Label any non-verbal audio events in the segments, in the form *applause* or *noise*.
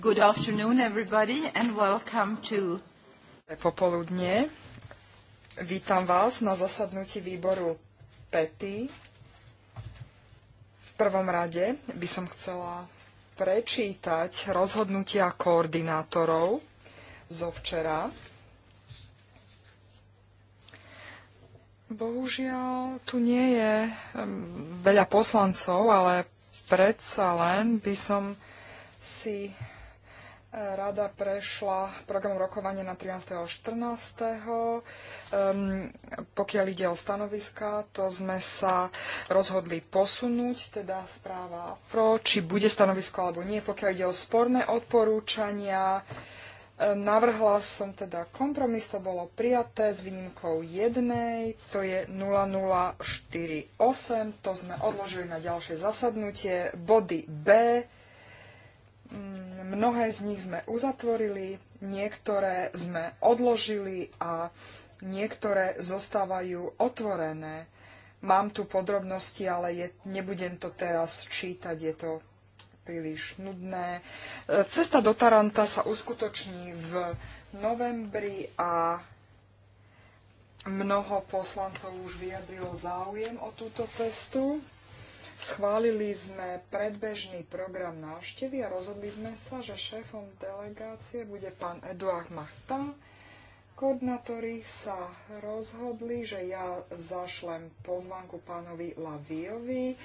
Good afternoon, everybody, and welcome to... Popoludne. Vítam vás na zasadnutí výboru PETI. V prvom rade by som chcela prečítať rozhodnutia koordinátorov zo včera. Bohužiaľ, tu nie je um, veľa poslancov, ale predsa len by som si Rada prešla program rokovania na 13.14. pokiaľ ide o stanoviska, to sme sa rozhodli posunúť, teda správa pro, či bude stanovisko alebo nie. Pokiaľ ide o sporné odporúčania, Navrhla som teda kompromis, to bolo prijaté s výnimkou jednej, to je 0048, to sme odložili na ďalšie zasadnutie. Body B, mm, Mnohé z nich sme uzatvorili, niektoré sme odložili a niektoré zostávajú otvorené. Mám tu podrobnosti, ale je, nebudem to teraz čítať, je to príliš nudné. E, cesta do Taranta sa uskutoční v novembri a mnoho poslancov už vyjadrilo záujem o túto cestu. Schválili sme predbežný program návštevy a rozhodli sme sa, že šéfom delegácie bude pán Eduard Martin. Koordinátori sa rozhodli, že ja zašlem pozvanku pánovi Laviovi, um,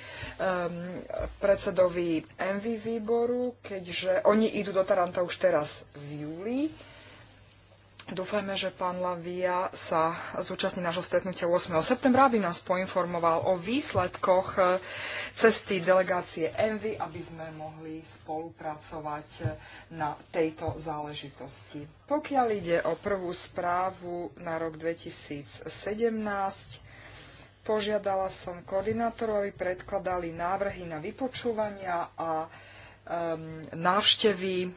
predsedovi MV výboru, keďže oni idú do Taranta už teraz v júli. Dúfajme, že pán Lavia sa zúčastní nášho stretnutia 8. septembra, aby nás poinformoval o výsledkoch eh, cesty delegácie Envy, aby sme mohli spolupracovať eh, na tejto záležitosti. Pokiaľ ide o prvú správu na rok 2017, požiadala som koordinátorov, aby predkladali návrhy na vypočúvania a um, návštevy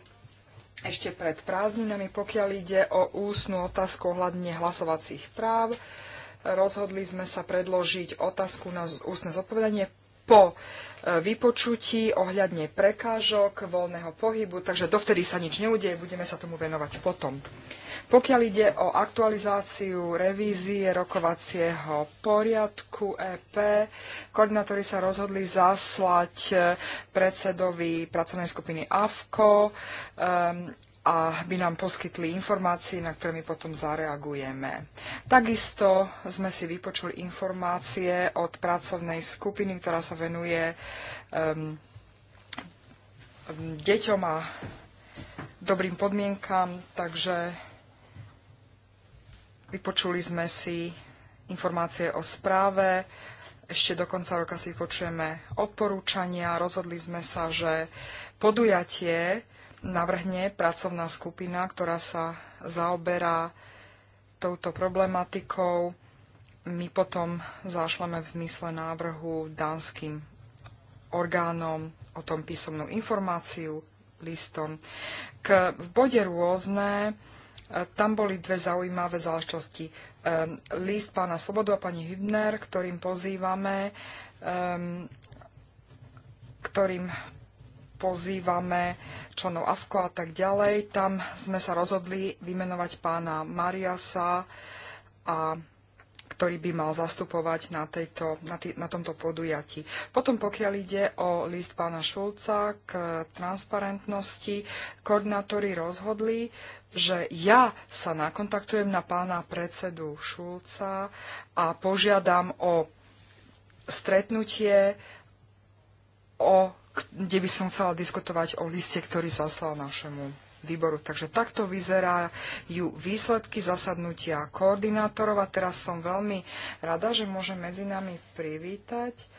ešte pred prázdninami, pokiaľ ide o ústnu otázku ohľadne hlasovacích práv. Rozhodli sme sa predložiť otázku na ústne zodpovedanie po e, vypočutí ohľadne prekážok voľného pohybu, takže dovtedy sa nič neudeje, budeme sa tomu venovať potom. Pokiaľ ide o aktualizáciu revízie rokovacieho poriadku EP, koordinátori sa rozhodli zaslať e, predsedovi pracovnej skupiny AFKO um, a by nám poskytli informácie, na ktoré my potom zareagujeme. Takisto sme si vypočuli informácie od pracovnej skupiny, ktorá sa venuje um, deťom a dobrým podmienkam, takže Vypočuli sme si informácie o správe, ešte do konca roka si počujeme odporúčania. Rozhodli sme sa, že podujatie navrhne pracovná skupina, ktorá sa zaoberá touto problematikou. My potom zašleme v zmysle návrhu dánskym orgánom o tom písomnú informáciu listom. K, v bode rôzne E, tam boli dve zaujímavé záležitosti. E, list pána Svobodu a pani Hübner, ktorým pozývame, ktorým pozývame členov AFKO a tak ďalej. Tam sme sa rozhodli vymenovať pána Mariasa a ktorý by mal zastupovať na, tejto, na, tý, na tomto podujatí. Potom pokiaľ ide o list pána Šulca k transparentnosti, koordinátori rozhodli, že ja sa nakontaktujem na pána predsedu Šulca a požiadam o stretnutie, o, kde by som chcela diskutovať o liste, ktorý zaslal našemu výboru. Takže takto vyzerajú výsledky zasadnutia koordinátorov a teraz som veľmi rada, že môžem medzi nami privítať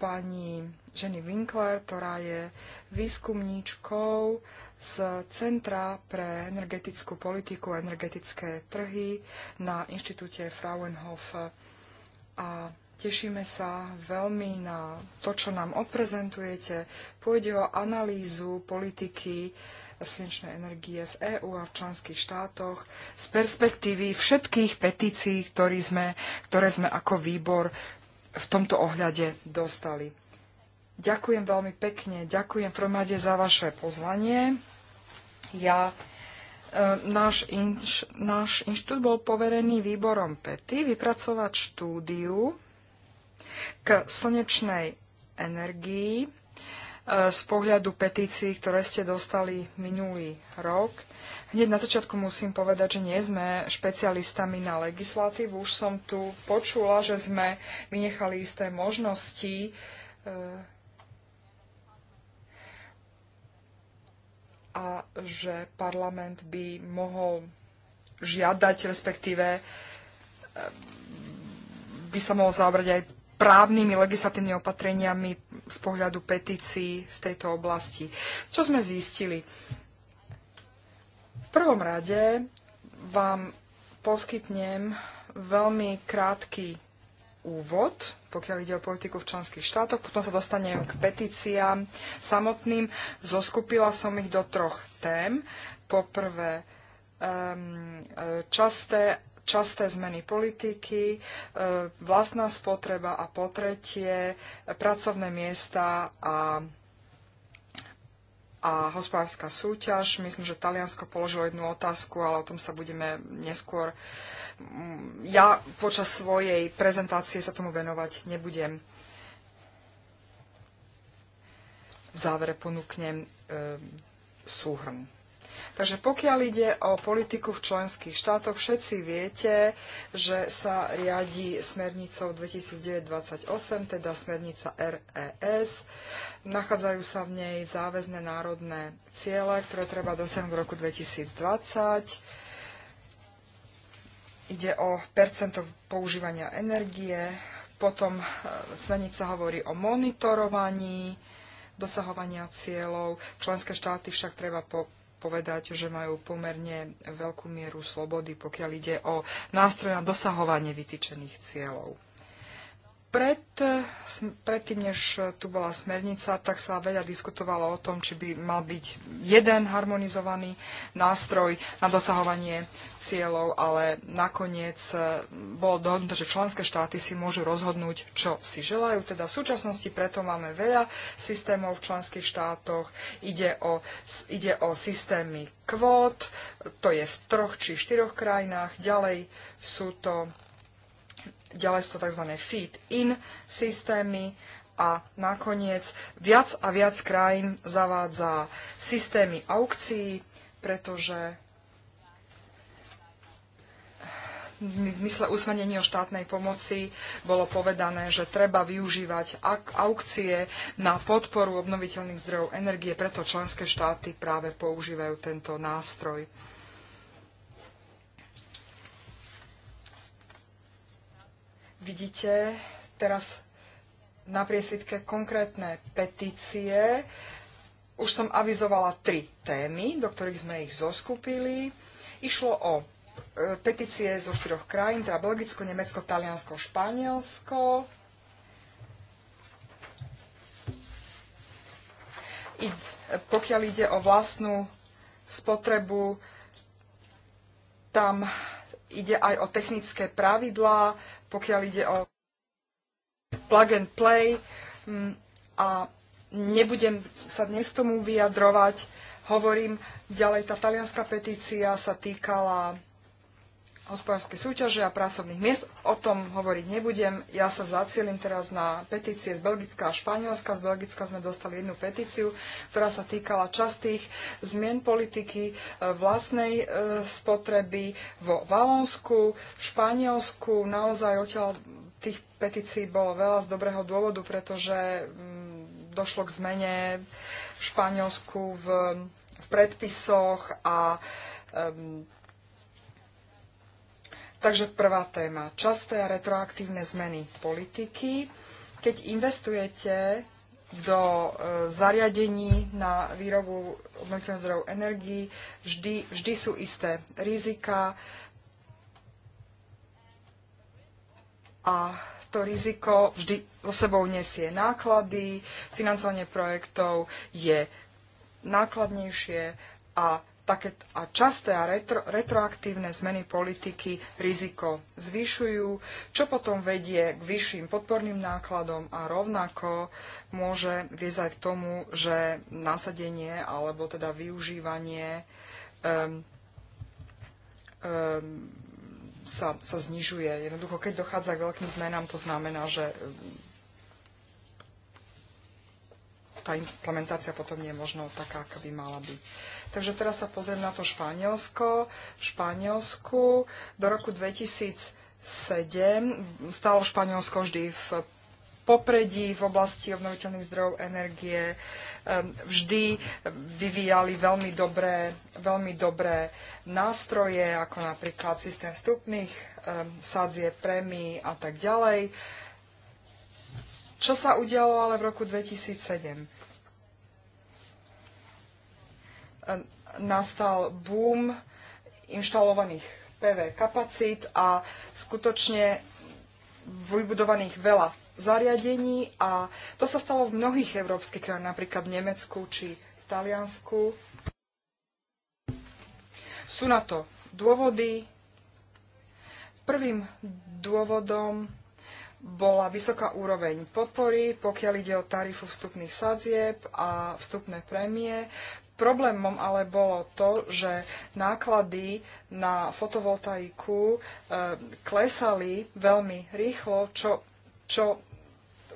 pani Jenny Winkler, ktorá je výskumníčkou z Centra pre energetickú politiku a energetické trhy na Inštitúte Fraunhofer. A tešíme sa veľmi na to, čo nám odprezentujete. Pôjde o analýzu politiky slnečnej energie v EÚ a v členských štátoch z perspektívy všetkých petícií, ktorý sme, ktoré sme ako výbor v tomto ohľade dostali. Ďakujem veľmi pekne, ďakujem v za vaše pozvanie. Ja, e, náš, inš, náš inštitút bol poverený výborom PETI vypracovať štúdiu k slnečnej energii E, z pohľadu petícií, ktoré ste dostali minulý rok. Hneď na začiatku musím povedať, že nie sme špecialistami na legislatívu. Už som tu počula, že sme vynechali isté možnosti. E, a že parlament by mohol žiadať, respektíve e, by sa mohol zaobrať aj právnymi legislatívnymi opatreniami z pohľadu petícií v tejto oblasti. Čo sme zistili? V prvom rade vám poskytnem veľmi krátky úvod, pokiaľ ide o politiku v členských štátoch, potom sa dostanem k petíciám samotným. Zoskupila som ich do troch tém. Poprvé, ehm, časté časté zmeny politiky, e, vlastná spotreba a potretie, pracovné miesta a a hospodárska súťaž. Myslím, že Taliansko položilo jednu otázku, ale o tom sa budeme neskôr. Mm, ja počas svojej prezentácie sa tomu venovať nebudem. V závere ponúknem e, súhrn. Takže pokiaľ ide o politiku v členských štátoch, všetci viete, že sa riadi smernicou 2928, teda smernica RES. Nachádzajú sa v nej záväzné národné ciele, ktoré treba dosiahnuť v roku 2020. Ide o percento používania energie, potom e, smernica hovorí o monitorovaní, dosahovania cieľov. Členské štáty však treba po povedať, že majú pomerne veľkú mieru slobody, pokiaľ ide o nástroj na dosahovanie vytýčených cieľov. Pred, predtým, než tu bola smernica, tak sa veľa diskutovalo o tom, či by mal byť jeden harmonizovaný nástroj na dosahovanie cieľov, ale nakoniec eh, bolo dohodnuté, že členské štáty si môžu rozhodnúť, čo si želajú. Teda v súčasnosti preto máme veľa systémov v členských štátoch. Ide o, ide o systémy kvót, to je v troch či štyroch krajinách. Ďalej sú to ďalej sú to tzv. feed in systémy a nakoniec viac a viac krajín zavádza systémy aukcií, pretože v zmysle usmenenia o štátnej pomoci bolo povedané, že treba využívať aukcie na podporu obnoviteľných zdrojov energie, preto členské štáty práve používajú tento nástroj. Vidíte teraz na priesvitke konkrétne petície. Už som avizovala tri témy, do ktorých sme ich zoskupili. Išlo o e, petície zo štyroch krajín, teda Belgicko, Nemecko, Taliansko, Španielsko. I, e, pokiaľ ide o vlastnú spotrebu, tam ide aj o technické pravidlá, pokiaľ ide o plug and play. Mm, a nebudem sa dnes tomu vyjadrovať. Hovorím, ďalej tá talianská petícia sa týkala hospodárskej súťaže a pracovných miest. O tom hovoriť nebudem. Ja sa zacielim teraz na petície z Belgická a Španielska. Z Belgicka sme dostali jednu petíciu, ktorá sa týkala častých zmien politiky e, vlastnej e, spotreby vo Valonsku, v Španielsku. Naozaj odtiaľ tých petícií bolo veľa z dobrého dôvodu, pretože mm, došlo k zmene v Španielsku v, v predpisoch a um, Takže prvá téma. Časté a retroaktívne zmeny politiky. Keď investujete do e, zariadení na výrobu obnoviteľných zdrojov energií, vždy, vždy sú isté rizika a to riziko vždy so sebou nesie náklady, financovanie projektov je nákladnejšie a také a časté a retro, retroaktívne zmeny politiky riziko zvyšujú, čo potom vedie k vyšším podporným nákladom a rovnako môže viesť aj k tomu, že nasadenie alebo teda využívanie um, um, sa, sa znižuje. Jednoducho, keď dochádza k veľkým zmenám, to znamená, že tá implementácia potom nie je možno taká, aká by mala byť. Takže teraz sa pozriem na to Španielsko. V Španielsku do roku 2007 stalo Španielsko vždy v popredí v oblasti obnoviteľných zdrojov energie. Vždy vyvíjali veľmi dobré, veľmi dobré nástroje, ako napríklad systém vstupných sadzie, prémií a tak ďalej. Čo sa udialo ale v roku 2007? nastal boom inštalovaných PV kapacít a skutočne vybudovaných veľa zariadení a to sa stalo v mnohých európskych krajinách, napríklad v Nemecku či v Taliansku. Sú na to dôvody. Prvým dôvodom bola vysoká úroveň podpory, pokiaľ ide o tarifu vstupných sadzieb a vstupné prémie. Problémom ale bolo to, že náklady na fotovoltaiku e, klesali veľmi rýchlo, čo, čo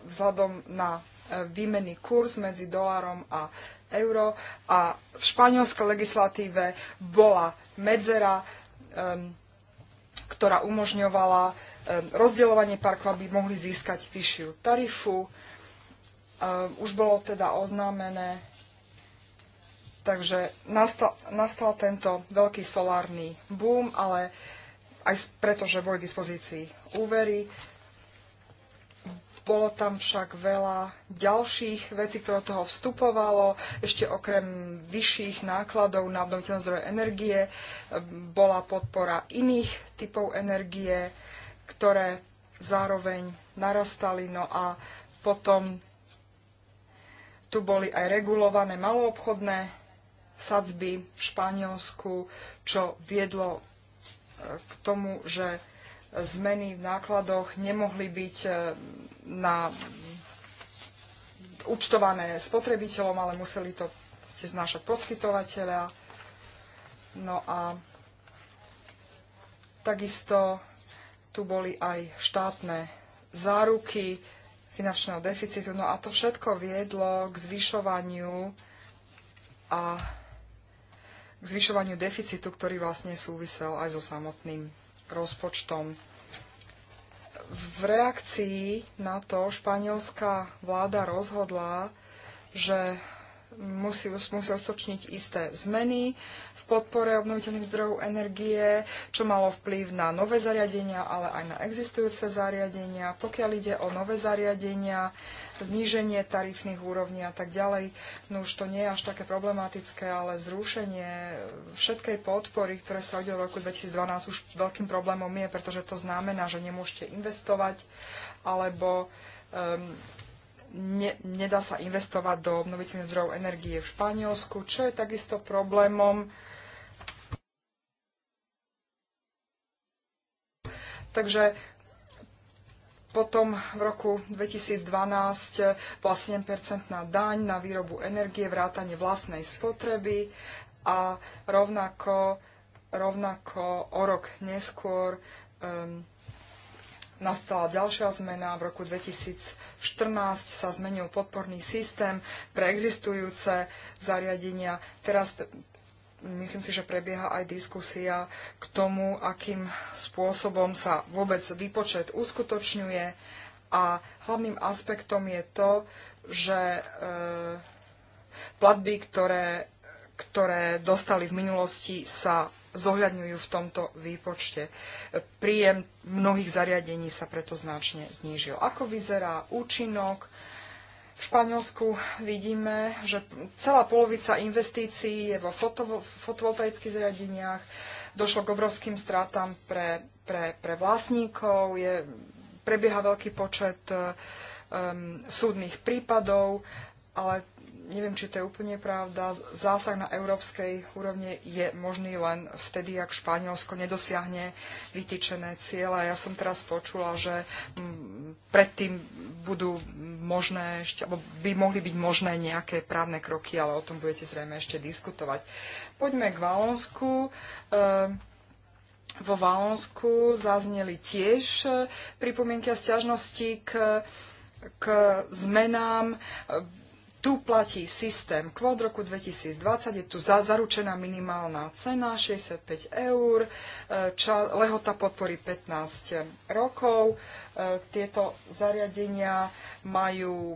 vzhľadom na e, výmenný kurz medzi dolárom a euro a v španielskej legislatíve bola medzera, e, ktorá umožňovala e, rozdielovanie parku, aby mohli získať vyššiu tarifu. Už bolo teda oznámené, Takže nastal, nastal tento veľký solárny boom, ale aj preto, že boli k dispozícii úvery. Bolo tam však veľa ďalších vecí, ktoré toho vstupovalo. Ešte okrem vyšších nákladov na obnoviteľné zdroje energie e, bola podpora iných typov energie, ktoré zároveň narastali. No a potom tu boli aj regulované maloobchodné sadzby v Španielsku, čo viedlo e, k tomu, že zmeny v nákladoch nemohli byť e, na účtované spotrebiteľom, ale museli to znášať poskytovateľa. No a takisto tu boli aj štátne záruky finančného deficitu. No a to všetko viedlo k zvyšovaniu a k zvyšovaniu deficitu, ktorý vlastne súvisel aj so samotným rozpočtom. V reakcii na to španielská vláda rozhodla, že musí, musí ostočniť isté zmeny, v podpore obnoviteľných zdrojov energie, čo malo vplyv na nové zariadenia, ale aj na existujúce zariadenia. Pokiaľ ide o nové zariadenia, zníženie tarifných úrovní a tak ďalej, no už to nie je až také problematické, ale zrušenie všetkej podpory, ktoré sa udialo v roku 2012, už veľkým problémom je, pretože to znamená, že nemôžete investovať alebo ehm, ne, nedá sa investovať do obnoviteľných zdrojov energie v Španielsku, čo je takisto problémom. Takže potom v roku 2012 bola 7-percentná daň na výrobu energie, vrátanie vlastnej spotreby a rovnako, rovnako o rok neskôr um, nastala ďalšia zmena. V roku 2014 sa zmenil podporný systém pre existujúce zariadenia. Teraz myslím si, že prebieha aj diskusia k tomu, akým spôsobom sa vôbec výpočet uskutočňuje. A hlavným aspektom je to, že e, platby, ktoré, ktoré dostali v minulosti, sa zohľadňujú v tomto výpočte. Príjem mnohých zariadení sa preto značne znížil. Ako vyzerá účinok? V Španielsku vidíme, že celá polovica investícií je vo fotovoltaických zariadeniach. Došlo k obrovským stratám pre, pre, pre vlastníkov. Je, prebieha veľký počet um, súdnych prípadov, ale neviem, či to je úplne pravda, zásah na európskej úrovne je možný len vtedy, ak Španielsko nedosiahne vytýčené ciele. Ja som teraz počula, že mm, predtým budú možné, ešte, alebo by mohli byť možné nejaké právne kroky, ale o tom budete zrejme ešte diskutovať. Poďme k Valonsku. Ehm, vo Valonsku zazneli tiež e, pripomienky a stiažnosti k k zmenám tu platí systém kvót roku 2020, je tu za, zaručená minimálna cena 65 eur, e, ča, lehota podpory 15 rokov. E, tieto zariadenia majú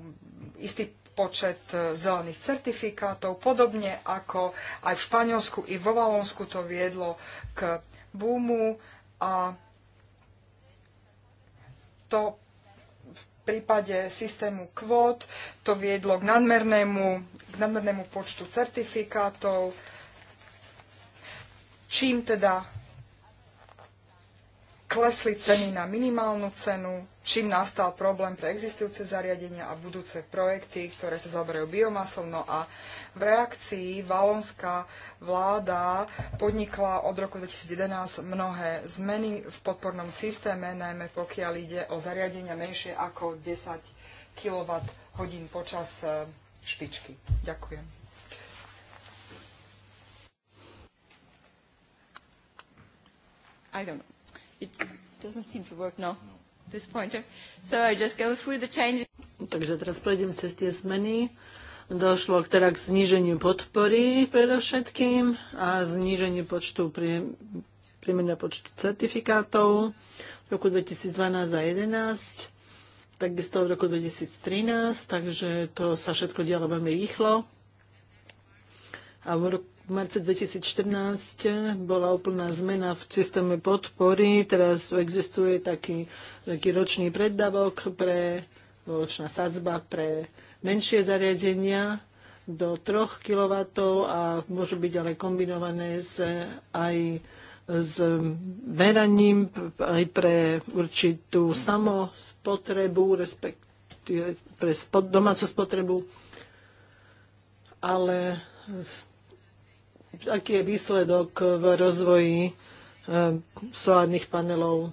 istý počet e, zelených certifikátov, podobne ako aj v Španielsku i vo Valonsku to viedlo k búmu a to prípade systému kvót to viedlo k nadmernému, k nadmernému počtu certifikátov, čím teda klesli ceny na minimálnu cenu, čím nastal problém pre existujúce zariadenia a budúce projekty, ktoré sa zaberajú biomasou. No a v reakcii valonská vláda podnikla od roku 2011 mnohé zmeny v podpornom systéme, najmä pokiaľ ide o zariadenia menšie ako 10 kWh počas e, špičky. Ďakujem. I don't know. It doesn't seem to work now, this pointer. So I just go through the changes. Takže teraz prejdem cez tie zmeny. Došlo teda k zniženiu podpory predovšetkým a zniženiu počtu priemerného počtu certifikátov v roku 2012 a 2011, takisto v roku 2013, takže to sa všetko dialo veľmi rýchlo. A v roku v marci 2014 bola úplná zmena v systéme podpory. Teraz existuje taký, taký ročný preddavok pre ročná sadzba pre menšie zariadenia do 3 kW a môžu byť ale kombinované s, aj s veraním aj pre určitú samospotrebu, respektíve pre spod, domácu spotrebu. Ale v aký je výsledok v rozvoji eh, solárnych panelov.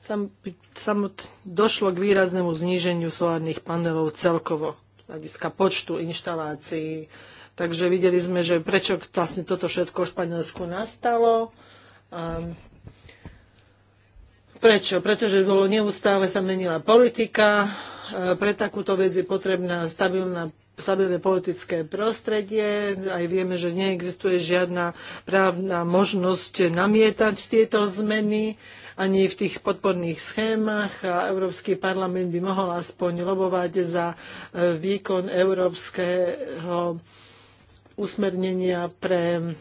Sam, samot, došlo k výraznému zníženiu solárnych panelov celkovo, hľadiska počtu inštalácií. Takže videli sme, že prečo vlastne toto všetko v Španielsku nastalo. Ehm, prečo? Pretože bolo neustále sa menila politika. Eh, pre takúto vec je potrebná stabilná stabilné politické prostredie. Aj vieme, že neexistuje žiadna právna možnosť namietať tieto zmeny ani v tých podporných schémach a Európsky parlament by mohol aspoň lobovať za e, výkon európskeho usmernenia pre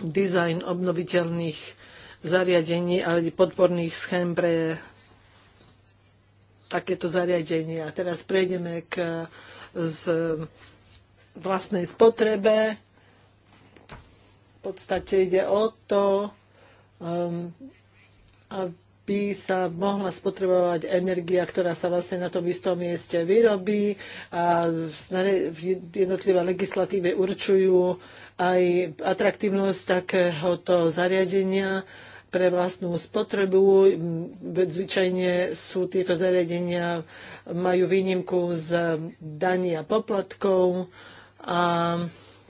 dizajn obnoviteľných zariadení a podporných schém pre takéto zariadenia. Teraz prejdeme k z vlastnej spotrebe. V podstate ide o to, um, aby sa mohla spotrebovať energia, ktorá sa vlastne na tom istom mieste vyrobí a v jednotlivé legislatíve určujú aj atraktívnosť takéhoto zariadenia pre vlastnú spotrebu. Zvyčajne sú tieto zariadenia majú výnimku z daní a poplatkov a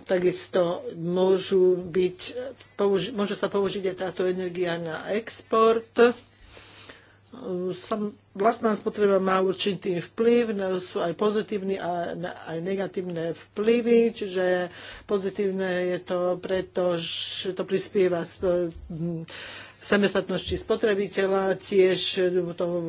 takisto môžu, byť, môžu môže sa použiť aj táto energia na export. vlastná spotreba má určitý vplyv, sú aj pozitívne a aj negatívne vplyvy, čiže pozitívne je to preto, že to prispieva Samostatnosti spotrebiteľa tiež e, to e,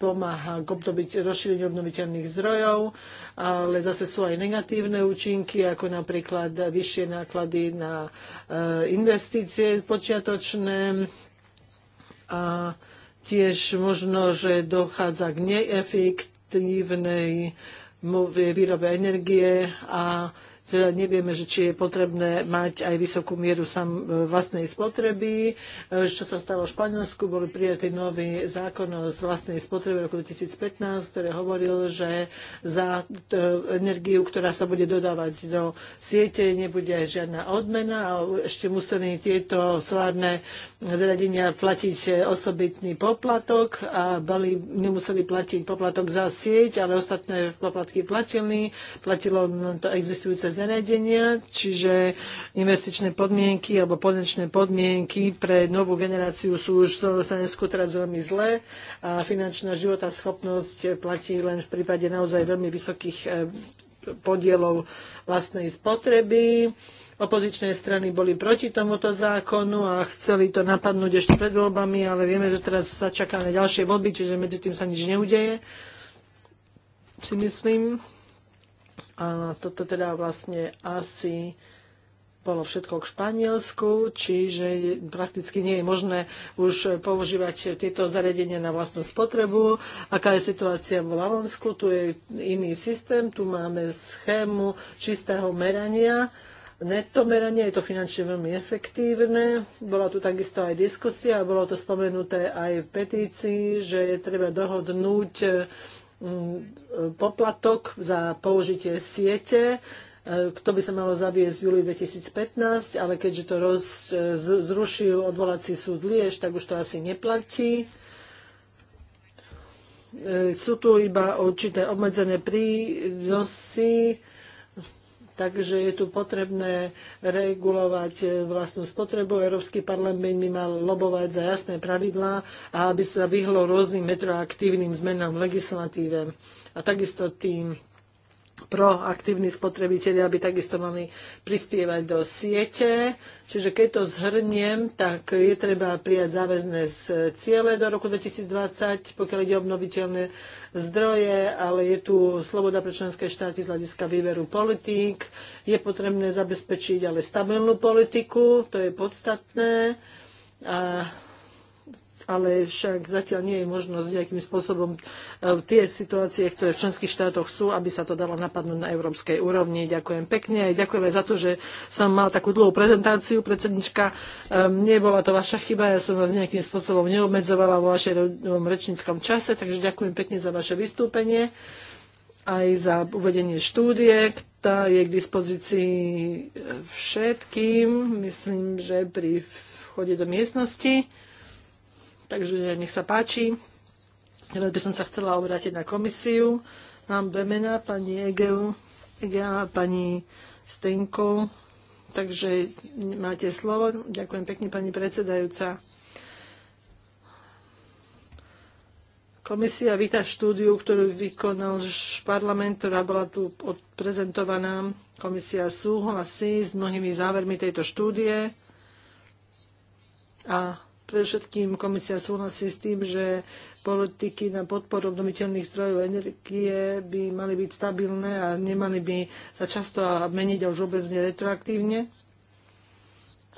pomáha k obdobiť, rozšíreniu obnoviteľných zdrojov, ale zase sú aj negatívne účinky, ako napríklad vyššie náklady na e, investície počiatočné a tiež možno, že dochádza k neefektívnej výrobe energie a teda nevieme, že či je potrebné mať aj vysokú mieru sam e, vlastnej spotreby. E, čo sa stalo v Španielsku, boli prijatý nový zákon o vlastnej spotreby roku 2015, ktorý hovoril, že za e, energiu, ktorá sa bude dodávať do siete, nebude žiadna odmena a ešte museli tieto solárne zradenia platiť osobitný poplatok a boli, nemuseli platiť poplatok za sieť, ale ostatné poplatky platili. Platilo to existujúce zariadenia, čiže investičné podmienky alebo podnečné podmienky pre novú generáciu sú už v Slovensku teraz veľmi zlé a finančná života schopnosť platí len v prípade naozaj veľmi vysokých eh, podielov vlastnej spotreby. Opozičné strany boli proti tomuto zákonu a chceli to napadnúť ešte pred voľbami, ale vieme, že teraz sa čaká na ďalšie voľby, čiže medzi tým sa nič neudeje, si myslím. A toto teda vlastne asi bolo všetko k Španielsku, čiže prakticky nie je možné už používať tieto zariadenia na vlastnú spotrebu. Aká je situácia v Lavonsku? Tu je iný systém, tu máme schému čistého merania. Netto meranie je to finančne veľmi efektívne. Bola tu takisto aj diskusia, bolo to spomenuté aj v petícii, že je treba dohodnúť Mm, poplatok za použitie siete. E, to by sa malo zaviesť v júli 2015, ale keďže to roz, e, zrušil odvolací súd Liež, tak už to asi neplatí e, sú tu iba určité obmedzené prínosy takže je tu potrebné regulovať e, vlastnú spotrebu. Európsky parlament by mal lobovať za jasné pravidlá a aby sa vyhlo rôznym metroaktívnym zmenám v legislatíve. A takisto tým proaktívni spotrebitelia by takisto mali prispievať do siete. Čiže keď to zhrniem, tak je treba prijať záväzné ciele do roku 2020, pokiaľ ide obnoviteľné zdroje, ale je tu sloboda pre členské štáty z hľadiska výveru politík. Je potrebné zabezpečiť ale stabilnú politiku, to je podstatné. A ale však zatiaľ nie je možnosť nejakým spôsobom e, tie situácie, ktoré v členských štátoch sú, aby sa to dalo napadnúť na európskej úrovni. Ďakujem pekne a ďakujem aj za to, že som mal takú dlhú prezentáciu, predsednička. Ehm, nebola to vaša chyba, ja som vás nejakým spôsobom neobmedzovala vo vašom rečníckom čase, takže ďakujem pekne za vaše vystúpenie aj za uvedenie štúdie, ktorá je k dispozícii e, všetkým, myslím, že pri vchode do miestnosti. Takže nech sa páči. Teraz by som sa chcela obrátiť na komisiu. Mám dve mená, pani Egeu, Egea a pani Stenko. Takže máte slovo. Ďakujem pekne, pani predsedajúca. Komisia víta štúdiu, ktorú vykonal parlament, ktorá bola tu prezentovaná. Komisia súhlasí s mnohými závermi tejto štúdie a pre všetkým komisia súhlasí s tým, že politiky na podporu obnoviteľných zdrojov energie by mali byť stabilné a nemali by sa často meniť a už vôbec retroaktívne.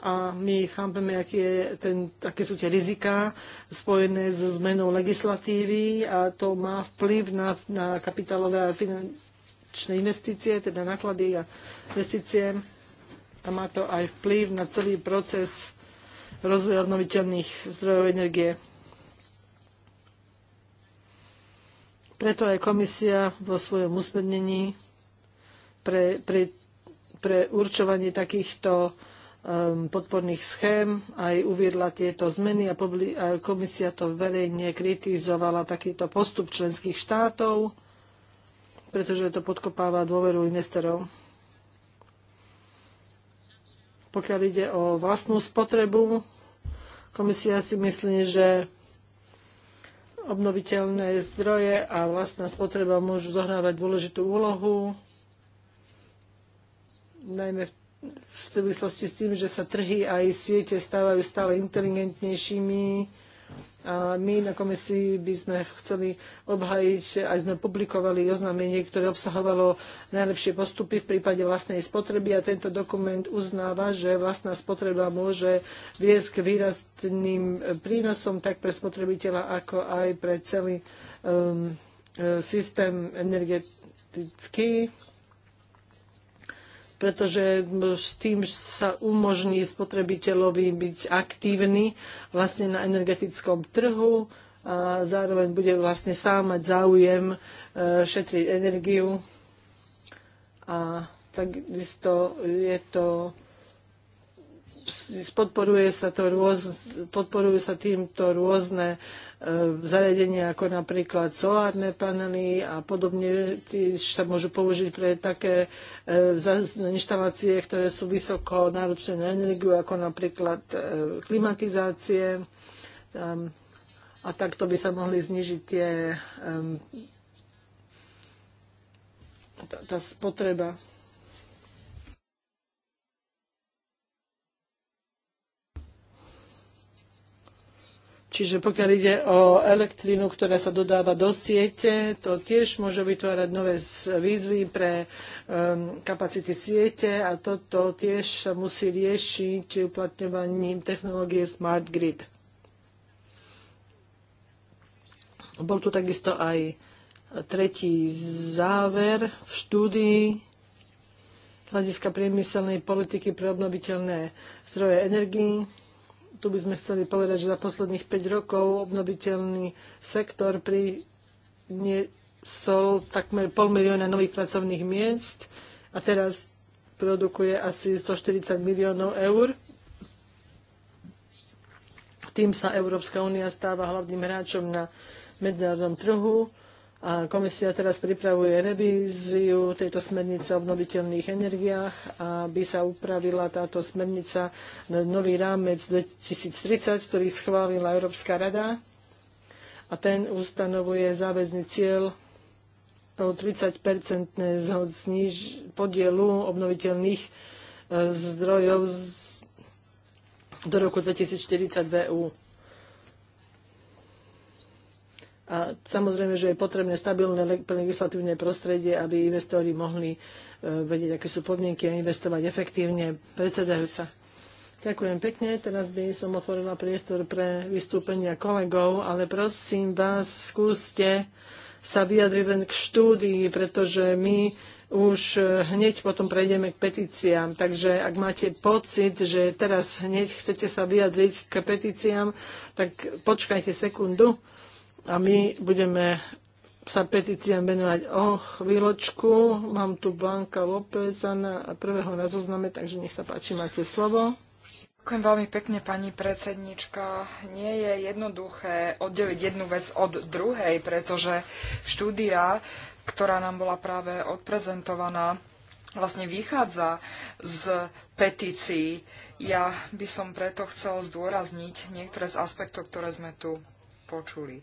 A my chápeme, aké, je ten, aké sú tie riziká spojené so zmenou legislatívy a to má vplyv na, na kapitálové a finančné investície, teda náklady a investície a má to aj vplyv na celý proces rozvoj obnoviteľných zdrojov energie. Preto aj komisia vo svojom usmernení pre, pre, pre určovanie takýchto um, podporných schém aj uviedla tieto zmeny a, publi- a komisia to verejne kritizovala takýto postup členských štátov, pretože to podkopáva dôveru investorov. Pokiaľ ide o vlastnú spotrebu, komisia si myslí, že obnoviteľné zdroje a vlastná spotreba môžu zohrávať dôležitú úlohu, najmä v súvislosti s tým, že sa trhy aj siete stávajú stále inteligentnejšími, a my na komisii by sme chceli obhajiť, aj sme publikovali oznámenie, ktoré obsahovalo najlepšie postupy v prípade vlastnej spotreby a tento dokument uznáva, že vlastná spotreba môže viesť k výrazným prínosom tak pre spotrebiteľa, ako aj pre celý um, e, systém energetický pretože s tým sa umožní spotrebiteľovi byť aktívny vlastne na energetickom trhu a zároveň bude vlastne sám mať záujem e, šetriť energiu a takisto je to podporuje sa to rôz, podporujú sa týmto rôzne e, zariadenia ako napríklad solárne panely a podobne, tie sa môžu použiť pre také e, inštalácie, ktoré sú vysoko náročné na energiu, ako napríklad e, klimatizácie. E, a takto by sa mohli znižiť tie, um, tá, tá spotreba Čiže pokiaľ ide o elektrínu, ktorá sa dodáva do siete, to tiež môže vytvárať nové výzvy pre um, kapacity siete a toto tiež sa musí riešiť uplatňovaním technológie Smart Grid. Bol tu takisto aj tretí záver v štúdii hľadiska priemyselnej politiky pre obnoviteľné zdroje energii tu by sme chceli povedať, že za posledných 5 rokov obnoviteľný sektor pri sol takmer pol milióna nových pracovných miest a teraz produkuje asi 140 miliónov eur. Tým sa Európska únia stáva hlavným hráčom na medzinárodnom trhu a komisia teraz pripravuje revíziu tejto smernice o obnoviteľných energiách, aby sa upravila táto smernica na nový rámec 2030, ktorý schválila Európska rada. A ten ustanovuje záväzný cieľ o 30-percentné podielu obnoviteľných e, zdrojov do roku 2040 v EU. A samozrejme, že je potrebné stabilné legislatívne prostredie, aby investori mohli e, vedieť, aké sú podmienky a investovať efektívne. Predsedajúca. Ďakujem pekne. Teraz by som otvorila priestor pre vystúpenia kolegov, ale prosím vás, skúste sa vyjadriť len k štúdii, pretože my už e, hneď potom prejdeme k petíciám. Takže ak máte pocit, že teraz hneď chcete sa vyjadriť k petíciám, tak počkajte sekundu a my budeme sa petíciám venovať o chvíľočku. Mám tu Blanka López na prvého na zozname, takže nech sa páči, máte slovo. Ďakujem veľmi pekne, pani predsednička. Nie je jednoduché oddeliť jednu vec od druhej, pretože štúdia, ktorá nám bola práve odprezentovaná, vlastne vychádza z petícií. Ja by som preto chcel zdôrazniť niektoré z aspektov, ktoré sme tu počuli.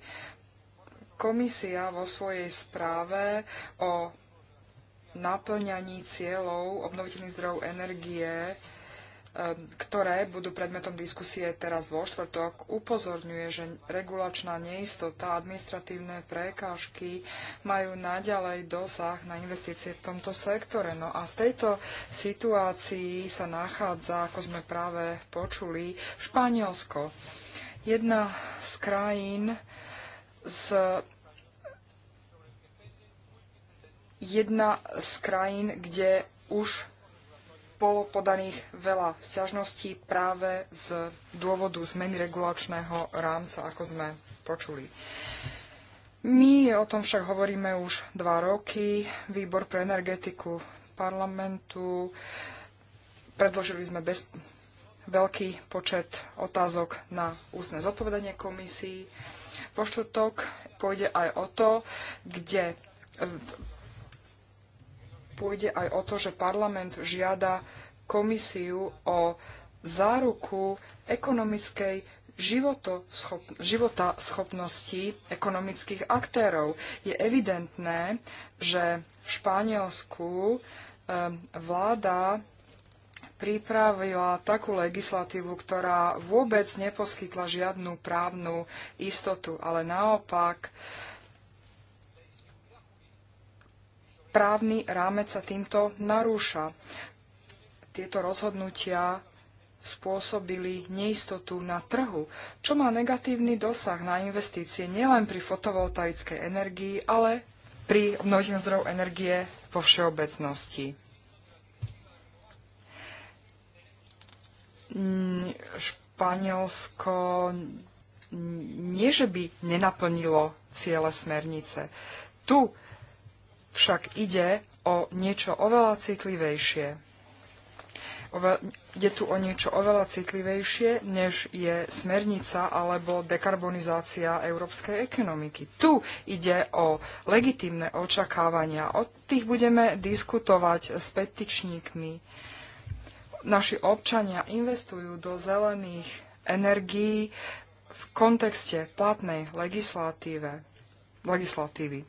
Komisia vo svojej správe o naplňaní cieľov obnoviteľných zdrojov energie, e, ktoré budú predmetom diskusie teraz vo štvrtok, upozorňuje, že regulačná neistota a administratívne prekážky majú naďalej dosah na investície v tomto sektore. No a v tejto situácii sa nachádza, ako sme práve počuli, Španielsko jedna z krajín z jedna z krajín, kde už bolo podaných veľa sťažností práve z dôvodu zmeny regulačného rámca, ako sme počuli. My o tom však hovoríme už dva roky. Výbor pre energetiku parlamentu predložili sme bez, veľký počet otázok na ústne zodpovedanie komisii. Po štvrtok pôjde aj o to, kde pôjde aj o to, že parlament žiada komisiu o záruku ekonomickej života schopností ekonomických aktérov. Je evidentné, že v Španielsku ehm, vláda pripravila takú legislatívu, ktorá vôbec neposkytla žiadnu právnu istotu, ale naopak právny rámec sa týmto narúša. Tieto rozhodnutia spôsobili neistotu na trhu, čo má negatívny dosah na investície nielen pri fotovoltaickej energii, ale pri množných zdrojov energie vo všeobecnosti. Španielsko nie, že by nenaplnilo ciele smernice. Tu však ide o niečo oveľa citlivejšie. Ove, ide tu o niečo oveľa citlivejšie, než je smernica alebo dekarbonizácia európskej ekonomiky. Tu ide o legitímne očakávania. O tých budeme diskutovať s petičníkmi naši občania investujú do zelených energií v kontekste platnej legislatíve, legislatívy.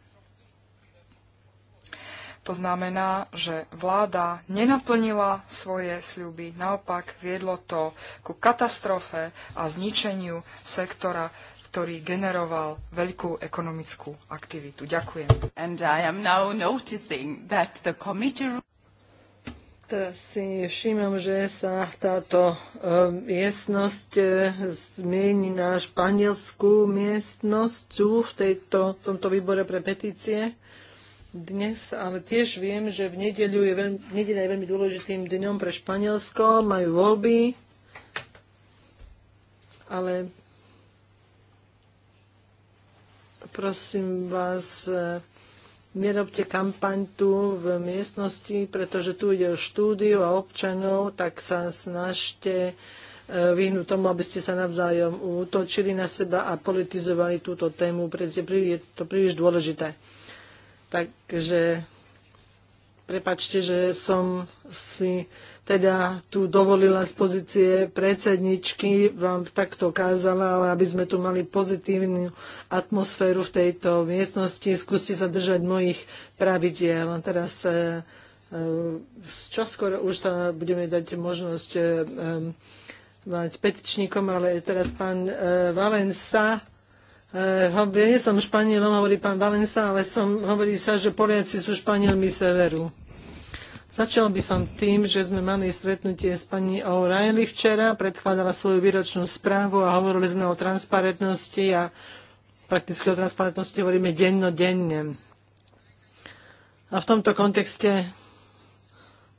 To znamená, že vláda nenaplnila svoje sľuby, naopak viedlo to ku katastrofe a zničeniu sektora, ktorý generoval veľkú ekonomickú aktivitu. Ďakujem. And I am now noticing that the committee... Teraz si všímam, že sa táto um, miestnosť e, zmieni na španielskú miestnosť v, tejto, v tomto výbore pre petície dnes, ale tiež viem, že v nedeľu je veľmi, nedeľa je veľmi dôležitým dňom pre Španielsko, majú voľby, ale prosím vás, e, nerobte kampaň tu v miestnosti, pretože tu ide o štúdiu a občanov, tak sa snažte e, vyhnúť tomu, aby ste sa navzájom útočili na seba a politizovali túto tému, pretože je to príliš dôležité. Takže prepačte, že som si teda tu dovolila z pozície predsedničky, vám takto kázala, ale aby sme tu mali pozitívnu atmosféru v tejto miestnosti, skúste sa držať mojich pravidiel. A teraz e, e, čoskoro už sa budeme dať možnosť e, mať petičníkom, ale teraz pán Valensa nie som Španielom, hovorí pán Valensa, ale som, hovorí sa, že Poliaci sú Španielmi severu. Začal by som tým, že sme mali stretnutie s pani O'Reilly včera, predkladala svoju výročnú správu a hovorili sme o transparentnosti a prakticky o transparentnosti hovoríme dennodenne. A v tomto kontexte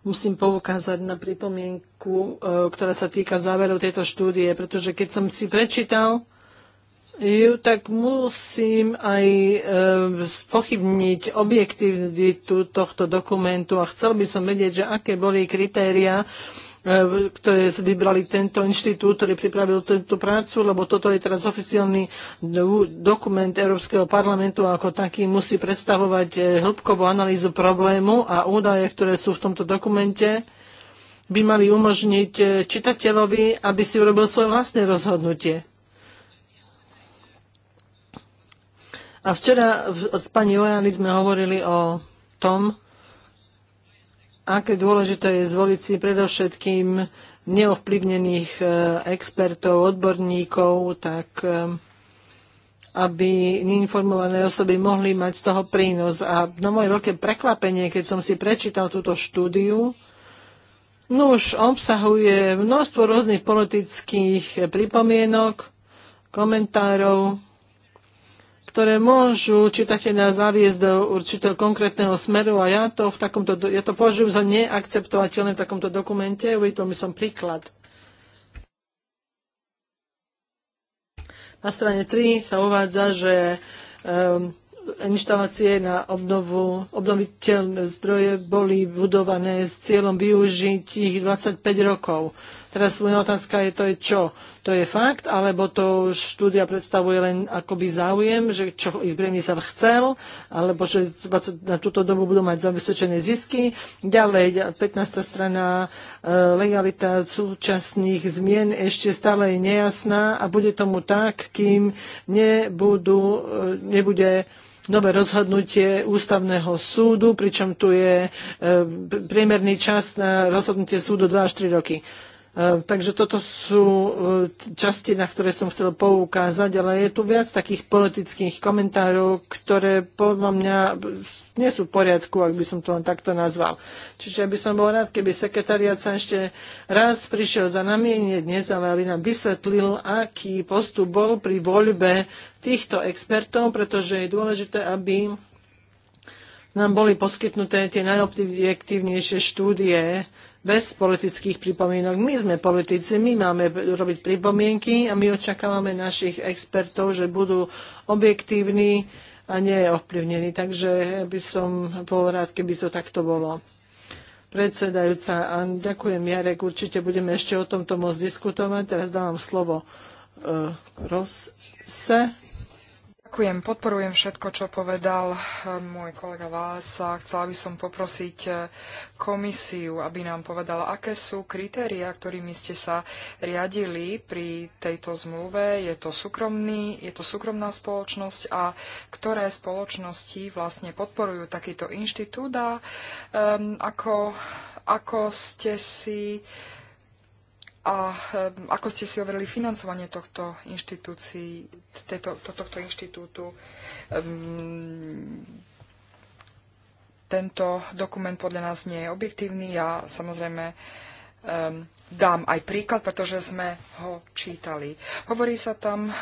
musím poukázať na pripomienku, e, ktorá sa týka záverov tejto štúdie, pretože keď som si prečítal ju, tak musím aj e, spochybniť objektivitu tohto dokumentu a chcel by som vedieť, že aké boli kritéria, e, ktoré vybrali tento inštitút, ktorý pripravil túto prácu, lebo toto je teraz oficiálny dokument Európskeho parlamentu a ako taký musí predstavovať e, hĺbkovú analýzu problému a údaje, ktoré sú v tomto dokumente by mali umožniť e, čitateľovi, aby si urobil svoje vlastné rozhodnutie. A včera s pani Ojany sme hovorili o tom, aké dôležité je zvoliť si predovšetkým neovplyvnených e, expertov, odborníkov, tak e, aby neinformované osoby mohli mať z toho prínos. A na moje veľké prekvapenie, keď som si prečítal túto štúdiu, no už obsahuje množstvo rôznych politických pripomienok, komentárov, ktoré môžu čitateľa zaviesť do určitého konkrétneho smeru a ja to, v takomto, ja to považujem za neakceptovateľné v takomto dokumente. to mi som príklad. Na strane 3 sa uvádza, že um, inštalácie na obnovu, obnoviteľné zdroje boli budované s cieľom využiť ich 25 rokov. Teraz moja otázka je, to je čo? To je fakt, alebo to štúdia predstavuje len akoby záujem, že čo ich sa chcel, alebo že na túto dobu budú mať zabezpečené zisky. Ďalej, 15. strana, e, legalita súčasných zmien ešte stále je nejasná a bude tomu tak, kým nebudú, e, nebude nové rozhodnutie ústavného súdu, pričom tu je e, priemerný čas na rozhodnutie súdu 2 až 3 roky. E, takže toto sú e, časti, na ktoré som chcel poukázať, ale je tu viac takých politických komentárov, ktoré podľa mňa nie sú v poriadku, ak by som to len takto nazval. Čiže by som bol rád, keby sekretariat sa ešte raz prišiel za nami, nie dnes, ale aby nám vysvetlil, aký postup bol pri voľbe týchto expertov, pretože je dôležité, aby nám boli poskytnuté tie najobjektívnejšie štúdie, bez politických pripomienok. My sme politici, my máme robiť pripomienky a my očakávame našich expertov, že budú objektívni a nie ovplyvnení. Takže by som bol rád, keby to takto bolo predsedajúca. A ďakujem, Jarek, určite budeme ešte o tomto môcť diskutovať. Teraz dávam slovo e, Rose. Ďakujem, podporujem všetko, čo povedal eh, môj kolega Vása. Chcela by som poprosiť eh, komisiu, aby nám povedala, aké sú kritéria, ktorými ste sa riadili pri tejto zmluve. Je to, súkromný, je to súkromná spoločnosť a ktoré spoločnosti vlastne podporujú takýto inštitút a um, ako, ako ste si a ehm, ako ste si overili financovanie tohto inštitúcií, tejto, tohto inštitútu? Ehm, tento dokument podľa nás nie je objektívny. Ja samozrejme ehm, dám aj príklad, pretože sme ho čítali. Hovorí sa tam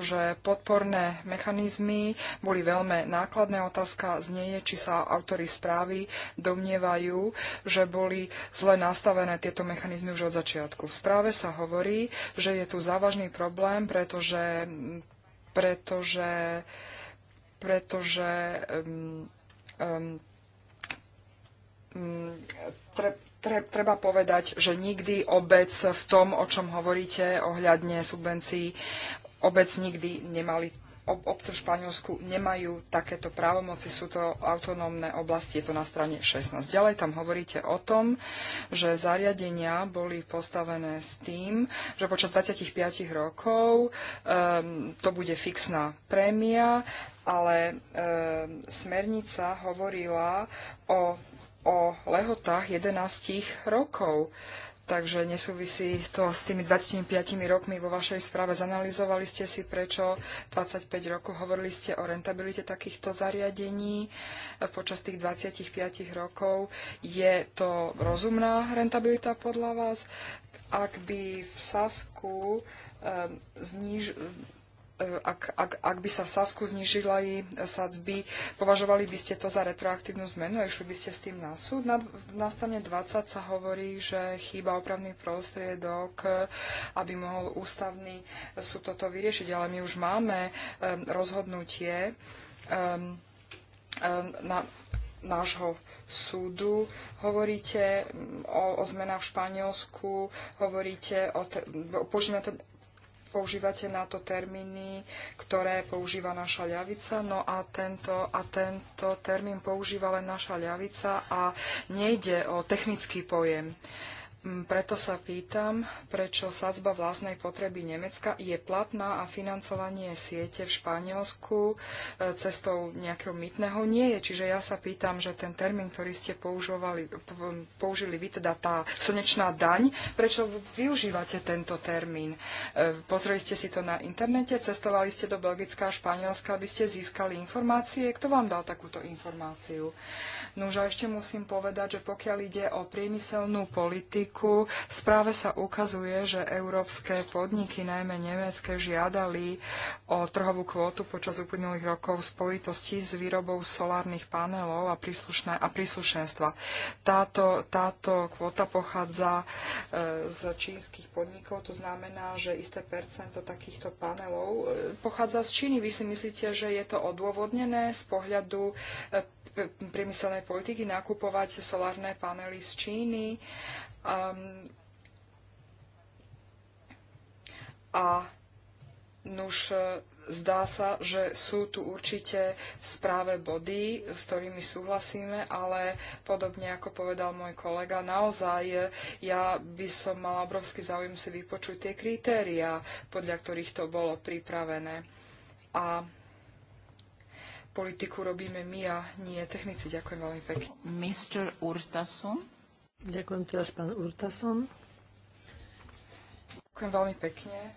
že podporné mechanizmy boli veľmi nákladné. Otázka znie, či sa autory správy domnievajú, že boli zle nastavené tieto mechanizmy už od začiatku. V správe sa hovorí, že je tu závažný problém, pretože, pretože, pretože um, um, tre, tre, treba povedať, že nikdy obec v tom, o čom hovoríte ohľadne subvencií, obec nikdy nemali obce v Španielsku nemajú takéto právomoci, sú to autonómne oblasti, je to na strane 16. Ďalej tam hovoríte o tom, že zariadenia boli postavené s tým, že počas 25 rokov um, to bude fixná prémia, ale um, smernica hovorila o, o lehotách 11 rokov takže nesúvisí to s tými 25 rokmi vo vašej správe. Zanalizovali ste si, prečo 25 rokov hovorili ste o rentabilite takýchto zariadení počas tých 25 rokov. Je to rozumná rentabilita podľa vás? Ak by v Sasku um, zniž, Eh, ak, ak, ak by sa Sasku znižili sadzby, považovali by ste to za retroaktívnu zmenu a išli by ste s tým na súd. Na, na strane 20 sa hovorí, že chýba opravný prostriedok, eh, aby mohol ústavný súd toto vyriešiť, ale my už máme eh, rozhodnutie ehm, ehm, na, nášho súdu, hovoríte mm, o, o zmenách v Španielsku, hovoríte o, te, o, používate na to termíny, ktoré používa naša ľavica, no a tento, a tento termín používa len naša ľavica a nejde o technický pojem. Uh, Mm, preto sa pýtam, prečo sadzba vlastnej potreby Nemecka je platná a financovanie siete v Španielsku e, cestou nejakého mytného nie je. Čiže ja sa pýtam, že ten termín, ktorý ste použili vy, teda tá slnečná daň, prečo využívate tento termín? E, pozreli ste si to na internete, cestovali ste do Belgická a Španielska, aby ste získali informácie. Kto vám dal takúto informáciu? No už a ešte musím povedať, že pokiaľ ide o priemyselnú politiku, balíku. V správe sa ukazuje, že európske podniky, najmä nemecké, žiadali o trhovú kvótu počas uplynulých rokov v spojitosti s výrobou solárnych panelov a, príslušné, a príslušenstva. Táto, táto kvóta pochádza e, z čínskych podnikov, to znamená, že isté percento takýchto panelov e, pochádza z Číny. Vy si myslíte, že je to odôvodnené z pohľadu e, priemyselnej politiky nakupovať solárne panely z Číny Um, a nuž e, zdá sa, že sú tu určite v správe body, s ktorými súhlasíme, ale podobne ako povedal môj kolega, naozaj e, ja by som mala obrovský záujem si vypočuť tie kritériá, podľa ktorých to bolo pripravené. A politiku robíme my a nie technici. Ďakujem veľmi pekne. Mr. Urtasun. Ďakujem teraz pán Urtason. Ďakujem veľmi pekne.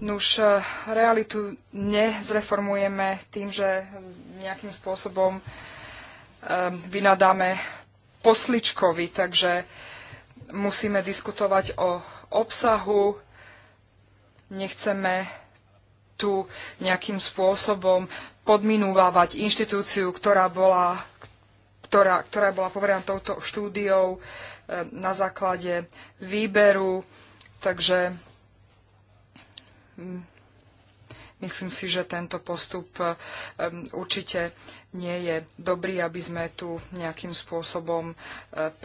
Nuž, eh, realitu nezreformujeme tým, že nejakým spôsobom eh, vynadáme posličkovi, takže musíme diskutovať o obsahu, nechceme tu nejakým spôsobom podminúvať inštitúciu, ktorá bola, ktorá, ktorá bola poverená touto štúdiou eh, na základe výberu. Takže hm, myslím si, že tento postup eh, určite nie je dobrý, aby sme tu nejakým spôsobom eh,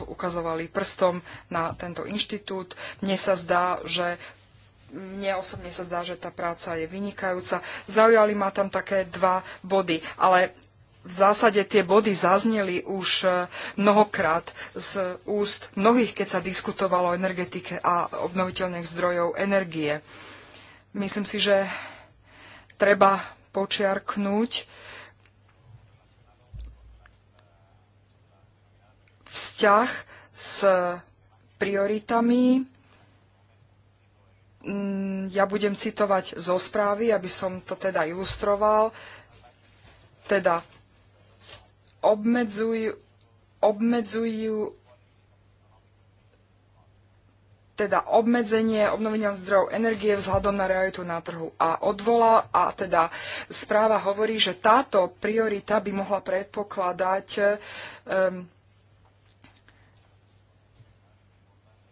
ukazovali prstom na tento inštitút. Mne sa zdá, že mne osobne sa zdá, že tá práca je vynikajúca. Zaujali ma tam také dva body, ale v zásade tie body zazneli už e, mnohokrát z úst mnohých, keď sa diskutovalo o energetike a obnoviteľných zdrojov energie. Myslím si, že treba počiarknúť vzťah s prioritami Mm, ja budem citovať zo správy, aby som to teda ilustroval. Teda obmedzujú, obmedzujú teda obmedzenie obnoviteľných zdrojov energie vzhľadom na realitu na trhu. A odvola, a teda správa hovorí, že táto priorita by mohla predpokladať um,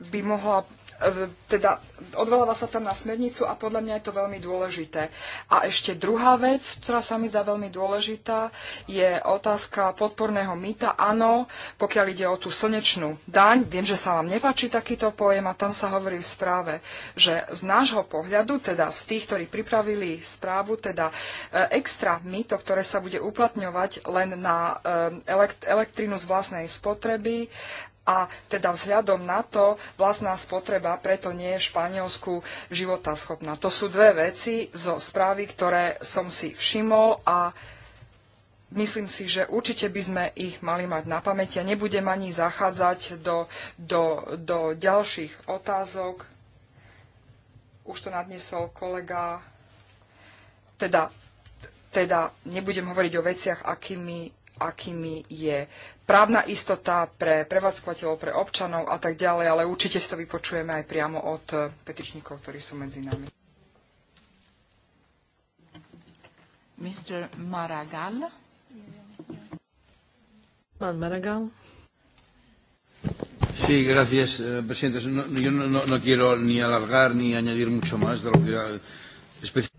by mohla E, teda odvoláva sa tam na smernicu a podľa mňa je to veľmi dôležité. A ešte druhá vec, ktorá sa mi zdá veľmi dôležitá, je otázka podporného mýta. Áno, pokiaľ ide o tú slnečnú daň, viem, že sa vám nepáči takýto pojem a tam sa hovorí v správe, že z nášho pohľadu, teda z tých, ktorí pripravili správu, teda e, extra mýto, ktoré sa bude uplatňovať len na e, elektrinu z vlastnej spotreby, a teda vzhľadom na to vlastná spotreba preto nie je v Španielsku schopná. To sú dve veci zo správy, ktoré som si všimol a myslím si, že určite by sme ich mali mať na pamäti a nebudem ani zachádzať do, do, do ďalších otázok. Už to nadnesol kolega. Teda, teda nebudem hovoriť o veciach, akými akými je právna istota pre prevádzkovateľov, pre občanov a tak ďalej, ale určite si to vypočujeme aj priamo od eh, petičníkov, ktorí sú medzi nami. Mr. Maragall. Pán Maragall. Sí, gracias, eh, presidente. No, no yo no, no, no, quiero ni alargar ni añadir mucho más de lo que...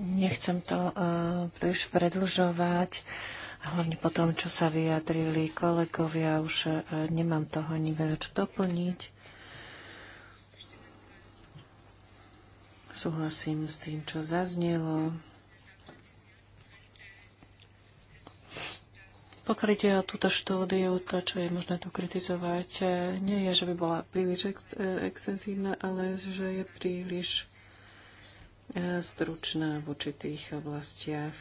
Nechcem to uh, príliš predlžovať. Uh, hlavne po tom, čo sa vyjadrili kolegovia, už e, nemám toho ani veľa čo doplniť. Súhlasím s tým, čo zaznelo. Pokrytie o túto štúdiu, to, čo je možné tu kritizovať, e, nie je, že by bola príliš ex- e, extenzívna, ale že je príliš stručná v určitých oblastiach.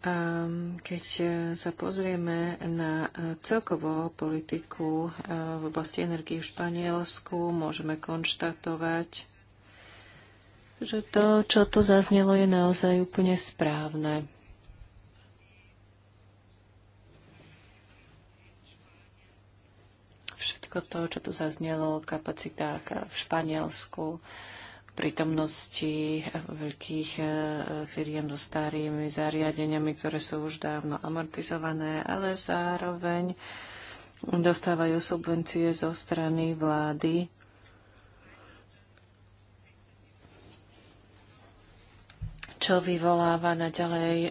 Ehm, keď e, sa pozrieme na e, celkovú politiku e, v oblasti energii v Španielsku, môžeme konštatovať, že to, čo tu zaznelo, je naozaj úplne správne. Všetko to, čo tu zaznelo o kapacitách v Španielsku, prítomnosti veľkých e, firiem so starými zariadeniami, ktoré sú už dávno amortizované, ale zároveň dostávajú subvencie zo strany vlády. čo vyvoláva naďalej e,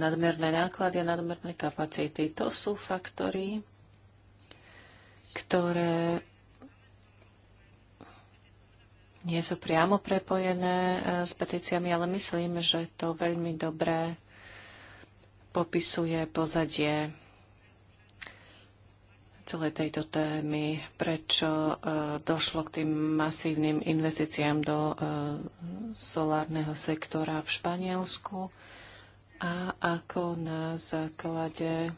nadmerné náklady a nadmerné kapacity. To sú faktory, ktoré nie sú priamo prepojené e, s petíciami, ale myslím, že to veľmi dobre popisuje pozadie celej tejto témy, prečo e, došlo k tým masívnym investíciám do e, solárneho sektora v Španielsku a ako na základe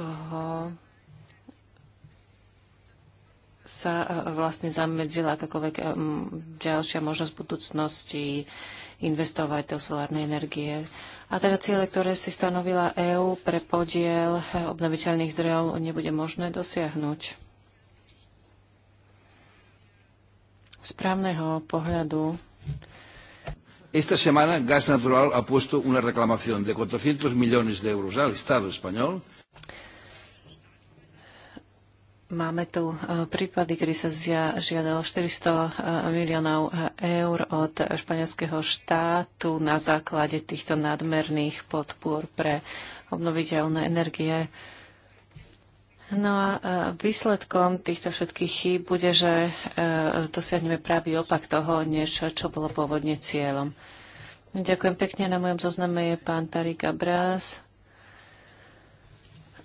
toho sa e, vlastne zamedzila akákoľvek e, ďalšia možnosť budúcnosti investovať do solárnej energie. A teda cieľe, ktoré si stanovila EÚ pre podiel e, obnoviteľných zdrojov, nebude možné dosiahnuť. Z právneho pohľadu Esta semana Gas Natural ha puesto una reclamación de 400 millones de euros al Estado español Máme tu e, prípady, kedy sa žiadalo 400 e, miliónov e, eur od španielského štátu na základe týchto nadmerných podpor pre obnoviteľné energie. No a výsledkom týchto všetkých chýb bude, že dosiahneme pravý opak toho, než čo bolo pôvodne cieľom. Ďakujem pekne. Na mojom zozname je pán Tarik Abrás.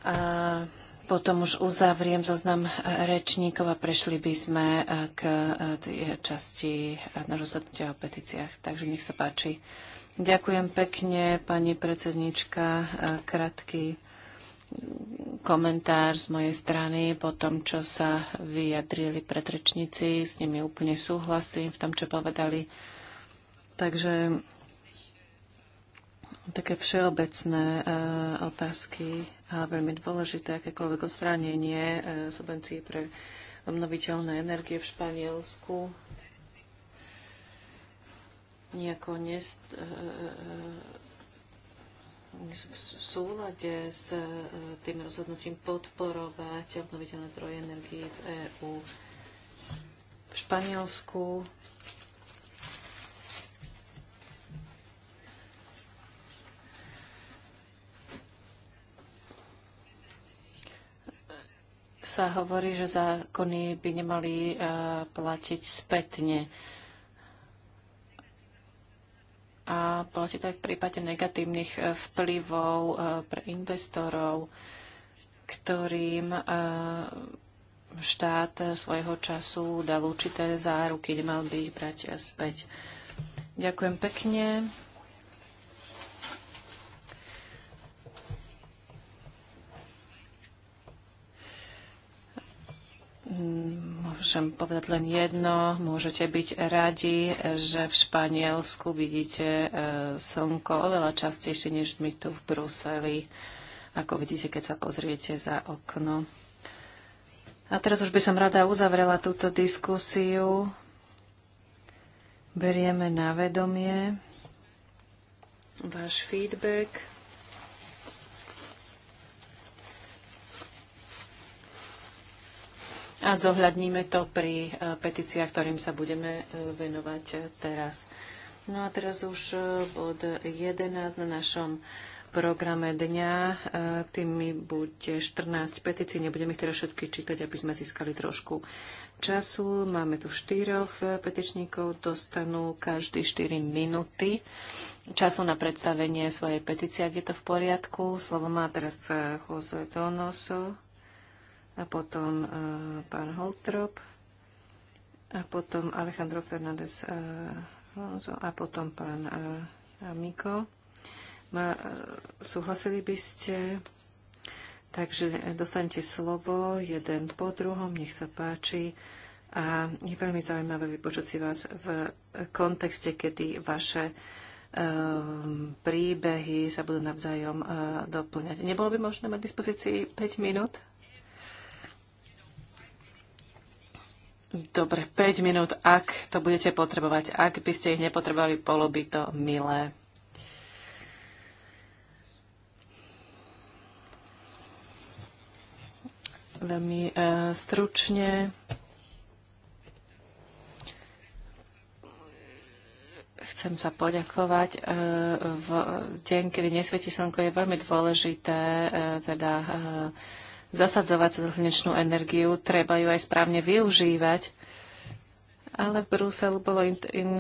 A potom už uzavriem zoznam e, rečníkov a prešli by sme e, k e, časti na rozhodnutia o petíciách. Takže nech sa páči. Ďakujem pekne, pani predsednička. Krátky komentár z mojej strany po tom, čo sa vyjadrili predrečníci. S nimi úplne súhlasím v tom, čo povedali. Takže také všeobecné otázky veľmi dôležité akékoľvek odstránenie e, subvencií pre obnoviteľné energie v Španielsku nejako nest, e, e, v súlade s tým rozhodnutím podporovať obnoviteľné zdroje energii v EÚ. V Španielsku sa hovorí, že zákony by nemali e, platiť spätne. A platí to aj v prípade negatívnych e, vplyvov e, pre investorov, ktorým štát svojho času dal určité záruky, nemal by ich brať späť. Ďakujem pekne. Môžem povedať len jedno. Môžete byť radi, že v Španielsku vidíte e, slnko oveľa častejšie než my tu v Bruseli, ako vidíte, keď sa pozriete za okno. A teraz už by som rada uzavrela túto diskusiu. Berieme na vedomie váš feedback. a zohľadníme to pri e, petíciách, ktorým sa budeme e, venovať e, teraz. No a teraz už bod 11 na našom programe dňa. Tými bude 14 petícií, nebudem ich teraz všetky čítať, aby sme získali trošku času. Máme tu štyroch petičníkov, dostanú každý 4 minúty času na predstavenie svojej petície, ak je to v poriadku. Slovo má teraz Jose Donoso a potom e, pán Holtrop a potom Alejandro Fernández e, a potom pán e, Miko. Súhlasili by ste? Takže dostanete slovo jeden po druhom, nech sa páči. A je veľmi zaujímavé vypočuť si vás v kontexte, kedy vaše um, príbehy sa budú navzájom uh, doplňať. Nebolo by možné mať dispozícii 5 minút? Dobre, 5 minút, ak to budete potrebovať. Ak by ste ich nepotrebovali, bolo by to milé. Veľmi uh, stručne. chcem sa poďakovať. Uh, V deň, kedy nesvieti slnko, je veľmi dôležité uh, teda uh, zasadzovať sa slnečnú energiu, treba ju aj správne využívať. Ale v Bruselu bolo in, in,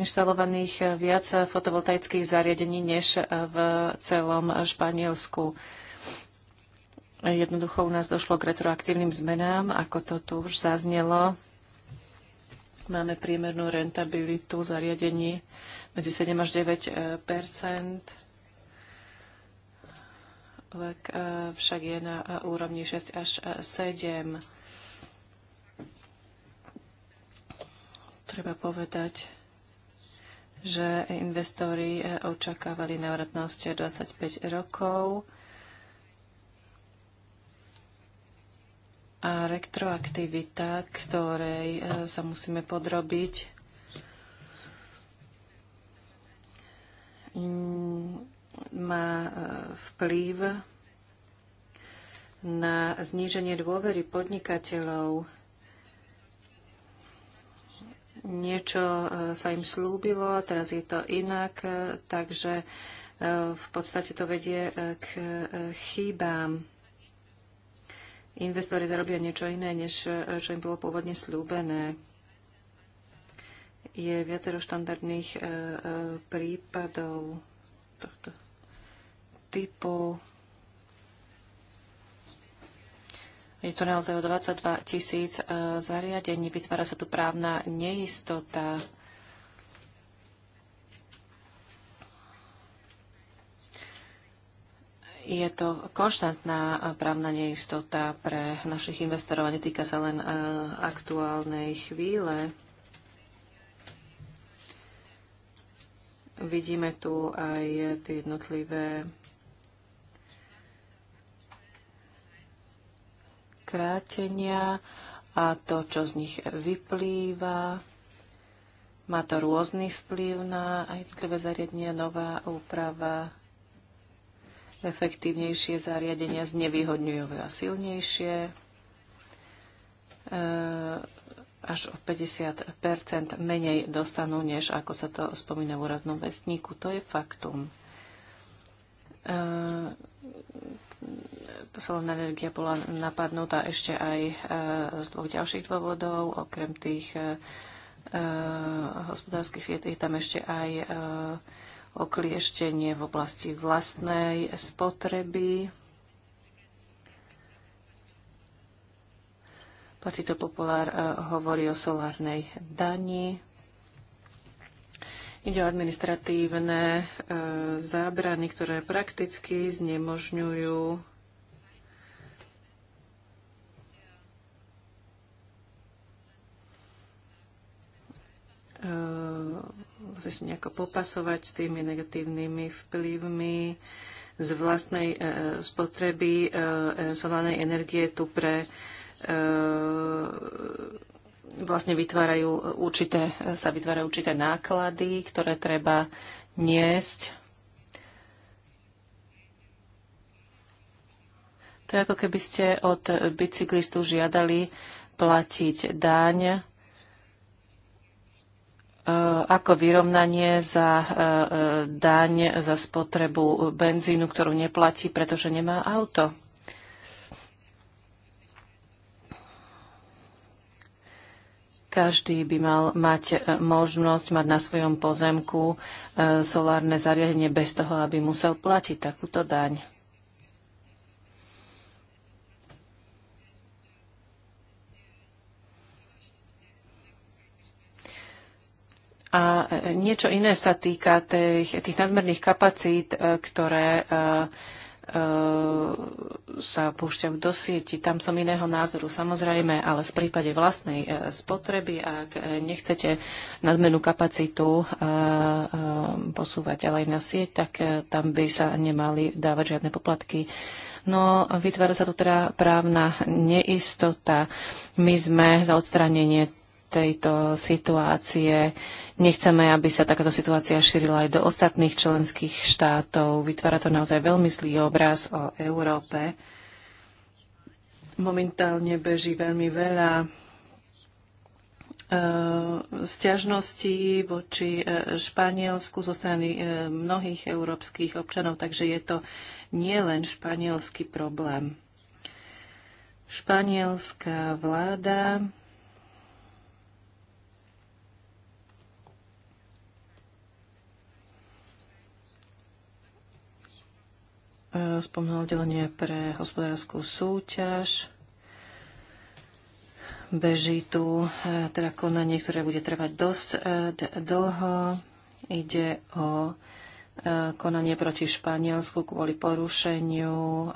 inštalovaných viac fotovoltaických zariadení než v celom Španielsku. Jednoducho u nás došlo k retroaktívnym zmenám, ako to tu už zaznelo. Máme priemernú rentabilitu zariadení medzi 7 až 9 vek e, však je na e, úrovni 6 až 7. E, Treba povedať, že investori očakávali návratnosť 25 rokov a retroaktivita, ktorej sa musíme podrobiť, mm, má e, vplyv na zníženie dôvery podnikateľov. Niečo e, sa im slúbilo, teraz je to inak, e, takže v podstate to vedie k chýbám. Investori zarobia niečo iné, než čo im bolo pôvodne slúbené je viacero štandardných prípadov tohto typu. Je to naozaj o 22 tisíc e, zariadení. Vytvára sa tu právna neistota. Je to konštantná e, právna neistota pre našich investorov a netýka sa len e, aktuálnej chvíle. Vidíme tu aj tie jednotlivé krátenia a to, čo z nich vyplýva. Má to rôzny vplyv na jednotlivé zariadenia, nová úprava, efektívnejšie zariadenia znevýhodňujú a silnejšie. E, až o 50 menej dostanú, než ako sa to spomína v úradnom vestníku. To je faktum. E, solárna energia bola napadnutá ešte aj e, z dvoch ďalších dôvodov, okrem tých e, e, hospodárskych sietí, tam ešte aj oklieštenie v oblasti vlastnej spotreby. Partito Populár hovorí o solárnej dani. Ide o administratívne zábrany, ktoré prakticky znemožňujú E, musí sa nejako popasovať s tými negatívnymi vplyvmi z vlastnej e, spotreby e, solárnej energie tu pre vlastne vytvárajú určité, sa vytvárajú určité náklady, ktoré treba niesť. To je ako keby ste od bicyklistu žiadali platiť daň Eh, ako vyrovnanie za eh, eh, daň za spotrebu benzínu, ktorú neplatí, pretože nemá auto. Každý by mal mať možnosť mať na svojom pozemku solárne zariadenie bez toho, aby musel platiť takúto daň. A niečo iné sa týka tých, tých nadmerných kapacít, e, ktoré e, e, sa púšťajú do sieti. Tam som iného názoru samozrejme, ale v prípade vlastnej spotreby, ak nechcete nadmenú kapacitu posúvať ale aj na sieť, tak tam by sa nemali dávať žiadne poplatky. No, vytvára sa tu teda právna neistota. My sme za odstranenie tejto situácie uh, Nechceme, aby sa takáto situácia šírila aj do ostatných členských štátov. Vytvára to naozaj veľmi zlý obraz o Európe. Momentálne beží veľmi veľa e, sťažností voči e, Španielsku zo strany e, mnohých európskych občanov, takže je to nielen španielský problém. Španielská vláda spomínal oddelenie pre hospodárskú súťaž. Beží tu e, teda konanie, ktoré bude trvať dosť e, dlho. Ide o e, konanie proti Španielsku kvôli porušeniu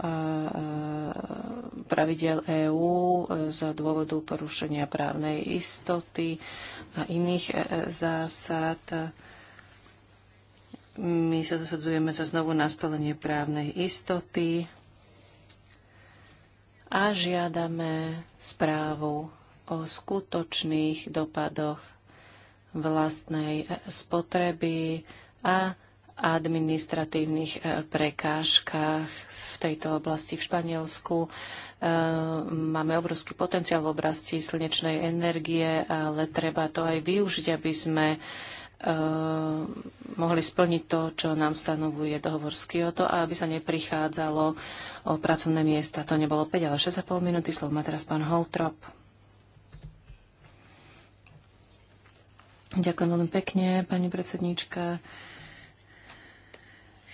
pravidel EÚ z dôvodu porušenia právnej istoty a iných zásad my sa zasadzujeme za znovu nastolenie právnej istoty a žiadame správu o skutočných dopadoch vlastnej spotreby a administratívnych e, prekážkach v tejto oblasti v Španielsku. E, máme obrovský potenciál v oblasti slnečnej energie, ale treba to aj využiť, aby sme Eh, mohli splniť to, čo nám stanovuje dohovor z Kyoto a aby sa neprichádzalo o pracovné miesta. To nebolo 5, ale 6,5 minúty. Slovo má teraz pán Holtrop. Ďakujem veľmi pekne, pani predsedníčka.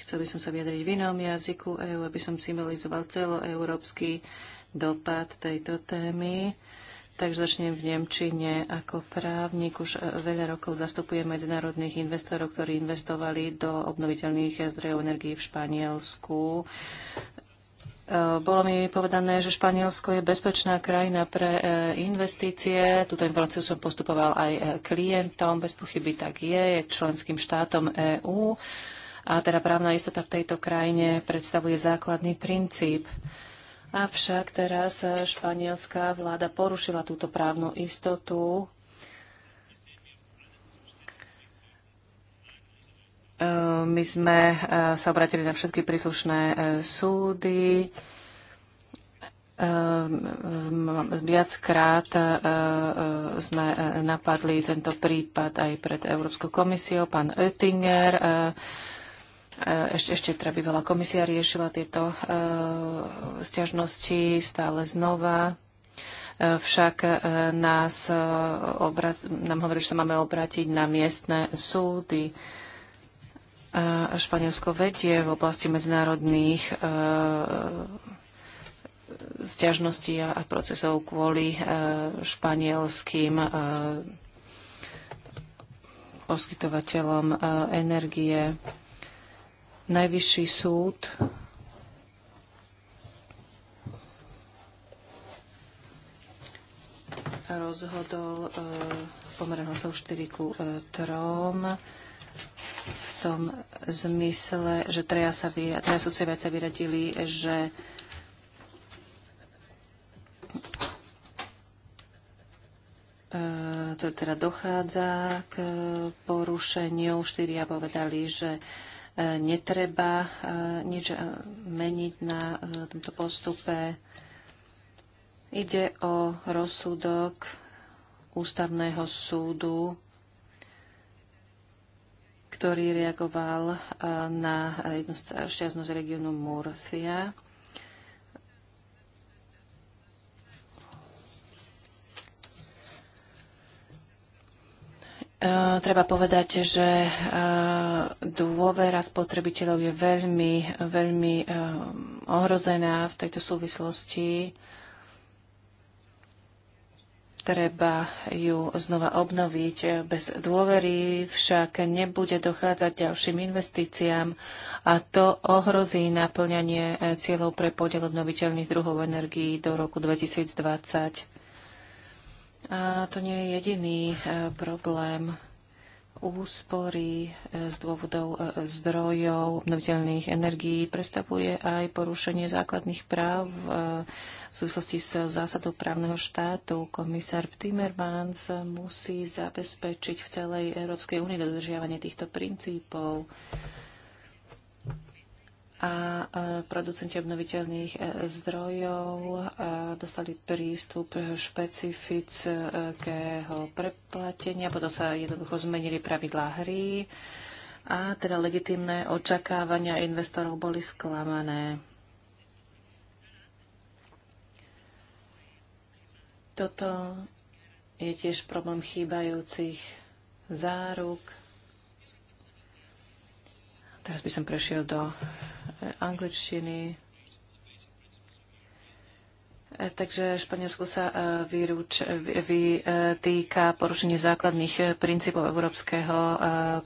Chcel by som sa vyjadriť v inom jazyku EÚ, aby som symbolizoval celoeurópsky dopad tejto témy. Takže začnem v Nemčine. Ako právnik už e, veľa rokov zastupuje medzinárodných investorov, ktorí investovali do obnoviteľných zdrojov energií v Španielsku. E, bolo mi povedané, že Španielsko je bezpečná krajina pre e, investície. Tuto informáciu som postupoval aj klientom. Bez pochyby tak je. Je členským štátom EÚ. A teda právna istota v tejto krajine predstavuje základný princíp. Avšak teraz eh, španielská vláda porušila túto právnu istotu eh, My sme eh, sa obratili na všetky príslušné súdy. Viackrát sme napadli tento prípad aj pred Európskou komisiou. Pán Oettinger E, ešte, ešte treba veľa komisia riešila tieto e, stiažnosti stále znova. E, však e, nás, e, obrat, nám hovorí, že sa máme obrátiť na miestne súdy. E, Španielsko vedie v oblasti medzinárodných e, stiažností a, a procesov kvôli e, španielským e, poskytovateľom e, energie. Najvyšší súd rozhodol e, pomere hlasov 4 ku 3 e, v tom zmysle, že treja, sa vy, treja sudcovia sa vyradili, že e, to teda dochádza k porušeniu. Štyria povedali, že netreba eh, nič eh, meniť na eh, tomto postupe. Ide o rozsudok ústavného súdu, ktorý reagoval na jednu šťastnosť regionu Murcia E, treba povedať, že e, dôvera spotrebiteľov je veľmi, veľmi e, ohrozená v tejto súvislosti. Treba ju znova obnoviť. Bez dôvery však nebude dochádzať ďalším investíciám a to ohrozí naplňanie cieľov pre podiel obnoviteľných druhov energií do roku 2020. A to nie je jediný e, problém úspory e, z dôvodov e, zdrojov obnoviteľných energií predstavuje aj porušenie základných práv v súvislosti s zásadou právneho štátu. Komisár Timmermans musí zabezpečiť v celej Európskej únii dodržiavanie týchto princípov a producenti obnoviteľných e, zdrojov dostali prístup špecifického preplatenia, potom sa jednoducho zmenili pravidlá hry a teda legitimné očakávania investorov boli sklamané. Toto je tiež problém chýbajúcich záruk Teraz by som prešiel do e, angličtiny. E, takže Španielsku sa e, výruč, vytýka porušenie základných princípov európskeho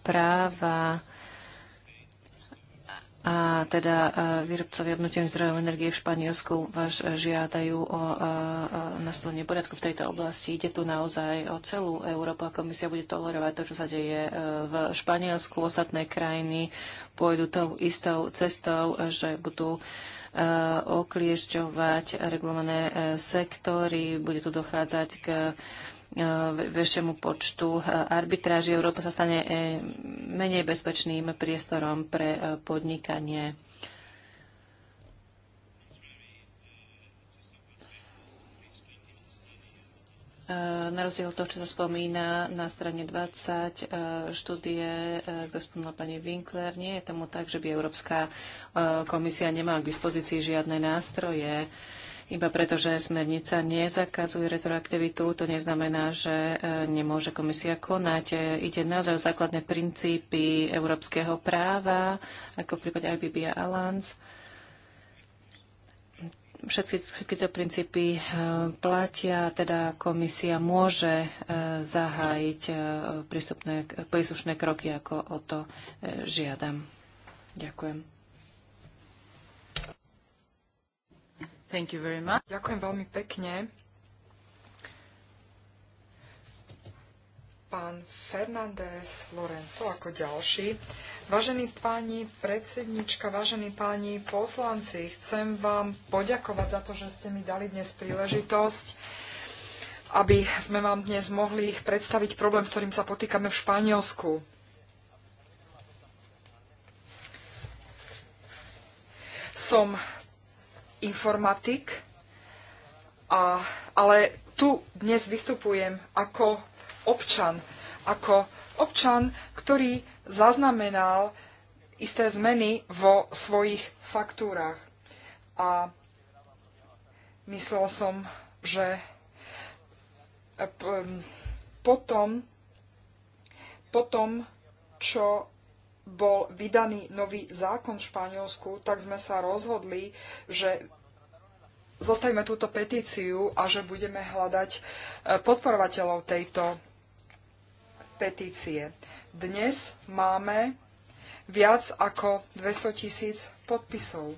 práva a teda e, výrobcovia obnoviteľných zdrojov energie v Španielsku vás e, žiadajú o e, nastolenie poriadku v tejto oblasti. Ide tu naozaj o celú Európu a komisia bude tolerovať to, čo sa deje v Španielsku. Ostatné krajiny pôjdu tou istou cestou, že budú okliešťovať regulované sektory, bude tu dochádzať k E, väčšiemu počtu e, arbitráží. Európa sa stane e, menej bezpečným priestorom pre podnikanie. Na rozdiel od toho, čo sa spomína na strane 20 štúdie, ako spomínala pani Winkler, nie je tomu tak, že by Európska komisia nemala k dispozícii žiadne nástroje, iba preto, že smernica nezakazuje retroaktivitu, to neznamená, že e, nemôže komisia konať. E, ide naozaj o základné princípy európskeho práva, ako v prípade IBB a Alans všetky, všetky tie princípy e, platia, teda komisia môže zahájiť prístupné, príslušné kroky, ako o to žiadam. Ďakujem. Thank you very much. Ďakujem veľmi pekne. Pán Fernández Lorenzo ako ďalší. Vážení páni predsednička, vážení páni poslanci, chcem vám poďakovať za to, že ste mi dali dnes príležitosť aby sme vám dnes mohli predstaviť problém, s ktorým sa potýkame v Španielsku. Som informatik, a, ale tu dnes vystupujem ako občan, ako občan, ktorý zaznamenal isté zmeny vo svojich faktúrach. A myslel som, že e, e, potom, potom čo bol vydaný nový zákon v Španielsku, tak sme sa rozhodli, že zostavíme túto petíciu a že budeme hľadať e, podporovateľov tejto petície. Dnes máme viac ako 200 tisíc podpisov.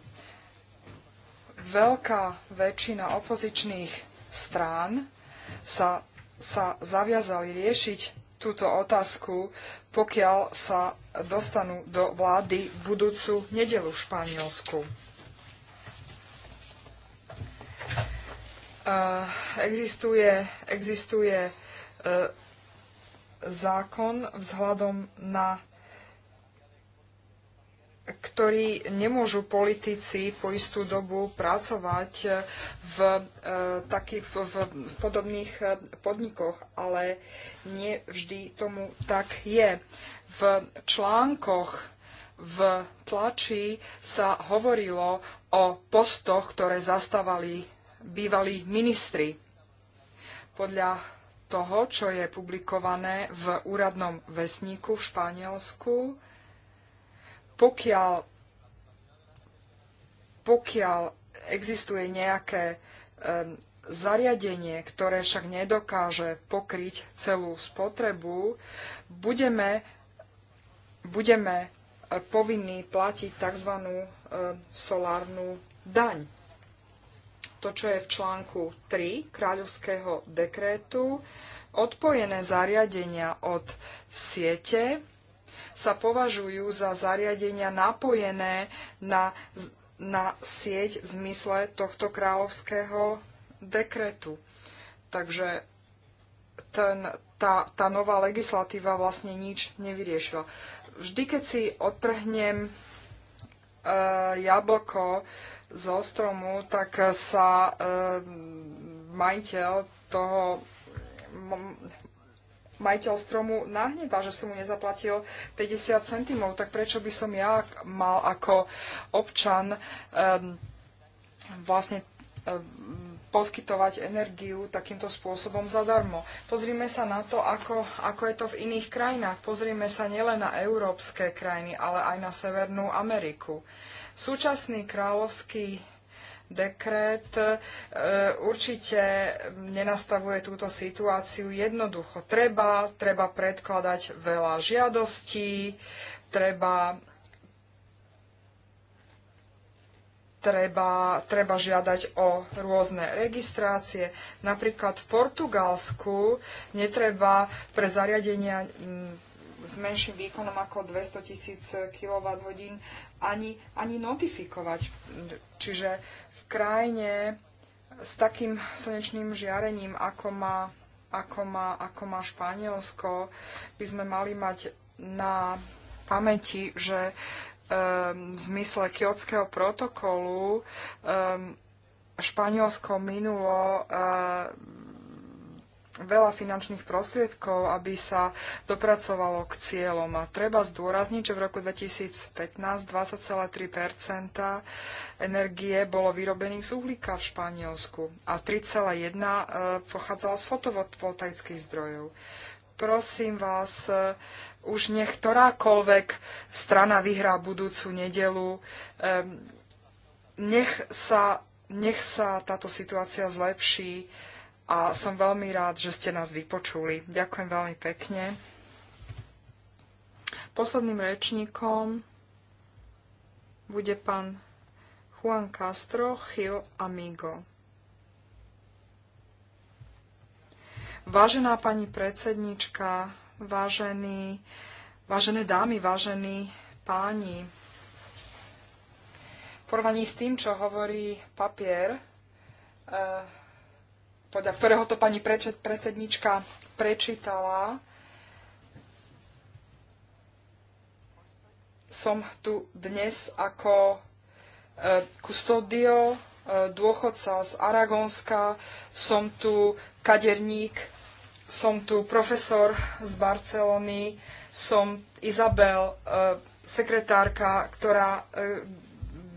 Veľká väčšina opozičných strán sa, sa zaviazali riešiť túto otázku pokiaľ sa dostanú do vlády budúcu nedelu v Španielsku. Eh, existuje, existuje eh, zákon vzhľadom na ktorí nemôžu politici po istú dobu pracovať e, v, e, taký, v, v, v podobných e, podnikoch, ale nie vždy tomu tak je. V článkoch v tlači sa hovorilo o postoch, ktoré zastávali bývalí ministri. Podľa toho, čo je publikované v úradnom vesníku v Španielsku, pokiaľ, pokiaľ existuje nejaké um, zariadenie, ktoré však nedokáže pokryť celú spotrebu, budeme, budeme e, povinní platiť tzv. solárnu daň. To, čo je v článku 3 kráľovského dekrétu, odpojené zariadenia od siete sa považujú za zariadenia napojené na, na sieť v zmysle tohto kráľovského dekretu. Takže ten, tá, tá nová legislatíva vlastne nič nevyriešila. Vždy, keď si odtrhnem e, jablko zo stromu, tak sa e, majiteľ toho majiteľ stromu nahnevá, že som mu nezaplatil 50 centimov, tak prečo by som ja mal ako občan um, vlastne um, poskytovať energiu takýmto spôsobom zadarmo. Pozrime sa na to, ako, ako je to v iných krajinách. Pozrime sa nielen na európske krajiny, ale aj na Severnú Ameriku. Súčasný kráľovský dekrét e, určite nenastavuje túto situáciu jednoducho. Treba, treba predkladať veľa žiadostí, treba Treba, treba žiadať o rôzne registrácie. Napríklad v Portugalsku netreba pre zariadenia s menším výkonom ako 200 tisíc kWh ani, ani notifikovať. Čiže v krajine s takým slnečným žiarením, ako má, ako má, ako má Španielsko, by sme mali mať na pamäti, že ehm, v zmysle kiotského protokolu ehm, Španielsko minulo ehm, veľa finančných prostriedkov, aby sa dopracovalo k cieľom. A treba zdôrazniť, že v roku 2015 20,3 energie bolo vyrobených z uhlíka v Španielsku a 3,1 e, pochádzala z fotovoltaických zdrojov. Prosím vás, e, už nech ktorákoľvek strana vyhrá budúcu nedelu, nech sa, nech sa táto situácia zlepší a som veľmi rád, že ste nás vypočuli. Ďakujem veľmi pekne. Posledným rečníkom bude pán Juan Castro Gil Amigo. Vážená pani predsednička, vážení, vážené dámy, vážení páni, v porovnaní s tým, čo hovorí papier, e podľa ktorého to pani predsednička prečítala, som tu dnes ako e, kustódio e, dôchodca z Aragonska, som tu kaderník, som tu profesor z Barcelony, som Izabel, e, sekretárka, ktorá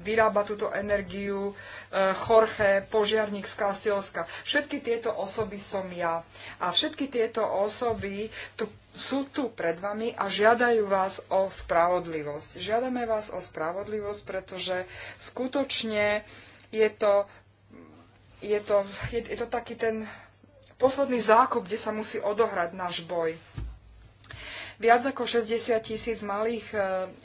vyrába túto energiu, e, Jorge, požiarník z Kastielska. Všetky tieto osoby som ja. A všetky tieto osoby tu, sú tu pred vami a žiadajú vás o spravodlivosť. Žiadame vás o spravodlivosť, pretože skutočne je to, je to, je, je to taký ten posledný zákup, kde sa musí odohrať náš boj. Viac ako 60 tisíc malých e,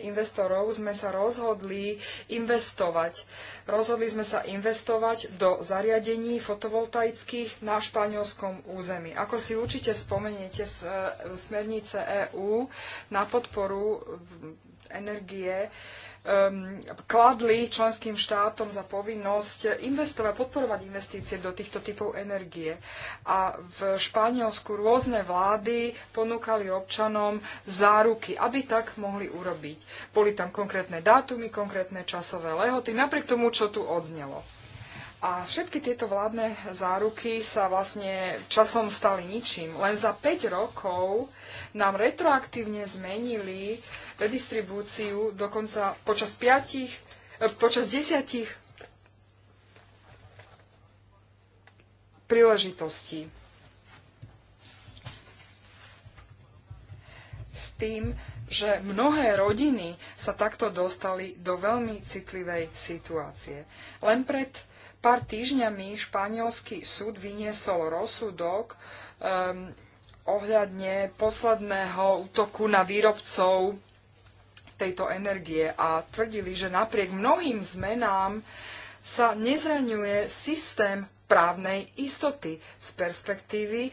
investorov sme sa rozhodli investovať. Rozhodli sme sa investovať do zariadení fotovoltaických na španielskom území. Ako si určite spomeniete z e, smernice EÚ na podporu energie, Um, kladli členským štátom za povinnosť investovať, podporovať investície do týchto typov energie. A v Španielsku rôzne vlády ponúkali občanom záruky, aby tak mohli urobiť. Boli tam konkrétne dátumy, konkrétne časové lehoty, napriek tomu, čo tu odznelo. A všetky tieto vládne záruky sa vlastne časom stali ničím. Len za 5 rokov nám retroaktívne zmenili redistribúciu dokonca počas piatich, e, počas desiatich príležitostí. S tým, že mnohé rodiny sa takto dostali do veľmi citlivej situácie. Len pred pár týždňami španielský súd vyniesol rozsudok um, ohľadne posledného útoku na výrobcov tejto energie a tvrdili, že napriek mnohým zmenám sa nezraňuje systém právnej istoty z perspektívy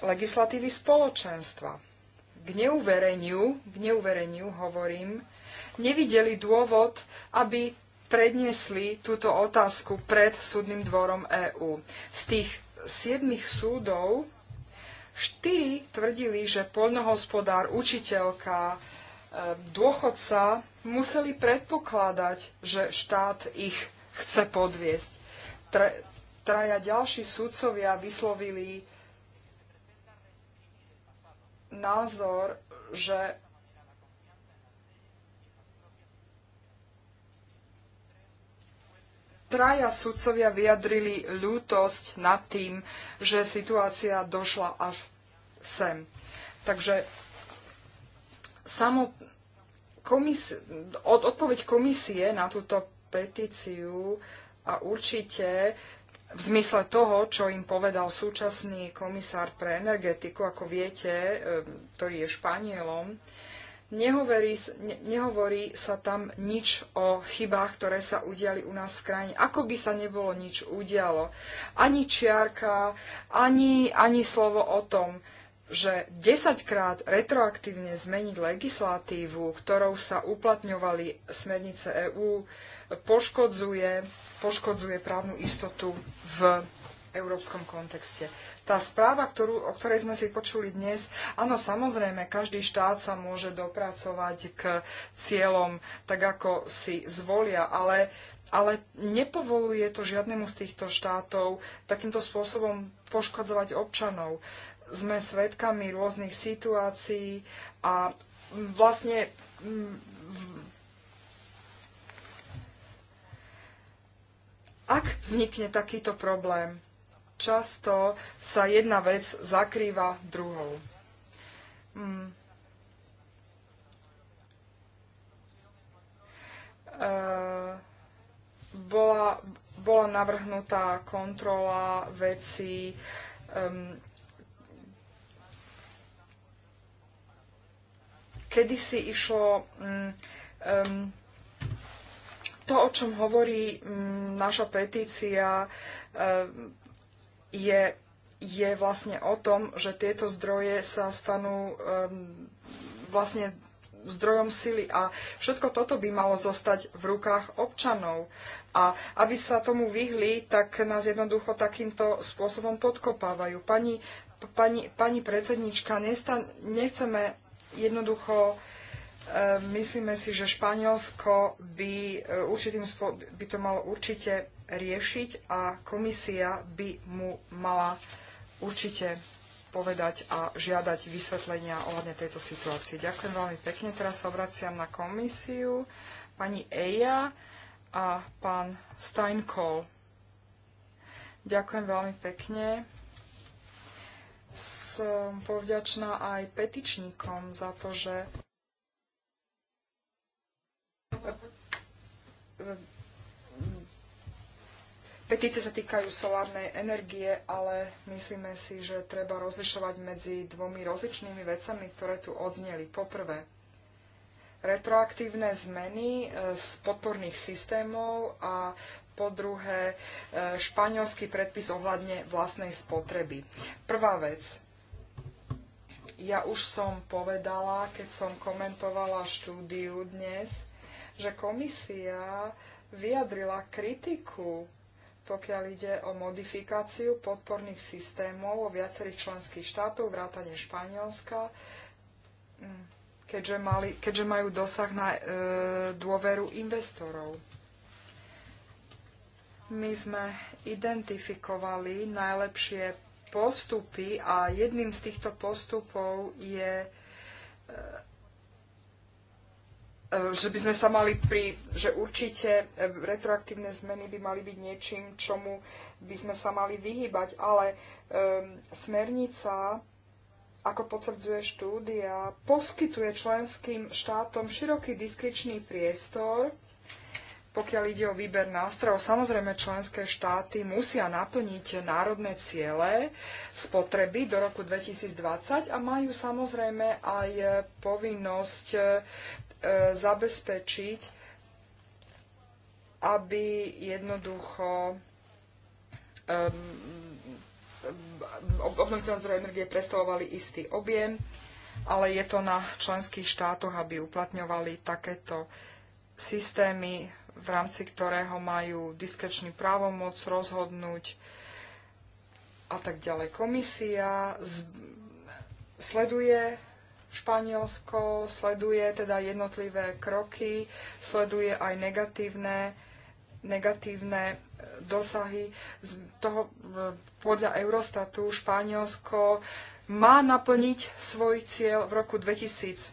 legislatívy spoločenstva. K neuvereniu, k neuvereniu hovorím, nevideli dôvod, aby predniesli túto otázku pred súdnym dvorom EÚ. Z tých siedmých súdov štyri tvrdili, že poľnohospodár, učiteľka, Ehm, dôchodca museli predpokladať, že štát ich chce podviesť. Traja ďalší sudcovia vyslovili názor, že traja sudcovia vyjadrili ľútosť nad tým, že situácia došla až sem. Takže Samo komis- od- odpoveď komisie na túto petíciu a určite v zmysle toho, čo im povedal súčasný komisár pre energetiku, ako viete, ktorý je Španielom, nehovorí, nehovorí sa tam nič o chybách, ktoré sa udiali u nás v krajine. Ako by sa nebolo nič udialo. Ani čiarka, ani, ani slovo o tom že 10 krát retroaktívne zmeniť legislatívu, ktorou sa uplatňovali smernice EÚ, poškodzuje, poškodzuje právnu istotu v európskom kontexte. Tá správa, ktorú, o ktorej sme si počuli dnes, áno, samozrejme, každý štát sa môže dopracovať k cieľom tak, ako si zvolia, ale ale nepovoluje to žiadnemu z týchto štátov takýmto spôsobom poškodzovať občanov sme svedkami rôznych situácií a vlastne mm, ak vznikne takýto problém, často sa jedna vec zakrýva druhou. Mm. E, bola, bola navrhnutá kontrola vecí, Kedy si išlo um, to, o čom hovorí um, naša petícia, um, je, je vlastne o tom, že tieto zdroje sa stanú um, vlastne zdrojom sily a všetko toto by malo zostať v rukách občanov. A aby sa tomu vyhli, tak nás jednoducho takýmto spôsobom podkopávajú. Pani, pani, pani predsednička, nechceme Jednoducho e, myslíme si, že Španielsko by, e, určitým, by to malo určite riešiť a komisia by mu mala určite povedať a žiadať vysvetlenia ohľadne tejto situácie. Ďakujem veľmi pekne. Teraz sa obraciam na komisiu. Pani Eja a pán Steinkol. Ďakujem veľmi pekne som povďačná aj petičníkom za to, že Petície sa týkajú solárnej energie, ale myslíme si, že treba rozlišovať medzi dvomi rozličnými vecami, ktoré tu odzneli. Poprvé, retroaktívne zmeny e, z podporných systémov a po druhé e, španielský predpis ohľadne vlastnej spotreby. Prvá vec. Ja už som povedala, keď som komentovala štúdiu dnes, že komisia vyjadrila kritiku, pokiaľ ide o modifikáciu podporných systémov vo viacerých členských štátov, vrátane Španielska, mm, keďže, mali, keďže majú dosah na e, dôveru investorov my sme identifikovali najlepšie postupy a jedným z týchto postupov je e, e, že by sme sa mali pri, že určite e, retroaktívne zmeny by mali byť niečím, čomu by sme sa mali vyhybať, ale um, smernica, ako potvrdzuje štúdia, poskytuje členským štátom široký diskričný priestor, pokiaľ ide o výber nástrojov, samozrejme členské štáty musia naplniť národné ciele spotreby do roku 2020 a majú samozrejme aj povinnosť e, zabezpečiť, aby jednoducho um, obnoviteľné zdroje energie predstavovali istý objem, ale je to na členských štátoch, aby uplatňovali takéto systémy v rámci ktorého majú diskrečnú právomoc rozhodnúť a tak ďalej. Komisia z, sleduje Španielsko, sleduje teda jednotlivé kroky, sleduje aj negatívne, negatívne e, dosahy. Z toho, podľa Eurostatu Španielsko má naplniť svoj cieľ v roku 2014.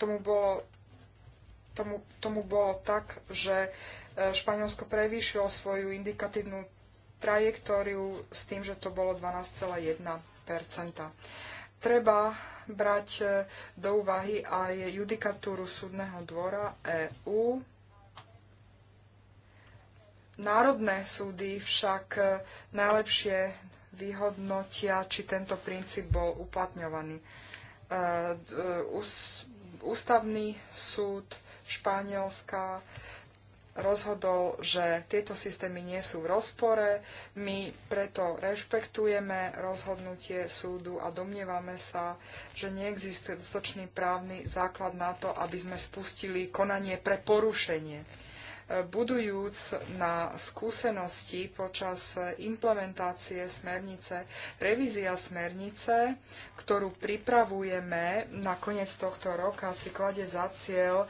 tomu bolo, tomu, tomu bolo tak, že e, Španielsko prevýšilo svoju indikatívnu trajektóriu s tým, že to bolo 12,1 Treba brať e, do úvahy aj judikatúru súdneho dvora EÚ. Národné súdy však e, najlepšie vyhodnotia, či tento princíp bol uplatňovaný. Ústavný súd Španielska rozhodol, že tieto systémy nie sú v rozpore. My preto rešpektujeme rozhodnutie súdu a domnievame sa, že neexistuje dostatočný právny základ na to, aby sme spustili konanie pre porušenie budujúc na skúsenosti počas implementácie smernice, revízia smernice, ktorú pripravujeme na koniec tohto roka, si klade za cieľ e,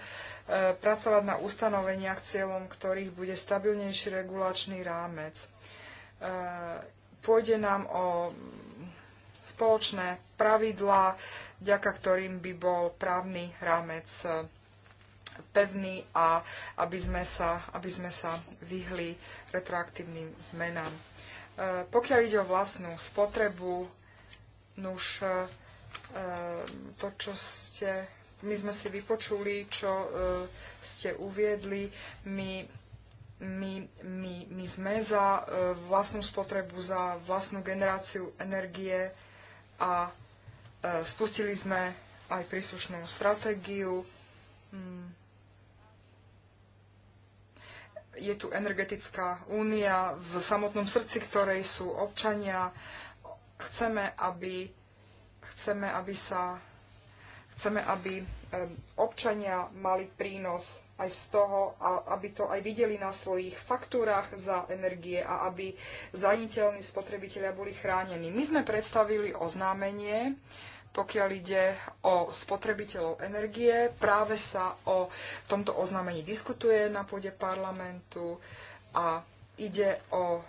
pracovať na ustanoveniach cieľom, ktorých bude stabilnejší regulačný rámec. E, pôjde nám o spoločné pravidlá, vďaka ktorým by bol právny rámec pevný a aby sme sa, aby sme sa vyhli retroaktívnym zmenám. E, pokiaľ ide o vlastnú spotrebu, nuž e, e, to, čo ste... My sme si vypočuli, čo ste uviedli. My my, my, my sme za vlastnú spotrebu, za vlastnú generáciu energie a spustili sme aj príslušnú stratégiu. Mm je tu energetická únia v samotnom srdci, ktorej sú občania. Chceme, aby, chceme, aby sa chceme, aby občania mali prínos aj z toho, a aby to aj videli na svojich faktúrach za energie a aby zraniteľní spotrebitelia boli chránení. My sme predstavili oznámenie, pokiaľ ide o spotrebiteľov energie. Práve sa o tomto oznámení diskutuje na pôde parlamentu a ide o e,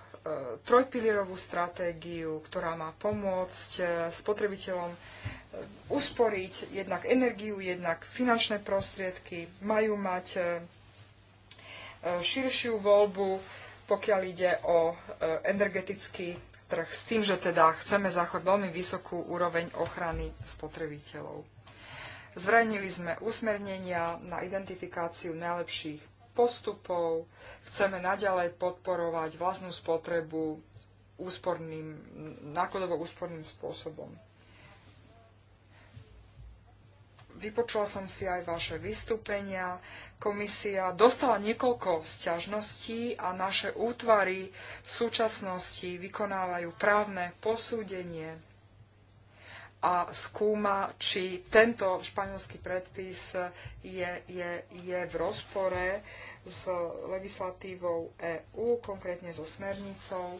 trojpilierovú stratégiu, ktorá má pomôcť e, spotrebiteľom e, usporiť jednak energiu, jednak finančné prostriedky. Majú mať širšiu voľbu, pokiaľ ide o energetický trh s tým, že teda chceme zachovať veľmi vysokú úroveň ochrany spotrebiteľov. Zverejnili sme usmernenia na identifikáciu najlepších postupov, chceme naďalej podporovať vlastnú spotrebu úsporným, nákladovo úsporným spôsobom. vypočula som si aj vaše vystúpenia. Komisia dostala niekoľko sťažností a naše útvary v súčasnosti vykonávajú právne posúdenie a skúma, či tento španielský predpis je, je, je v rozpore s legislatívou EÚ, konkrétne so smernicou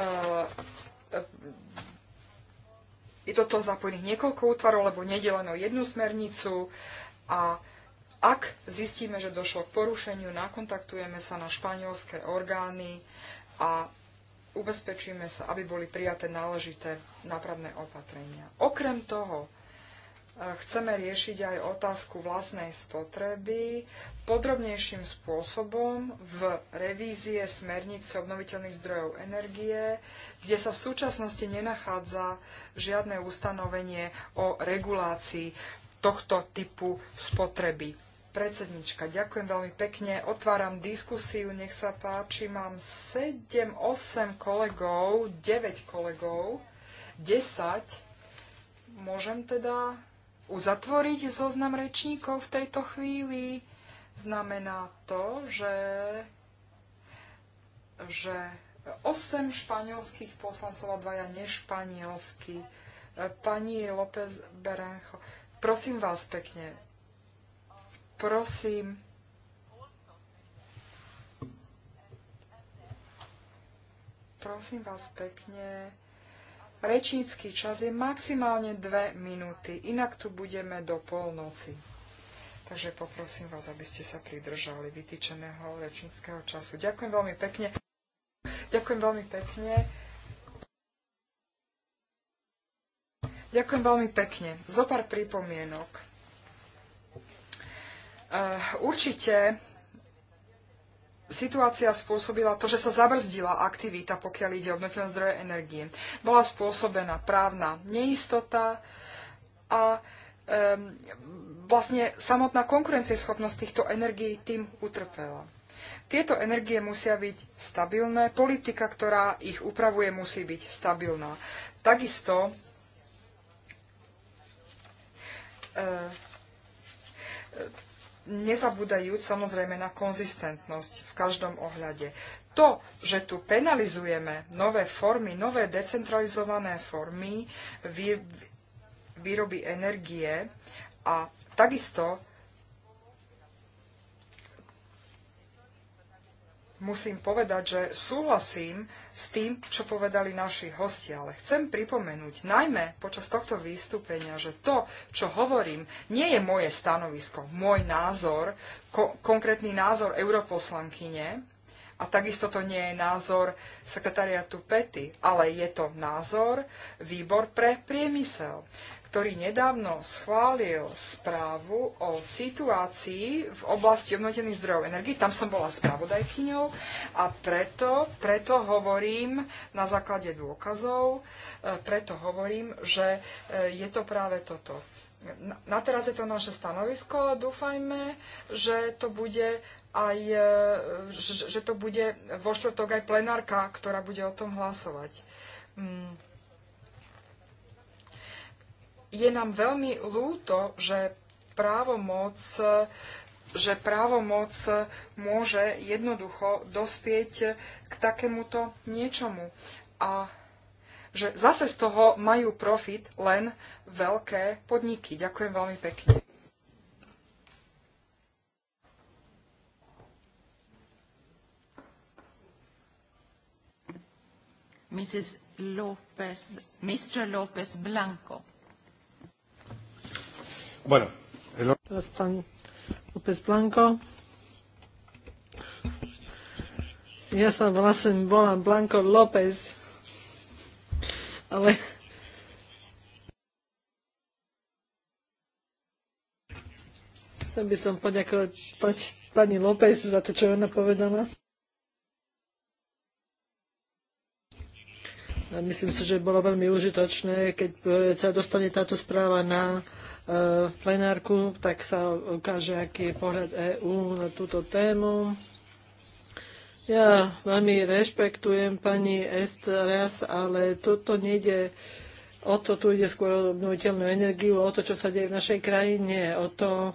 e, E, je do toho zapojených niekoľko útvarov, lebo nedelenú jednu smernicu a ak zistíme, že došlo k porušeniu, nakontaktujeme sa na španielské orgány a ubezpečíme sa, aby boli prijaté náležité nápravné opatrenia. Okrem toho, chceme riešiť aj otázku vlastnej spotreby podrobnejším spôsobom v revízie smernice obnoviteľných zdrojov energie, kde sa v súčasnosti nenachádza žiadne ustanovenie o regulácii tohto typu spotreby. Predsednička, ďakujem veľmi pekne. Otváram diskusiu, nech sa páči. Mám 7-8 kolegov, 9 kolegov, 10. Môžem teda uzatvoriť zoznam rečníkov v tejto chvíli. Znamená to, že, že 8 španielských poslancov a dvaja nešpanielskí. Pani López Berencho, prosím vás pekne, prosím, prosím vás pekne, rečnícky čas je maximálne dve minúty, inak tu budeme do polnoci. Takže poprosím vás, aby ste sa pridržali vytýčeného rečníckého času. Ďakujem veľmi pekne. Ďakujem veľmi pekne. Ďakujem veľmi pekne. Zopár pripomienok. Eh, určite situácia spôsobila to, že sa zabrzdila aktivita, pokiaľ ide o obnoviteľné zdroje energie. Bola spôsobená právna neistota a um, vlastne samotná konkurencieschopnosť týchto energií tým utrpela. Tieto energie musia byť stabilné, politika, ktorá ich upravuje, musí byť stabilná. Takisto eh, nezabúdajúc samozrejme na konzistentnosť v každom ohľade. To, že tu penalizujeme nové formy, nové decentralizované formy výroby energie a takisto musím povedať, že súhlasím s tým, čo povedali naši hostia, ale chcem pripomenúť najmä počas tohto vystúpenia, že to, čo hovorím, nie je moje stanovisko, môj názor, ko- konkrétny názor europoslankyne, a takisto to nie je názor sekretariatu PETY, ale je to názor výbor pre priemysel ktorý nedávno schválil správu o situácii v oblasti obnoviteľných zdrojov energii. Tam som bola spravodajkyňou a preto, preto hovorím na základe dôkazov, e, preto hovorím, že e, je to práve toto. Na teraz je to naše stanovisko a dúfajme, že to bude aj, e, že to bude vo štvrtok aj plenárka, ktorá bude o tom hlasovať. Mm je nám veľmi lúto, že právomoc že právomoc môže jednoducho dospieť k takémuto niečomu. A že zase z toho majú profit len veľké podniky. Ďakujem veľmi pekne. Mrs. López, Mr. López Blanco. Bueno, el... Teraz pán López Blanco. Ja sa vlastne volám Blanco López, ale chcel by som poďakovať pani López za to, čo ona povedala. A myslím si, že bolo veľmi užitočné, keď e, sa dostane táto správa na plenárku, tak sa ukáže, aký je pohľad EÚ na túto tému. Ja veľmi rešpektujem pani Estras, ale toto nejde o to, tu ide skôr o obnoviteľnú energiu, o to, čo sa deje v našej krajine, o to,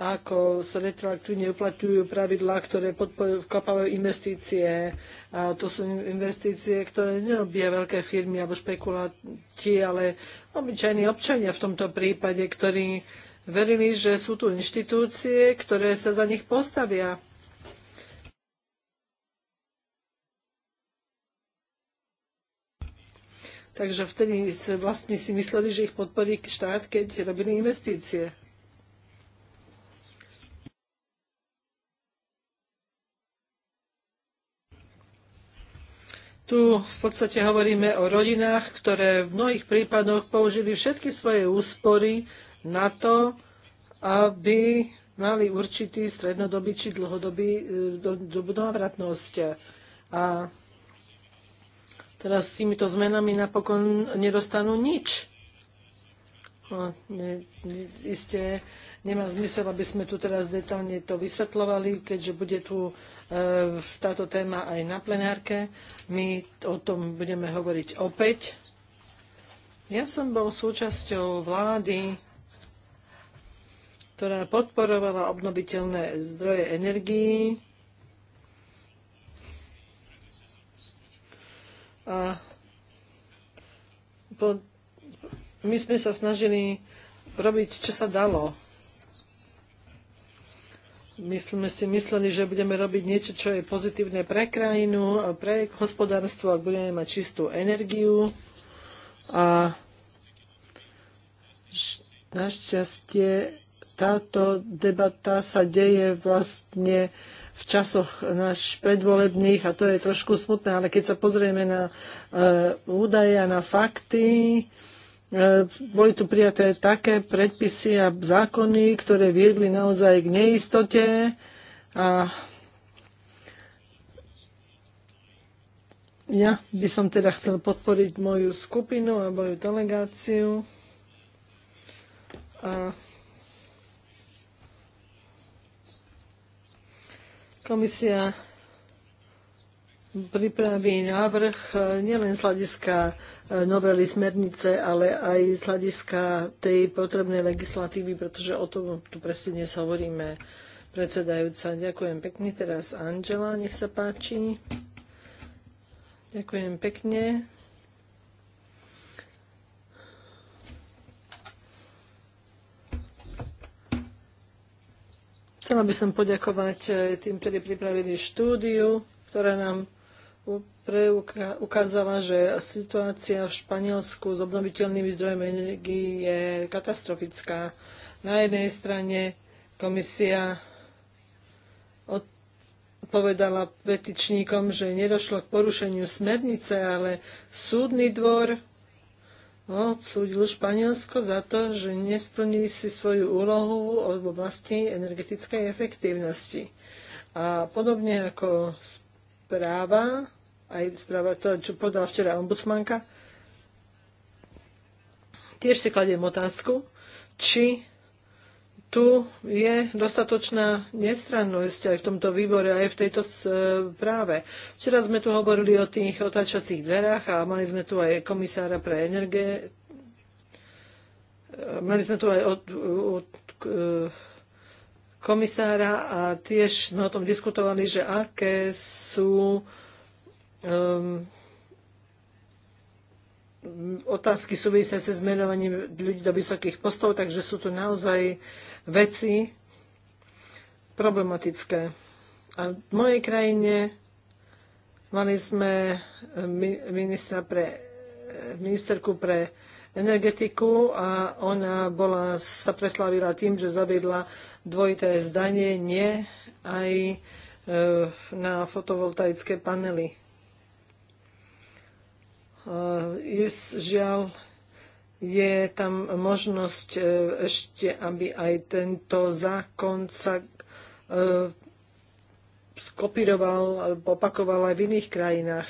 ako sa retroaktívne uplatňujú pravidlá, ktoré podkopávajú investície. A to sú investície, ktoré nerobia veľké firmy alebo špekulanti, ale obyčajní občania v tomto prípade, ktorí verili, že sú tu inštitúcie, ktoré sa za nich postavia. Takže vtedy vlastne si mysleli, že ich podporí štát, keď robili investície. Tu v podstate hovoríme o rodinách, ktoré v mnohých prípadoch použili všetky svoje úspory na to, aby mali určitý strednodobý či dlhodobý návratnosť. E, A teraz s týmito zmenami napokon nedostanú nič. No, ne, ne, isté, Nemá zmysel, aby sme tu teraz detálne to vysvetľovali, keďže bude tu e, táto téma aj na plenárke. My o tom budeme hovoriť opäť. Ja som bol súčasťou vlády, ktorá podporovala obnoviteľné zdroje energií. A po, my sme sa snažili robiť, čo sa dalo. My sme si mysleli, že budeme robiť niečo, čo je pozitívne pre krajinu, a pre hospodárstvo, ak budeme mať čistú energiu. A našťastie táto debata sa deje vlastne v časoch náš predvolebných a to je trošku smutné, ale keď sa pozrieme na e, údaje a na fakty, e, E, boli tu prijaté také predpisy a zákony, ktoré viedli naozaj k neistote a ja by som teda chcel podporiť moju skupinu a moju delegáciu a komisia pripraví návrh e, nielen z hľadiska e, novely smernice, ale aj z hľadiska tej potrebnej legislatívy, pretože o tom tu presne dnes hovoríme predsedajúca. Ďakujem pekne. Teraz Angela, nech sa páči. Ďakujem pekne. Chcela by som poďakovať e, tým, ktorí pripravili štúdiu, ktorá nám ukázala, že situácia v Španielsku s obnoviteľnými zdrojmi energii je katastrofická. Na jednej strane komisia odpovedala petičníkom, že nedošlo k porušeniu smernice, ale súdny dvor odsúdil Španielsko za to, že nesplnili si svoju úlohu v oblasti energetickej efektívnosti. A podobne ako správa aj správa to, čo podala včera ombudsmanka. Tiež si kladiem otázku, či tu je dostatočná nestrannosť aj v tomto výbore, aj v tejto e, práve. Včera sme tu hovorili o tých otáčacích dverách a mali sme tu aj komisára pre energie. E, mali sme tu aj od, od, e, komisára a tiež sme o tom diskutovali, že aké sú um, otázky súvisia s menovaním ľudí do vysokých postov, takže sú tu naozaj veci problematické. A v mojej krajine mali sme eh, ministra pre, eh, ministerku pre energetiku a ona bola, sa preslávila tým, že zaviedla dvojité zdanie nie aj eh, na fotovoltaické panely. Eh, je, žiaľ, je tam možnosť eh, ešte, aby aj tento zákon sa eh, skopíroval alebo opakoval aj v iných krajinách.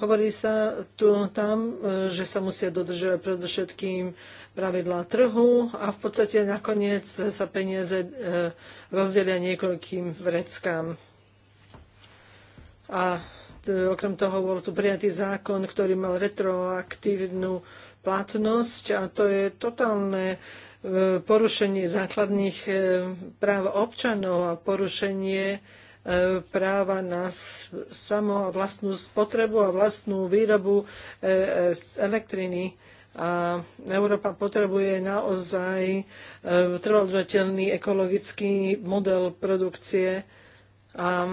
Hovorí sa tu tam, že sa musia dodržovať predovšetkým pravidlá trhu a v podstate nakoniec sa peniaze rozdelia niekoľkým vreckám. A Okrem toho bol tu prijatý zákon, ktorý mal retroaktívnu platnosť a to je totálne e, porušenie základných e, práv občanov a porušenie e, práva na samo a vlastnú spotrebu a vlastnú výrobu elektriny. A Európa potrebuje naozaj trvalodvateľný ekologický model produkcie a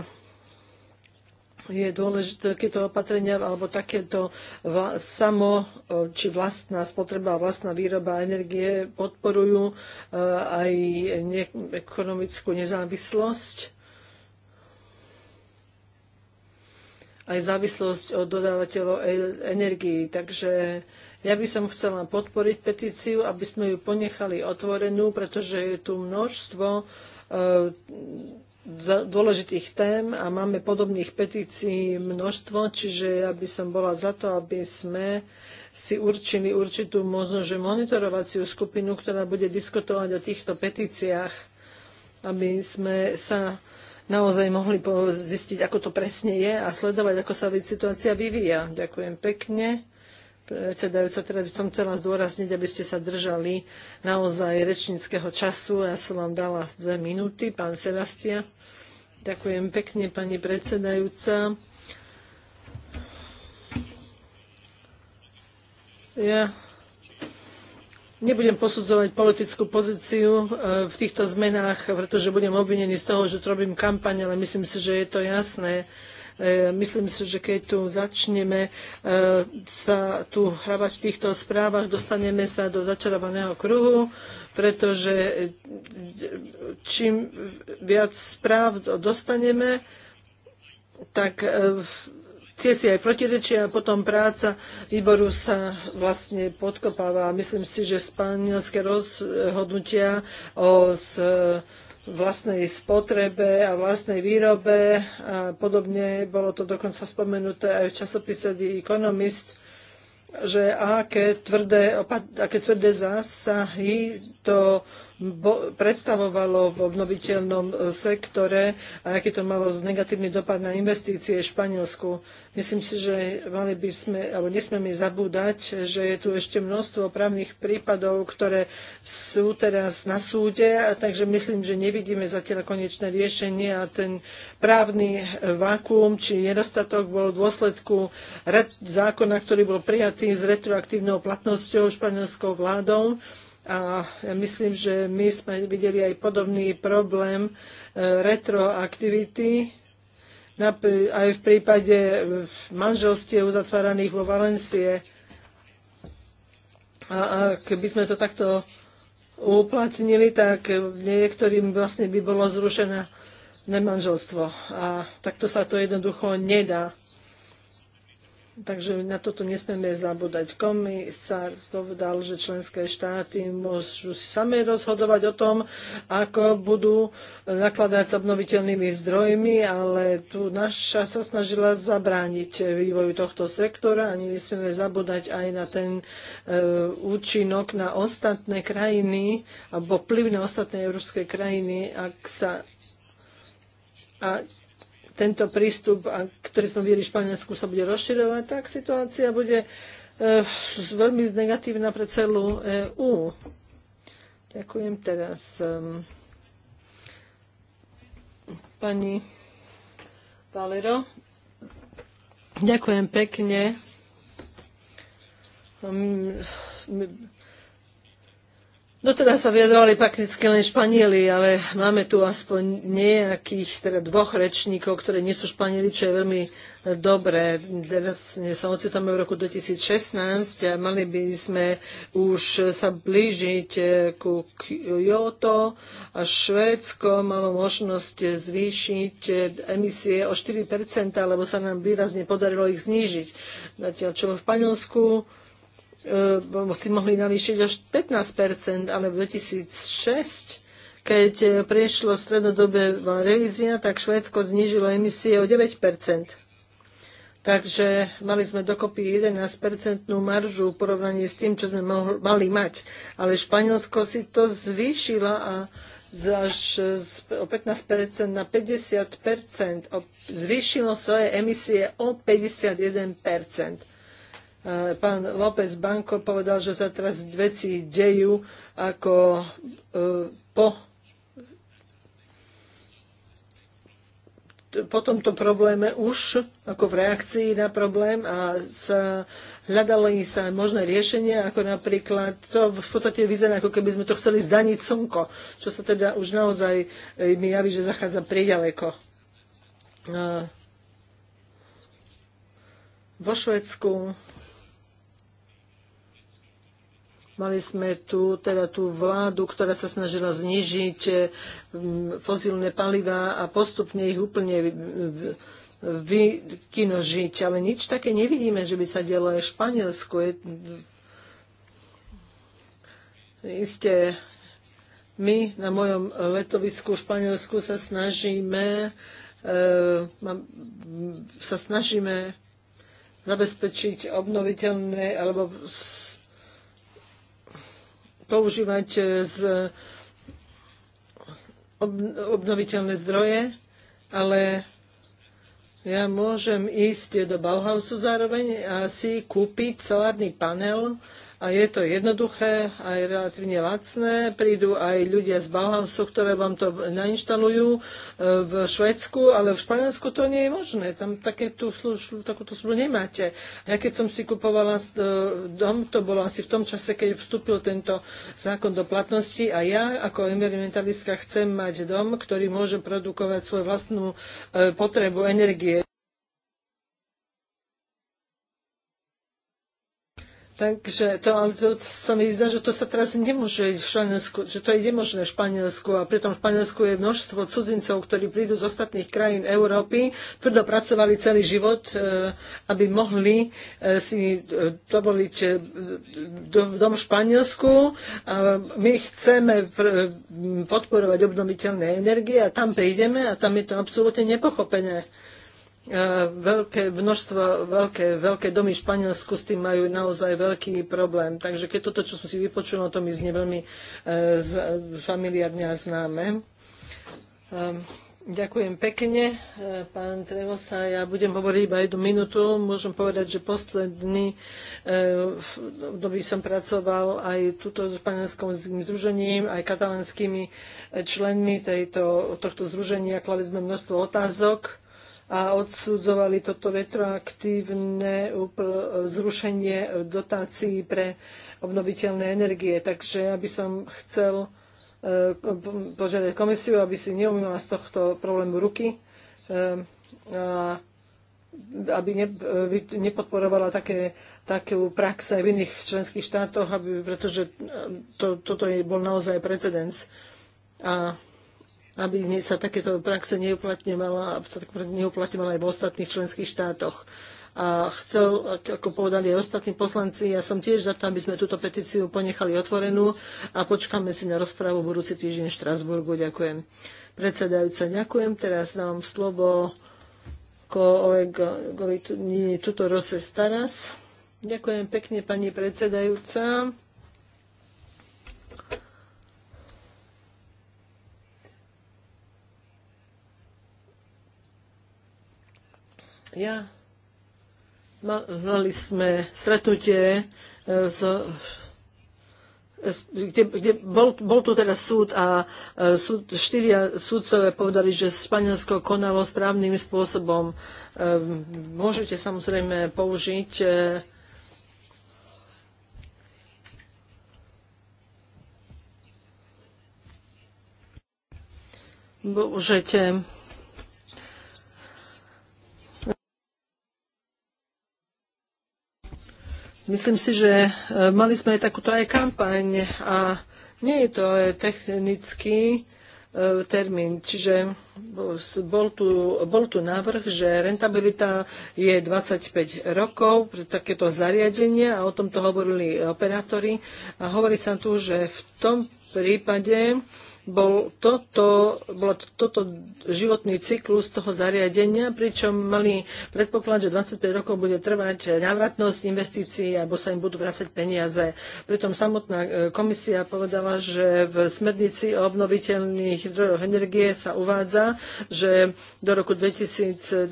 je dôležité takéto opatrenia alebo takéto vla, samo či vlastná spotreba, vlastná výroba energie podporujú e, aj ne, ekonomickú nezávislosť. aj závislosť od dodávateľov e, energií. Takže ja by som chcela podporiť petíciu, aby sme ju ponechali otvorenú, pretože je tu množstvo uh, dôležitých tém a máme podobných petícií množstvo, čiže ja by som bola za to, aby sme si určili určitú možnosť že monitorovaciu skupinu, ktorá bude diskutovať o týchto petíciách, aby sme sa naozaj mohli zistiť, ako to presne je a sledovať, ako sa situácia vyvíja. Ďakujem pekne predsedajúca, teda by som chcela zdôrazniť, aby ste sa držali naozaj rečníckého času. Ja som vám dala dve minúty, pán Sebastia. Ďakujem pekne, pani predsedajúca. Ja nebudem posudzovať politickú pozíciu e, v týchto zmenách, pretože budem obvinený z toho, že robím kampaň, ale myslím si, že je to jasné E, myslím si, že keď tu začneme e, sa tu hrabať v týchto správach, dostaneme sa do začarovaného kruhu, pretože e, čím viac správ dostaneme, tak tie si aj protirečia a potom práca výboru sa vlastne podkopáva. Myslím si, že spanielské rozhodnutia o z, vlastnej spotrebe a vlastnej výrobe a podobne. Bolo to dokonca spomenuté aj v časopise The Economist, že aké tvrdé, aké tvrdé zásahy to predstavovalo v obnoviteľnom e, sektore a aký to malo negatívny dopad na investície v Španielsku. Myslím si, že mali by sme, alebo nesmieme zabúdať, že je tu ešte množstvo právnych prípadov, ktoré sú teraz na súde, a takže myslím, že nevidíme zatiaľ konečné riešenie a ten právny vákuum či nedostatok bol v dôsledku zákona, ktorý bol prijatý s retroaktívnou platnosťou španielskou vládou a ja myslím, že my sme videli aj podobný problém e, retroaktivity, aj v prípade e, manželstiev uzatváraných vo Valencie. A ak by sme to takto uplatnili, tak niektorým vlastne by bolo zrušené nemanželstvo. A takto sa to jednoducho nedá. Takže na toto nesmieme zabúdať. Komisár povedal, že členské štáty môžu si sami rozhodovať o tom, ako budú nakladať s obnoviteľnými zdrojmi, ale tu naša sa snažila zabrániť vývoju tohto sektora a nesmieme zabúdať aj na ten e, účinok na ostatné krajiny alebo vplyv na ostatné európske krajiny, ak sa a tento prístup, ktorý sme videli v Španielsku, sa bude rozširovať, tak situácia bude e, veľmi negatívna pre celú EÚ. Ďakujem teraz pani Valero. Ďakujem pekne Doteraz no sa vyjadrovali prakticky len Španieli, ale máme tu aspoň nejakých teda dvoch rečníkov, ktoré nie sú Španieli, čo je veľmi dobré. Teraz sa ocitáme v roku 2016 a mali by sme už sa blížiť eh, ku Kyoto a Švédsko malo možnosť zvýšiť eh, emisie o 4%, lebo sa nám výrazne podarilo ich znížiť. Zatiaľ čo v Španielsku E, si mohli navýšiť až 15 ale v 2006 keď e, prešlo strednodobé revízia, tak Švédsko znížilo emisie o 9 Takže mali sme dokopy 11-percentnú maržu v porovnaní s tým, čo sme mali mať. Ale Španielsko si to zvýšila a až o 15% na 50%. Zvýšilo svoje emisie o 51%. Eh, pán López Banko povedal, že sa teraz veci dejú ako eh, po po tomto probléme už ako v reakcii na problém a sa hľadali sa možné riešenia, ako napríklad to v podstate vyzerá, ako keby sme to chceli zdaniť slnko, čo sa teda už naozaj eh, mi javí, že zachádza priďaleko. Vo Švedsku Mali sme tu teda tú vládu, ktorá sa snažila znižiť eh, fozilné paliva a postupne ich úplne eh, vykinožiť. Ale nič také nevidíme, že by sa dialo aj v Španielsku. Je, isté, my na mojom letovisku v Španielsku sa snažíme, eh, sa snažíme zabezpečiť obnoviteľné alebo používať e, z obnoviteľné zdroje, ale ja môžem ísť do Bauhausu zároveň a si kúpiť solárny panel a je to jednoduché, aj relatívne lacné. Prídu aj ľudia z Bauhausu, ktoré vám to nainštalujú e, v Švedsku, ale v Španielsku to nie je možné. Tam také tú službu, takúto službu nemáte. Ja keď som si kupovala e, dom, to bolo asi v tom čase, keď vstúpil tento zákon do platnosti a ja ako environmentalistka chcem mať dom, ktorý môže produkovať svoju vlastnú e, potrebu energie. Takže to, ale to, to sa mi zdá, že to sa teraz nemôže v Španielsku, že to je nemožné v Španielsku a pritom v Španielsku je množstvo cudzincov, ktorí prídu z ostatných krajín Európy, tvrdo pracovali celý život, e, aby mohli e, si e, dovoliť dom v Španielsku. A my chceme podporovať obnoviteľné energie a tam prídeme a tam je to absolútne nepochopené. E, veľké množstvo, veľké, veľké domy v Španielsku s tým majú naozaj veľký problém. Takže keď toto, čo som si vypočul, no to mi znie veľmi e, z, familiárne a známe. E, ďakujem pekne, e, pán Trevosa. Ja budem hovoriť iba jednu minútu. Môžem povedať, že posledný doby som pracoval aj tuto španielskom združením, aj katalánskymi členmi tejto, tohto združenia. Klali sme množstvo otázok a odsudzovali toto retroaktívne zrušenie dotácií pre obnoviteľné energie. Takže ja by som chcel e, požiadať komisiu, aby si neumývala z tohto problému ruky e, a aby nepodporovala také, také prax aj v iných členských štátoch, aby, pretože e, to, toto je, bol naozaj precedens. A aby sa takéto praxe neuplatňovala, aby sa neuplatňovala aj v ostatných členských štátoch. A chcel, ako povedali aj ostatní poslanci, ja som tiež za to, aby sme túto petíciu ponechali otvorenú a počkáme si na rozprávu budúci týždeň v Štrasburgu. Ďakujem. Predsedajúca, ďakujem. Teraz dám slovo kolegovi Tutorose Staras. Ďakujem pekne, pani predsedajúca. Ja mali sme stretnutie e, s kde, kde bol, bol tu teda súd a e, súd, štyria súdcové povedali, že Španielsko konalo správnym spôsobom. E, môžete samozrejme použiť Môžete Myslím si, že e, mali sme aj takúto aj kampaň a nie je to e, technický e, termín. Čiže bol tu, bol tu návrh, že rentabilita je 25 rokov pre takéto zariadenie a o tomto hovorili operátori. A hovorí sa tu, že v tom prípade bol toto, bol toto životný cyklus toho zariadenia, pričom mali predpoklad, že 25 rokov bude trvať návratnosť investícií, alebo sa im budú vrácať peniaze. Pritom samotná e, komisia povedala, že v smernici o obnoviteľných zdrojoch energie sa uvádza, že do roku 2020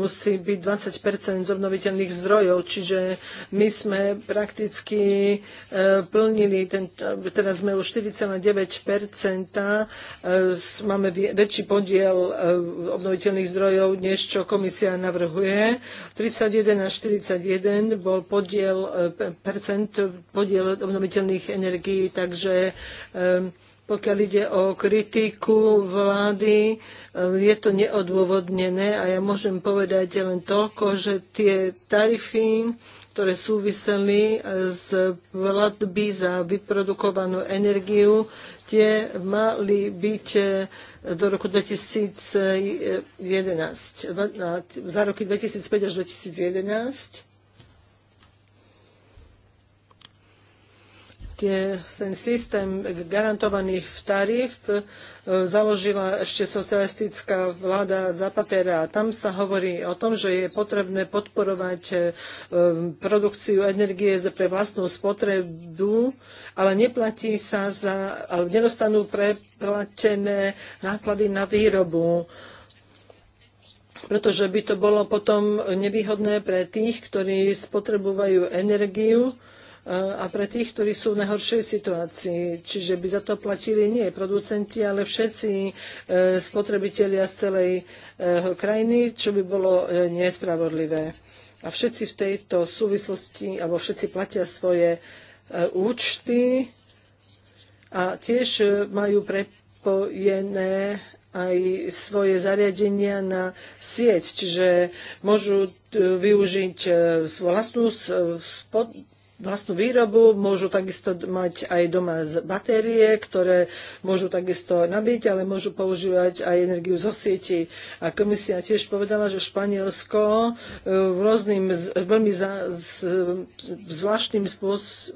musí byť 20 z obnoviteľných zdrojov, čiže my sme prakticky e, plnili, ten, e, teraz sme už 4,9 E, máme väčší podiel e, obnoviteľných zdrojov, než čo komisia navrhuje. 31 až 41 bol podiel, e, percent podiel obnoviteľných energií, takže pokiaľ ide o kritiku vlády, je to neodôvodnené a ja môžem povedať len toľko, že tie tarify, ktoré súviseli z platby za vyprodukovanú energiu, tie mali byť e, do roku 2011, za roky 2005 až 2011 tie, ten systém garantovaných tarif e, založila ešte socialistická vláda Zapatera. Tam sa hovorí o tom, že je potrebné podporovať e, produkciu energie pre vlastnú spotrebu, ale neplatí sa za, ale nedostanú preplatené náklady na výrobu pretože by to bolo potom nevýhodné pre tých, ktorí spotrebujú energiu a pre tých, ktorí sú v najhoršej situácii. Čiže by za to platili nie producenti, ale všetci e, spotrebitelia z celej e, krajiny, čo by bolo e, nespravodlivé. A všetci v tejto súvislosti, alebo všetci platia svoje účty a tiež majú prepojené aj svoje zariadenia na sieť, čiže môžu využiť vlastnú vlastnú výrobu, môžu takisto mať aj doma batérie, ktoré môžu takisto nabiť, ale môžu používať aj energiu zo sieti. A komisia tiež povedala, že Španielsko e, rôznym veľmi za, z, zvláštnym spôsobom,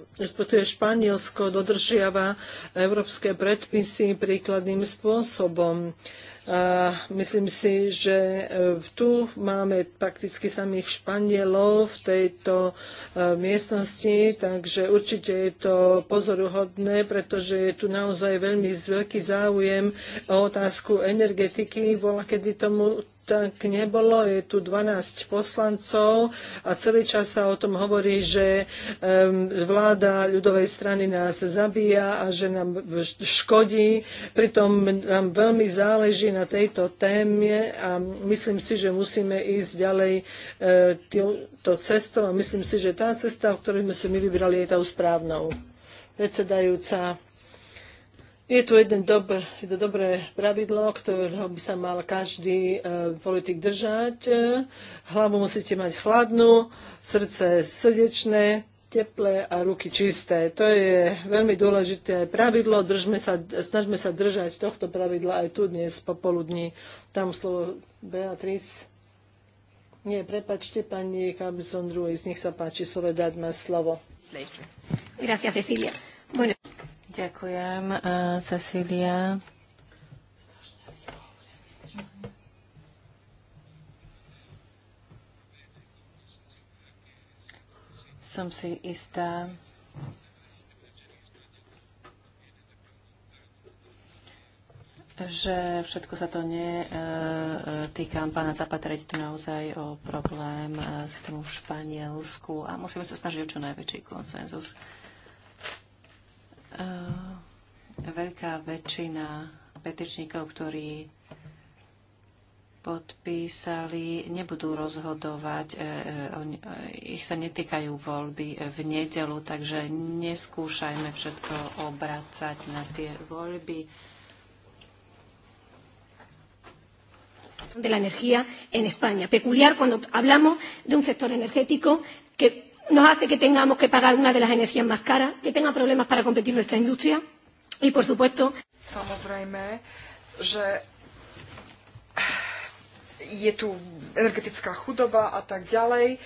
Španielsko dodržiava európske predpisy príkladným spôsobom. A myslím si, že e, tu máme prakticky samých Španielov v tejto e, miestnosti, takže určite je to pozoruhodné, pretože je tu naozaj veľmi veľký záujem o otázku energetiky. Bola, kedy tomu tak nebolo, je tu 12 poslancov a celý čas sa o tom hovorí, že vláda ľudovej strany nás zabíja a že nám škodí. Pritom nám veľmi záleží na tejto téme a myslím si, že musíme ísť ďalej e, týmto cestou a myslím si, že tá cesta, o ktorej sme si my vybrali, je tá správnou. Predsedajúca je tu jedno dobré, to dobré pravidlo, ktorého by sa mal každý e, politik držať. E, hlavu musíte mať chladnú, srdce srdečné, teplé a ruky čisté. To je veľmi dôležité pravidlo. Držme sa, snažme sa držať tohto pravidla aj tu dnes popoludní. Tam slovo Beatrice. Nie, prepačte, pani Cabezon Ruiz, nech sa páči, Soledad má slovo. Gracias, Cecilia. Bueno. Ďakujem, uh, Cecilia. Som si istá, že všetko sa to netýka e, e, len pána zapatrať tu naozaj o problém e, tomu v Španielsku a musíme sa snažiť o čo najväčší konsenzus. Veľká väčšina petičníkov, ktorí podpísali, nebudú rozhodovať, e, e, e, ich sa netýkajú voľby v nedelu, takže neskúšajme všetko obracať na tie voľby. de la energía en España. Peculiar cuando hablamos de un sector energético que nos hace que tengamos que pagar una de las energías más caras, que tenga problemas para competir nuestra industria y, por supuesto. Samozrejme, že je tu energetická chudoba a tak ďalej.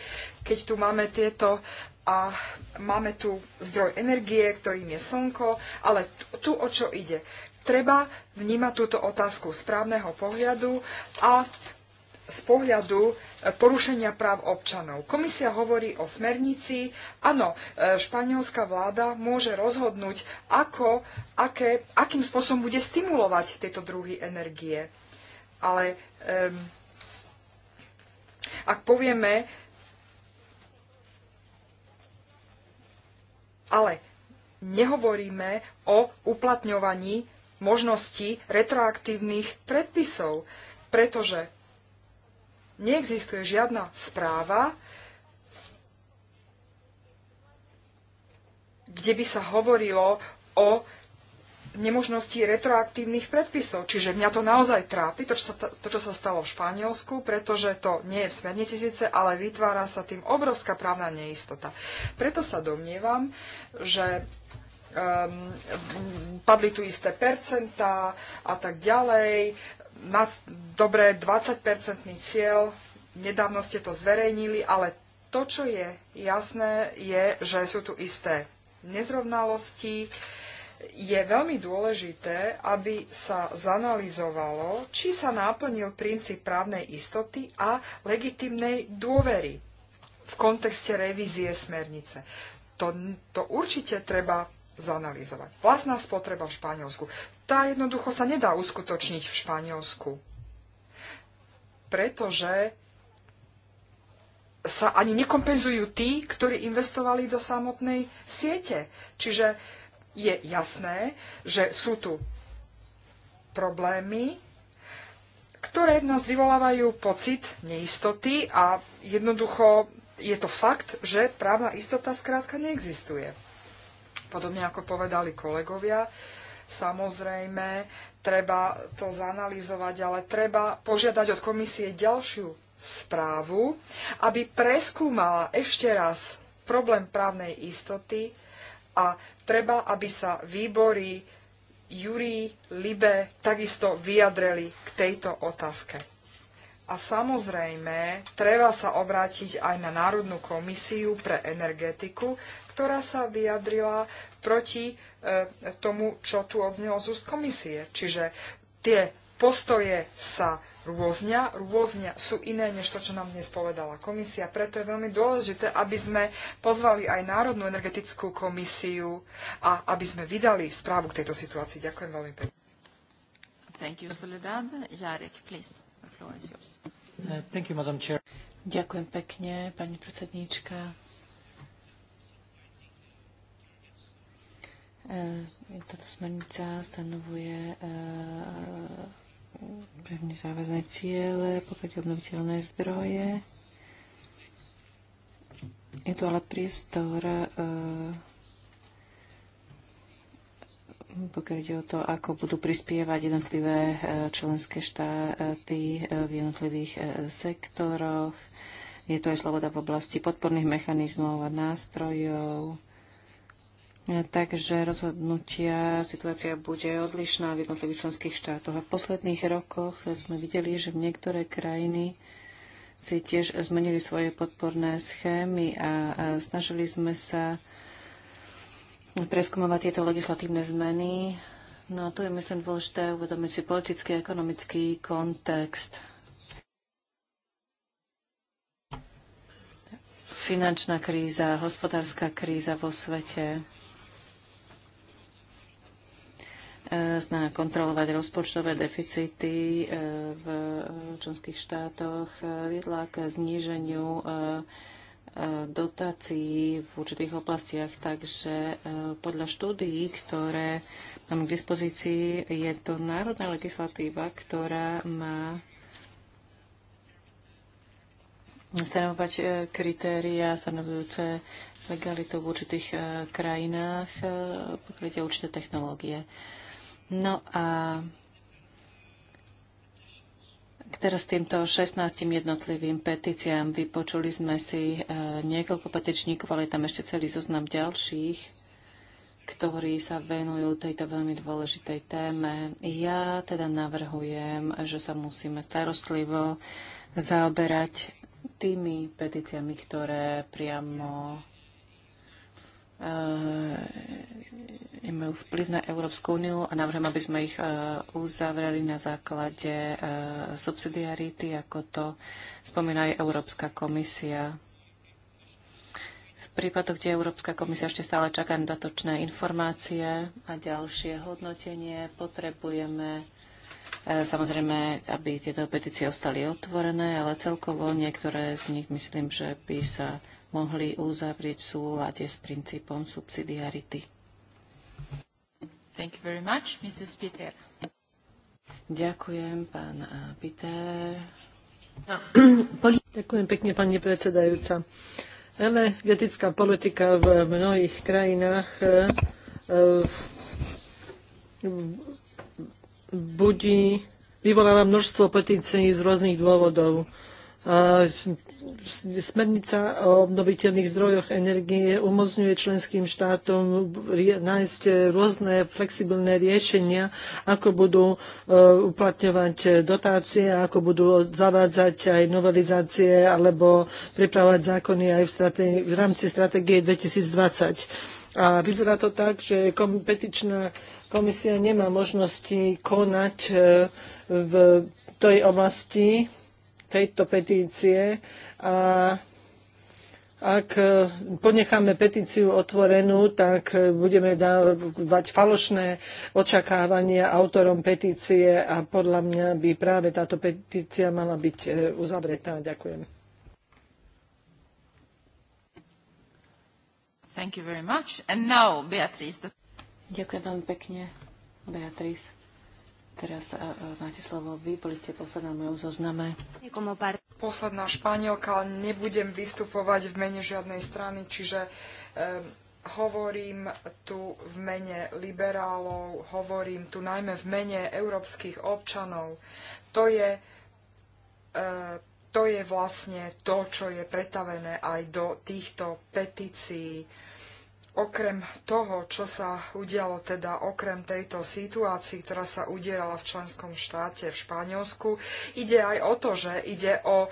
Keď tu máme tieto a máme tu zdroj energie, ktorým je slnko, ale tu o čo ide? Treba vnímať túto otázku z právneho pohľadu a z pohľadu e, porušenia práv občanov. Komisia hovorí o smernici. Áno, e, španielská vláda môže rozhodnúť, ako, aké, akým spôsobom bude stimulovať tieto druhy energie. Ale um, ak povieme, ale nehovoríme o uplatňovaní možnosti retroaktívnych predpisov, pretože neexistuje žiadna správa, kde by sa hovorilo o nemožnosti retroaktívnych predpisov. Čiže mňa to naozaj trápi, to čo, sa, to, čo sa stalo v Španielsku, pretože to nie je v smernici síce, ale vytvára sa tým obrovská právna neistota. Preto sa domnievam, že um, padli tu isté percentá a tak ďalej. Na, dobré 20-percentný cieľ, nedávno ste to zverejnili, ale to, čo je jasné, je, že sú tu isté nezrovnalosti, uh, je veľmi dôležité, aby sa zanalizovalo, či sa naplnil princíp právnej istoty a legitimnej dôvery v kontexte revízie smernice. To, to určite treba zanalizovať. Vlastná spotreba v Španielsku. Tá jednoducho sa nedá uskutočniť v Španielsku. Pretože sa ani nekompenzujú tí, ktorí investovali do samotnej siete. Čiže je jasné, že sú tu problémy, ktoré v nás vyvolávajú pocit neistoty a jednoducho je to fakt, že právna istota skrátka neexistuje. Podobne ako povedali kolegovia, samozrejme, treba to zanalýzovať, ale treba požiadať od komisie ďalšiu správu, aby preskúmala ešte raz problém právnej istoty a Treba, aby sa výbory jurí Libe takisto vyjadreli k tejto otázke. A samozrejme, treba sa obrátiť aj na Národnú komisiu pre energetiku, ktorá sa vyjadrila proti e, tomu, čo tu odznelo z úst komisie. Čiže tie postoje sa rôznia, rôznia sú iné než to, čo nám dnes povedala komisia. Preto je veľmi dôležité, aby sme pozvali aj Národnú energetickú komisiu a aby sme vydali správu k tejto situácii. Ďakujem veľmi pekne. Uh, Ďakujem pekne, pani predsedníčka. Uh, táto smernica stanovuje uh, pevne záväzné ciele, pokryť obnoviteľné zdroje. Je tu ale priestor, e, pokiaľ ide o to, ako budú prispievať jednotlivé e, členské štáty e, v jednotlivých sektoroch. Je to aj sloboda v oblasti podporných mechanizmov a nástrojov Takže rozhodnutia, situácia bude odlišná v jednotlivých členských štátoch. A v posledných rokoch sme videli, že v niektoré krajiny si tiež zmenili svoje podporné schémy a, a snažili sme sa preskúmovať tieto legislatívne zmeny. No a tu je, myslím, dôležité uvedomiť si politický a ekonomický kontext. Finančná kríza, hospodárska kríza vo svete E, snaha kontrolovať rozpočtové deficity e, v členských štátoch e, viedla k zníženiu dotácií v určitých oblastiach. Takže podľa štúdií, ktoré mám k dispozícii, je to národná legislatíva, ktorá má stanovať kritéria stanovujúce legalitu v určitých krajinách, pokrytia určité technológie. No a teraz týmto 16 jednotlivým petíciám vypočuli sme si e, niekoľko petičníkov, ale tam ešte celý zoznam ďalších ktorí sa venujú tejto veľmi dôležitej téme. Ja teda navrhujem, že sa musíme starostlivo zaoberať tými petíciami, ktoré priamo nemajú vplyv na Európsku úniu a navrhujem, aby sme ich e, uzavreli na základe e, subsidiarity, ako to spomína aj Európska komisia. V prípadoch, kde Európska komisia ešte stále čaká na datočné informácie a ďalšie hodnotenie, potrebujeme e, Samozrejme, aby tieto petície ostali otvorené, ale celkovo niektoré z nich myslím, že by sa mohli uzavrieť v súlade s princípom subsidiarity. Thank you very much, Mrs. Peter. Ďakujem, pán Peter. Ďakujem pekne, pani predsedajúca. Energetická politika v mnohých krajinách e, e, budí, vyvoláva množstvo petícií z rôznych dôvodov. E, smernica o obnoviteľných zdrojoch energie umožňuje členským štátom nájsť rôzne flexibilné riešenia, ako budú e, uplatňovať dotácie, ako budú zavádzať aj novelizácie alebo pripravať zákony aj v, v rámci stratégie 2020. A vyzerá to tak, že kompetičná komisia nemá možnosti konať e, v tej oblasti, tejto petície a ak ponecháme petíciu otvorenú, tak budeme dávať falošné očakávania autorom petície a podľa mňa by práve táto petícia mala byť e, uzavretá. Ďakujem. Thank you very much. And now, Beatrice. Ďakujem veľmi pekne, Beatrice. Teraz máte slovo vy, boli ste posledná mojou zozname. Posledná španielka, nebudem vystupovať v mene žiadnej strany, čiže um, hovorím tu v mene liberálov, hovorím tu najmä v mene európskych občanov. To je, uh, to je vlastne to, čo je pretavené aj do týchto petícií okrem toho, čo sa udialo, teda okrem tejto situácii, ktorá sa udierala v členskom štáte v Španielsku, ide aj o to, že ide o,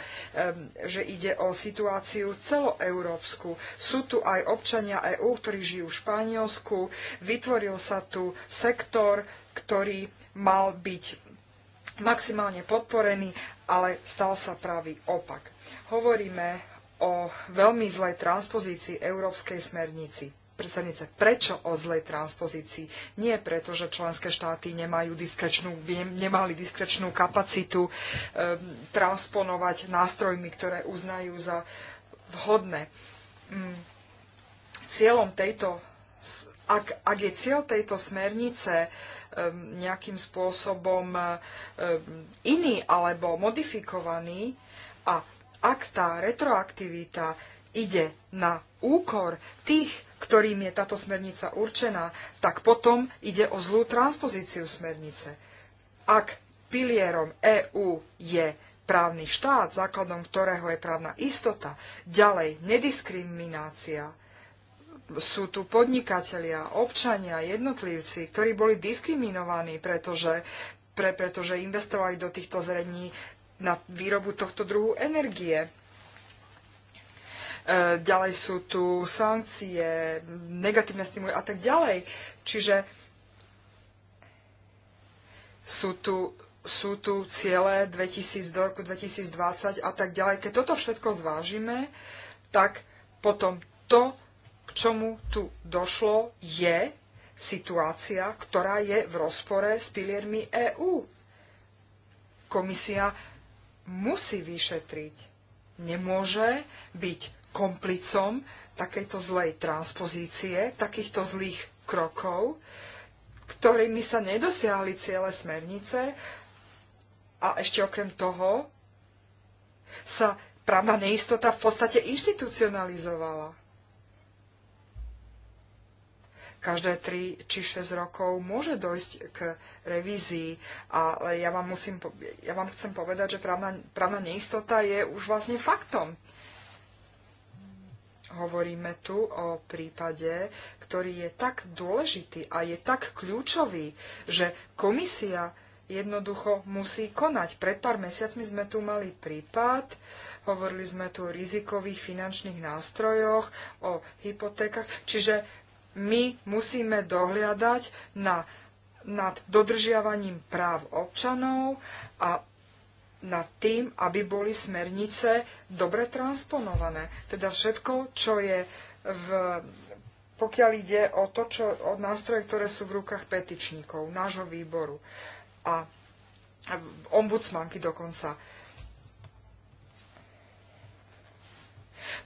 že ide o situáciu celoeurópsku. Sú tu aj občania EÚ, ktorí žijú v Španielsku. Vytvoril sa tu sektor, ktorý mal byť maximálne podporený, ale stal sa pravý opak. Hovoríme o veľmi zlej transpozícii európskej smernici predsednice, Prečo o zlej transpozícii? Nie preto, že členské štáty nemajú diskrečnú, nemali diskrečnú kapacitu e, transponovať nástrojmi, ktoré uznajú za vhodné. Mm. Cieľom tejto, ak, ak je cieľ tejto smernice eh, nejakým spôsobom eh, iný alebo modifikovaný a ak tá retroaktivita ide na úkor tých ktorým je táto smernica určená, tak potom ide o zlú transpozíciu smernice. Ak pilierom EÚ je právny štát, základom ktorého je právna istota, ďalej nediskriminácia, sú tu podnikatelia, občania, jednotlivci, ktorí boli diskriminovaní, pretože, pre, pretože investovali do týchto zrení na výrobu tohto druhu energie. E, ďalej sú tu sankcie, negatívne stimuly a tak ďalej. Čiže sú tu, sú tu ciele 2000 do roku 2020 a tak ďalej. Keď toto všetko zvážime, tak potom to, k čomu tu došlo, je situácia, ktorá je v rozpore s piliermi EÚ. Komisia musí vyšetriť. Nemôže byť komplicom takejto zlej transpozície, takýchto zlých krokov, ktorými sa nedosiahli ciele smernice a ešte okrem toho sa právna neistota v podstate inštitucionalizovala. Každé 3 či 6 rokov môže dojsť k revízii a ja vám, musím, ja vám chcem povedať, že právna, právna neistota je už vlastne faktom Hovoríme tu o prípade, ktorý je tak dôležitý a je tak kľúčový, že komisia jednoducho musí konať. Pred pár mesiacmi sme tu mali prípad, hovorili sme tu o rizikových finančných nástrojoch, o hypotékach, čiže my musíme dohliadať na, nad dodržiavaním práv občanov a nad tým, aby boli smernice dobre transponované. Teda všetko, čo je v, pokiaľ ide o to, čo, o nástroje, ktoré sú v rukách petičníkov, nášho výboru a, ombudsmanky dokonca.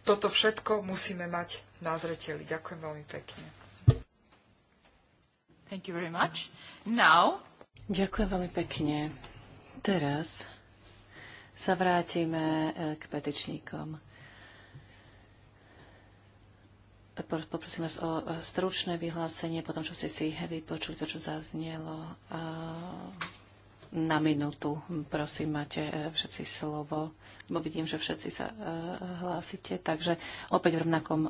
Toto všetko musíme mať na zreteli. Ďakujem veľmi pekne. Thank you very much. Now... Ďakujem veľmi pekne. Teraz sa vrátime e, k petičníkom. Poprosím vás o e, stručné vyhlásenie, potom čo ste si vypočuli to, čo zaznelo na minútu. Prosím, máte e, všetci slovo, lebo vidím, že všetci sa hlásite. Takže opäť v rovnakom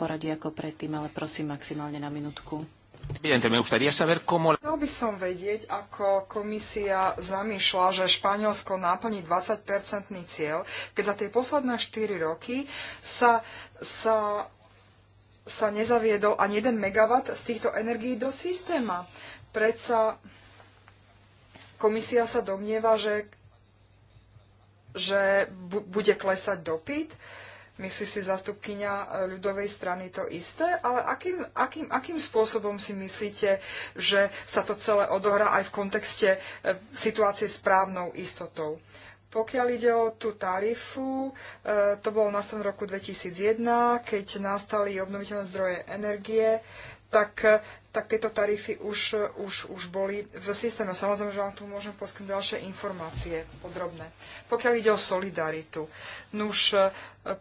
poradí ako predtým, ale prosím maximálne na minútku. Chcel by som vedieť, ako komisia zamýšľa, že Španielsko náplní 20-percentný cieľ, keď za tie posledné 4 roky sa, sa, sa nezaviedol ani 1 megawatt z týchto energií do systéma. Predsa komisia sa domnieva, že, že bude klesať dopyt Myslí si zastupkynia e, ľudovej strany to isté? Ale akým, akým, akým spôsobom si myslíte, že sa to celé odohrá aj v kontexte e, situácie s právnou istotou? Pokiaľ ide o tú tarifu, e, to bolo na v roku 2001, keď nastali obnoviteľné zdroje energie, tak tak tieto tarify už, už, už boli v systéme. Samozrejme, že vám tu môžem poskytnúť ďalšie informácie podrobné. Pokiaľ ide o solidaritu, nuž, e,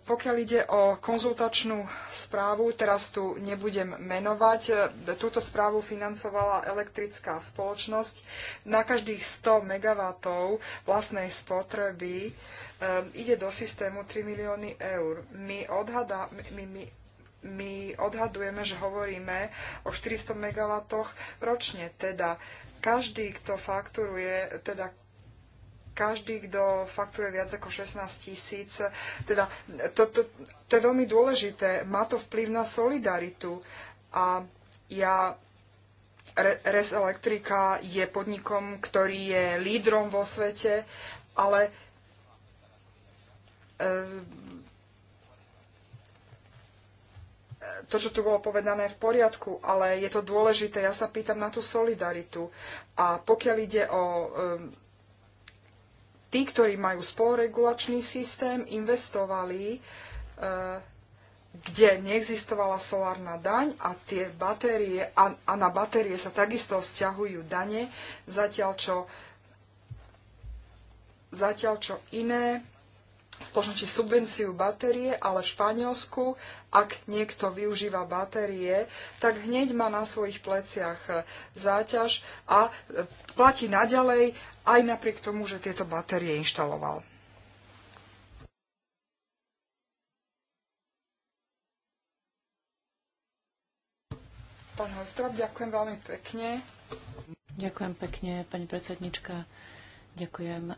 pokiaľ ide o konzultačnú správu, teraz tu nebudem menovať, e, túto správu financovala elektrická spoločnosť. Na každých 100 MW vlastnej spotreby e, ide do systému 3 milióny eur. My, odhada, my, my my odhadujeme, že hovoríme o 400 MW ročne. Teda každý, kto fakturuje, teda každý, kto fakturuje viac ako 16 tisíc, teda to, to, to je veľmi dôležité, má to vplyv na solidaritu. A ja Res Elektrika je podnikom, ktorý je lídrom vo svete, ale e, to, čo tu bolo povedané, v poriadku, ale je to dôležité. Ja sa pýtam na tú solidaritu. A pokiaľ ide o um, tí, ktorí majú spoloregulačný systém, investovali, uh, kde neexistovala solárna daň a tie batérie, a, a na batérie sa takisto vzťahujú dane, zatiaľ čo, zatiaľ čo iné spoločnosti subvenciu batérie, ale v Španielsku, ak niekto využíva batérie, tak hneď má na svojich pleciach e, záťaž a e, platí naďalej aj napriek tomu, že tieto batérie inštaloval. Pán Hortrop, ďakujem veľmi pekne. Ďakujem pekne, pani predsednička. Ďakujem e,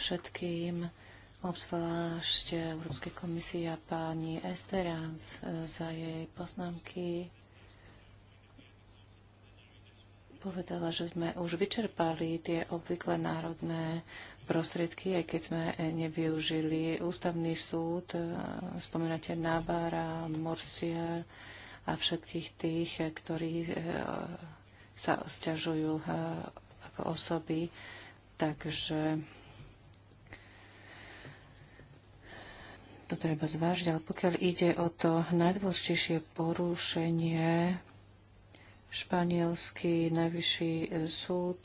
všetkým obzvlášť Európskej komisii a pani Esterans e, za jej poznámky. Povedala, že sme už vyčerpali tie obvykle národné prostriedky, aj keď sme nevyužili ústavný súd, e, spomínate Nábara, Morsia a všetkých tých, e, ktorí sa sťažujú ako osoby. Takže to treba zvážiť, ale pokiaľ ide o to najdôležitejšie porušenie, španielský najvyšší súd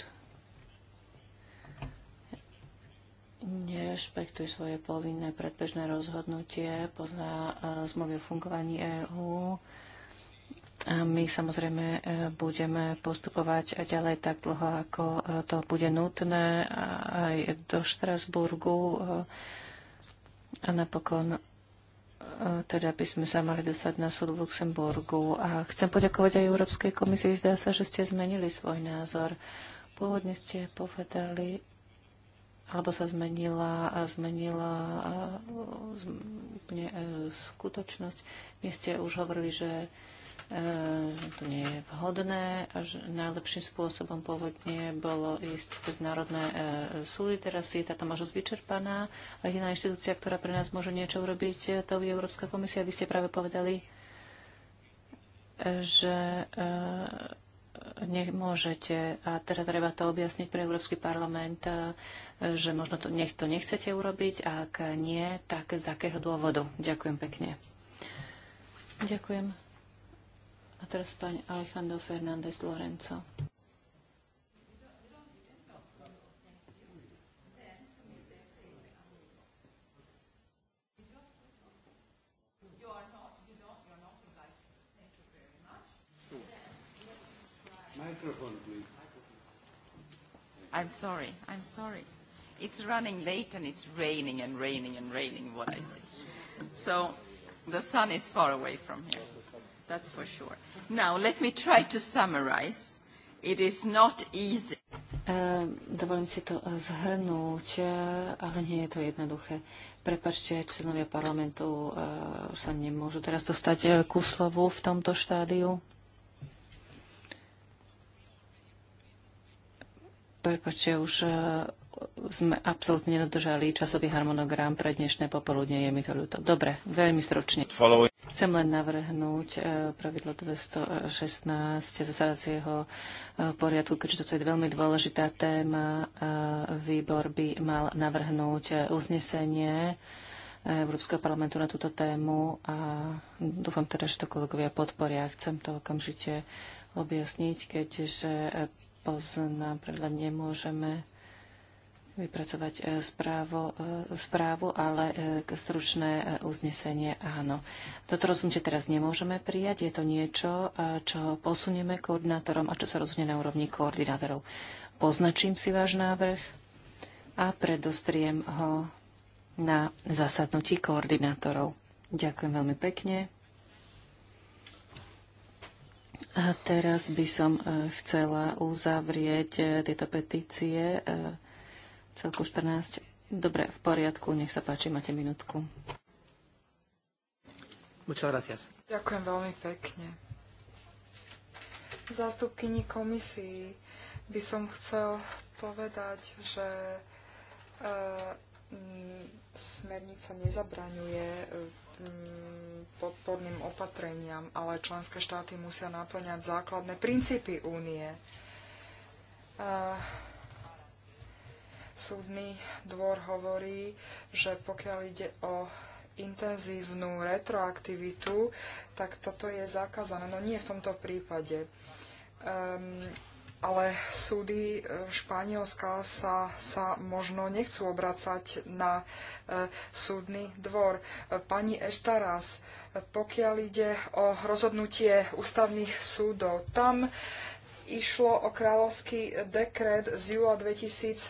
nerešpektuje svoje povinné predbežné rozhodnutie podľa e, zmluvy o fungovaní EÚ. A my samozrejme e, budeme postupovať ďalej tak dlho, ako e, to bude nutné, aj do Štrasburgu a napokon e, teda by sme sa mali dostať na súd v Luxemburgu. A chcem poďakovať aj Európskej komisii. Zdá sa, že ste zmenili svoj názor. Pôvodne ste povedali, alebo sa zmenila a zmenila a, a, a e, skutočnosť. Dnes ste už hovorili, že že ehm, to nie je vhodné a že najlepším spôsobom pôvodne bolo ísť cez národné ehm, súdy. Teraz je táto možnosť vyčerpaná a jediná inštitúcia, ktorá pre nás môže niečo urobiť, e, to je Európska komisia. Vy ste práve povedali, že ehm, nemôžete, a teda treba to objasniť pre Európsky parlament, že možno to, nech to nechcete urobiť, a ak nie, tak z akého dôvodu. Ďakujem pekne. Ďakujem. A teraz pán Alejandro Fernández Lorenzo. I'm sorry, I'm sorry. It's running late and it's raining and raining and raining, what I see. So the sun is far away from here that's for sure. Now, let me try to summarize. It is not easy. Ehm, dovolím si to zhrnúť, eh, ale nie je to jednoduché. Prepačte, členovia parlamentu eh, sa nemôžu teraz dostať eh, ku slovu v tomto štádiu. Prepačte, už sme absolútne nedodržali časový harmonogram pre dnešné popoludne. Je mi to ľúto. Dobre, veľmi stručne. Chcem len navrhnúť e, pravidlo 216 zasadacieho e, poriadku, keďže toto je veľmi dôležitá téma. E, výbor by mal navrhnúť uznesenie Európskeho parlamentu na túto tému a dúfam teda, že to kolegovia podporia. Chcem to okamžite objasniť, keďže poznám, predľa nemôžeme vypracovať e, správo, e, správu, ale e, stručné uznesenie áno. Toto rozhodnutie teraz nemôžeme prijať, je to niečo, čo posunieme koordinátorom a čo sa rozhodne na úrovni koordinátorov. Poznačím si váš návrh a predostriem ho na zasadnutí koordinátorov. Ďakujem veľmi pekne. A teraz by som chcela uzavrieť tieto petície celku 14. Dobre, v poriadku, nech sa páči, máte minútku. Ďakujem veľmi pekne. Zástupkyni komisii by som chcel povedať, že e, smernica nezabraňuje podporným opatreniam, ale členské štáty musia naplňať základné princípy únie. E, Súdny dvor hovorí, že pokiaľ ide o intenzívnu retroaktivitu, tak toto je zakázané. No nie v tomto prípade. Um, ale súdy e, Španielska sa, sa možno nechcú obracať na e, súdny dvor. E, pani Eštaras, e, pokiaľ ide o rozhodnutie ústavných súdov, tam išlo o kráľovský dekret z júla 2013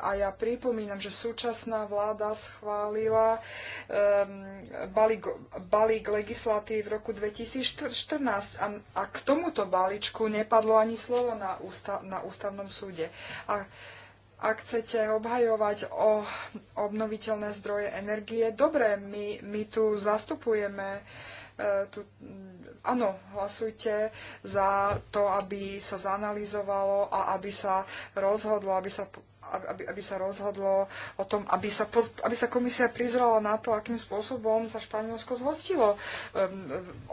a ja pripomínam, že súčasná vláda schválila um, balík, balík legislatív v roku 2014 a, a k tomuto balíčku nepadlo ani slovo na, na ústavnom súde. A ak chcete obhajovať o obnoviteľné zdroje energie, dobre, my, my tu zastupujeme uh, tu, áno, hlasujte za to, aby sa zanalizovalo a aby sa rozhodlo, aby sa aby, aby sa rozhodlo o tom, aby sa, aby sa komisia prizrala na to, akým spôsobom sa Španielsko zhostilo um,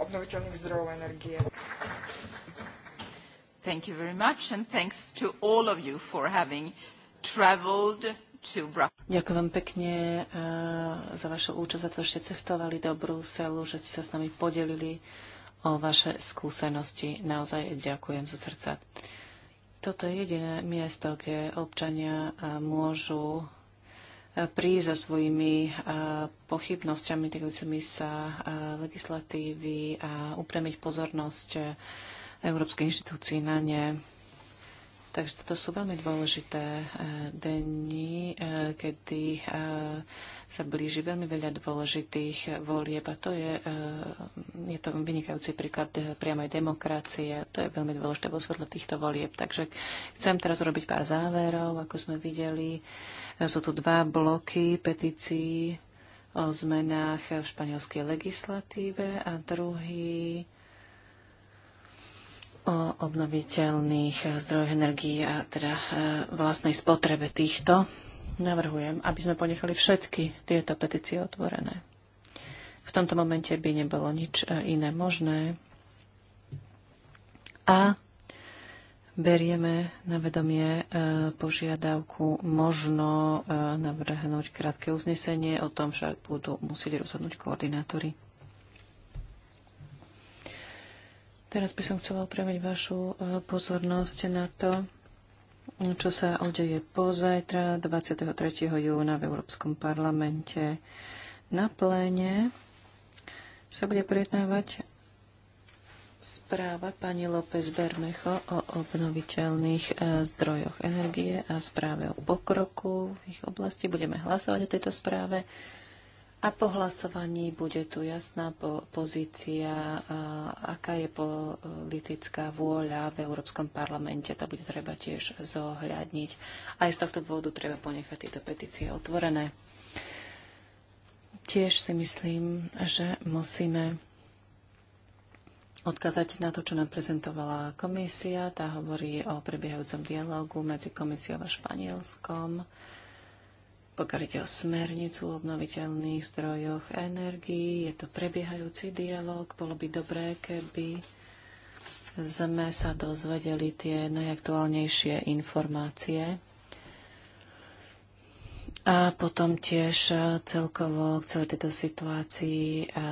obnoviteľných zdrojov energie. Thank you very much and thanks to all of you for having traveled to Brussels. Ďakujem vám pekne uh, za vašu účasť, za to, že ste cestovali do Bruselu, že ste sa s nami podelili o vaše skúsenosti. Naozaj ďakujem zo srdca. Toto je jediné miesto, kde občania e, môžu e, prísť so svojimi e, pochybnosťami týkajúcimi sa legislatívy a upremiť pozornosť európskej inštitúcii na ne. Takže toto sú veľmi dôležité e, denní, kedy e, sa blíži veľmi veľa dôležitých e, volieb a to je, je to vynikajúci príklad priamej demokracie. To je veľmi dôležité vo svetle týchto volieb. Takže chcem teraz urobiť pár záverov, ako sme videli. Sú tu dva bloky petícií o zmenách v španielskej legislatíve a druhý o obnoviteľných zdrojoch energii a teda e, vlastnej spotrebe týchto, navrhujem, aby sme ponechali všetky tieto petície otvorené. V tomto momente by nebolo nič e, iné možné. A berieme na vedomie e, požiadavku možno navrhnúť krátke uznesenie, o tom však budú musieť rozhodnúť koordinátory. Teraz by som chcela upraviť vašu e, pozornosť na to, čo sa udeje pozajtra 23. júna v Európskom parlamente. Na pléne sa bude prednávať správa pani López Bermecho o obnoviteľných e, zdrojoch energie a správe o pokroku v ich oblasti. Budeme hlasovať o tejto správe. A po hlasovaní bude tu jasná pozícia, aká je politická vôľa v Európskom parlamente. To bude treba tiež zohľadniť. Aj z tohto dôvodu treba ponechať tieto petície otvorené. Tiež si myslím, že musíme odkazať na to, čo nám prezentovala komisia. Tá hovorí o prebiehajúcom dialogu medzi komisiou a Španielskom pokiaľ ide o smernicu o obnoviteľných zdrojoch energií. Je to prebiehajúci dialog. Bolo by dobré, keby sme sa dozvedeli tie najaktuálnejšie informácie. A potom tiež e, celkovo k celej tejto situácii e,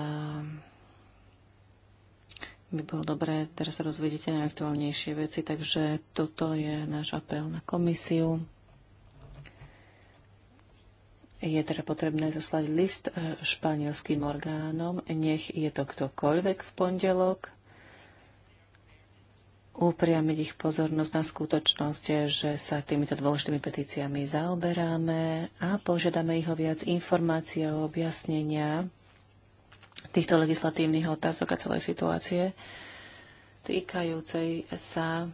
by bolo dobré, teraz rozvedete najaktuálnejšie veci, takže toto je náš apel na komisiu je teda potrebné zaslať list e, španielským orgánom, nech je to ktokoľvek v pondelok, upriamiť ich pozornosť na skutočnosť, že sa týmito dôležitými petíciami zaoberáme a požiadame ich o viac informácií o objasnenia týchto legislatívnych otázok a celej situácie týkajúcej sa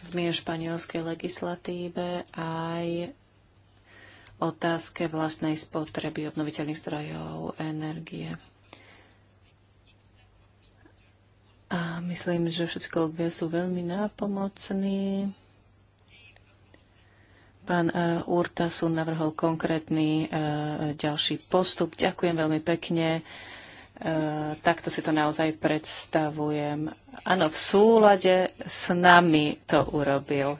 zmien španielskej legislatíve aj otázke vlastnej spotreby obnoviteľných zdrojov energie. A myslím, že všetci kolegovia sú veľmi nápomocní. Pán e, sú navrhol konkrétny e, ďalší postup. Ďakujem veľmi pekne. E, takto si to naozaj predstavujem. Áno, v súlade s nami to urobil.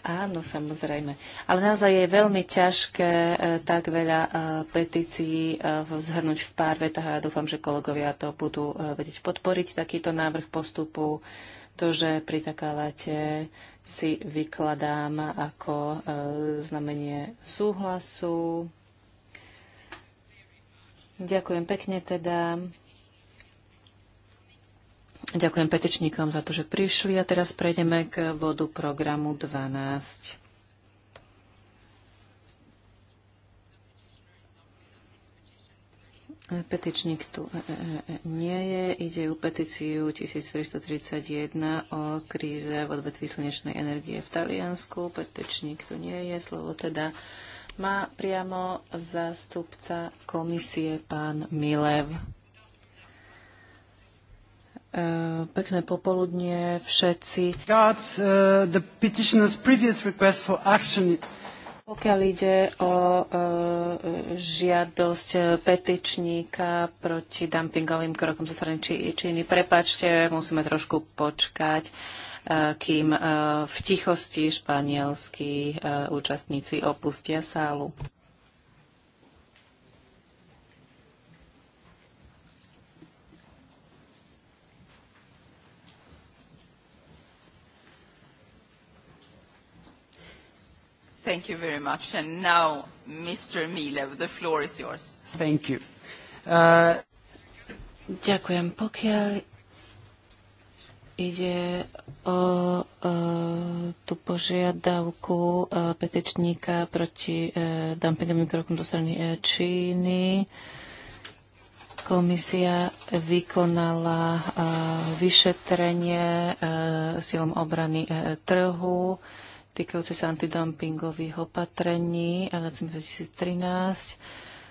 Áno, samozrejme. Ale naozaj je veľmi ťažké e, tak veľa e, petícií e, zhrnúť v pár vetách a ja dúfam, že kolegovia to budú e, vedieť podporiť, takýto návrh postupu. To, že pritakávate, si vykladám ako e, znamenie súhlasu. Ďakujem pekne teda. Ďakujem petičníkom za to, že prišli a teraz prejdeme k bodu programu 12. Petičník tu e, e, e, nie je. Ide o petíciu 1331 o kríze v odvetví slnečnej energie v Taliansku. Petičník tu nie je. Slovo teda má priamo zástupca komisie pán Milev. Eh, pekné popoludnie všetci. Eh, Pokiaľ ide o eh, žiadosť petičníka proti dumpingovým krokom zo strany Číny, prepačte, musíme trošku počkať kým v tichosti španielskí účastníci opustia sálu. Thank you very much. And now, Mr. Milev, the floor is yours. Thank you. Uh... Ďakujem. Pokiaľ ide o, o tú požiadavku e, petičníka proti e, dumpingovým krokom do strany e, Číny. Komisia vykonala e, vyšetrenie e, silom obrany e, trhu. E, týkajúce sa antidumpingových opatrení v 2013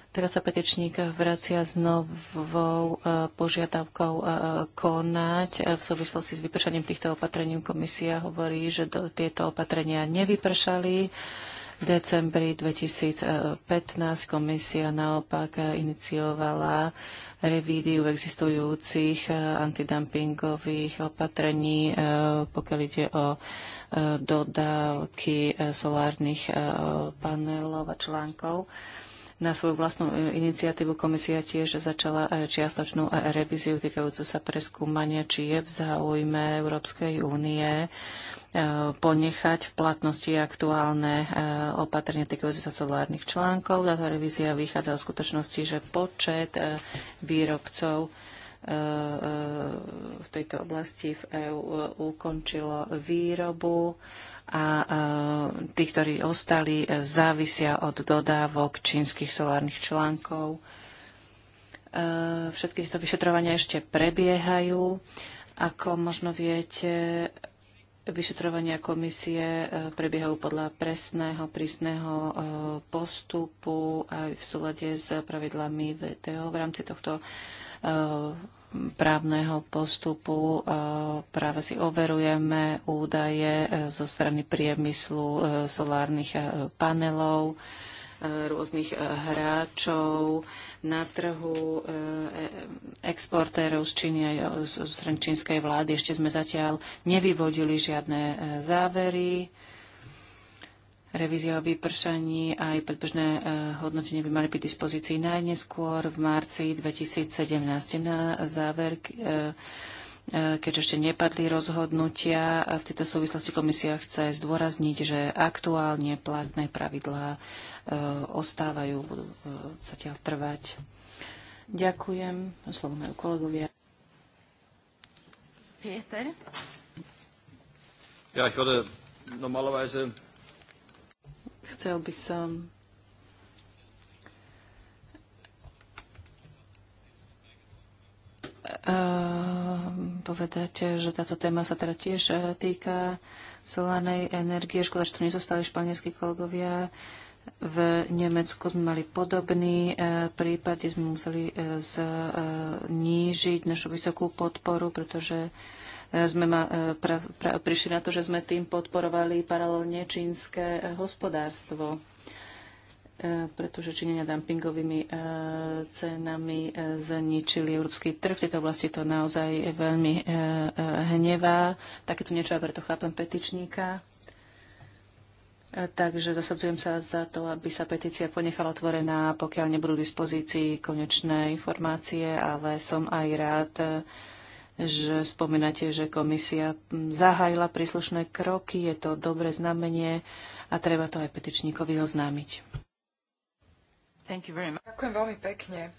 Teraz sa petečník vracia s novou e, požiadavkou e, e, konať. V súvislosti s vypršaním týchto opatrení komisia hovorí, že do, tieto opatrenia nevypršali. V decembri 2015 komisia naopak iniciovala revídiu existujúcich antidumpingových opatrení, pokiaľ ide o dodávky e, solárnych e, panelov a článkov. Na svoju vlastnú e, iniciatívu komisia tiež začala čiastočnú revíziu týkajúcu sa preskúmania, či je v záujme Európskej únie ponechať v platnosti aktuálne opatrenia týkajúce sa solárnych článkov. Táto revízia vychádza z skutočnosti, že počet výrobcov E, e, v tejto oblasti v EÚ ukončilo výrobu a e, tí, ktorí ostali, závisia od dodávok čínskych solárnych článkov. Všetky tieto vyšetrovania ešte prebiehajú. Ako možno viete, vyšetrovania komisie prebiehajú podľa presného, prísneho postupu aj v súlade s pravidlami VTO. V rámci tohto Eh, právneho postupu. Eh, práve si overujeme údaje eh, zo strany priemyslu solárnych panelov rôznych hráčov na trhu, exportérov z Číny aj z čínskej vlády. Ešte sme zatiaľ nevyvodili žiadne závery. Revízia o vypršaní a aj predbežné eh, hodnotenie by mali byť dispozícii najneskôr v marci 2017. Na záver, eh, eh, keďže ešte nepadli rozhodnutia, v tejto súvislosti komisia chce zdôrazniť, že aktuálne platné pravidlá ostávajú, budú zatiaľ trvať. Ďakujem. Slovo majú kolegovia. Peter. Ja, ich würde normalerweise Chcel by som eh, povedať, že táto téma sa teda tiež eh, týka solárnej energie. Škoda, že tu nezostali španielskí kolegovia. V Nemecku sme mali podobný eh, prípad, kde sme museli znížiť našu vysokú podporu, pretože E, sme ma, e, pra, pra, prišli na to, že sme tým podporovali paralelne čínske e, hospodárstvo pretože Číňania dumpingovými cenami zničili európsky trh. V tejto oblasti to naozaj veľmi hnevá. Takéto niečo, ja preto chápem petičníka. Takže zasadzujem sa za to, aby sa petícia ponechala otvorená, pokiaľ nebudú v dispozícii konečné informácie, ale som aj rád, že spomínate, že komisia zahájila príslušné kroky, je to dobré znamenie a treba to aj petičníkovi oznámiť. Ďakujem veľmi pekne.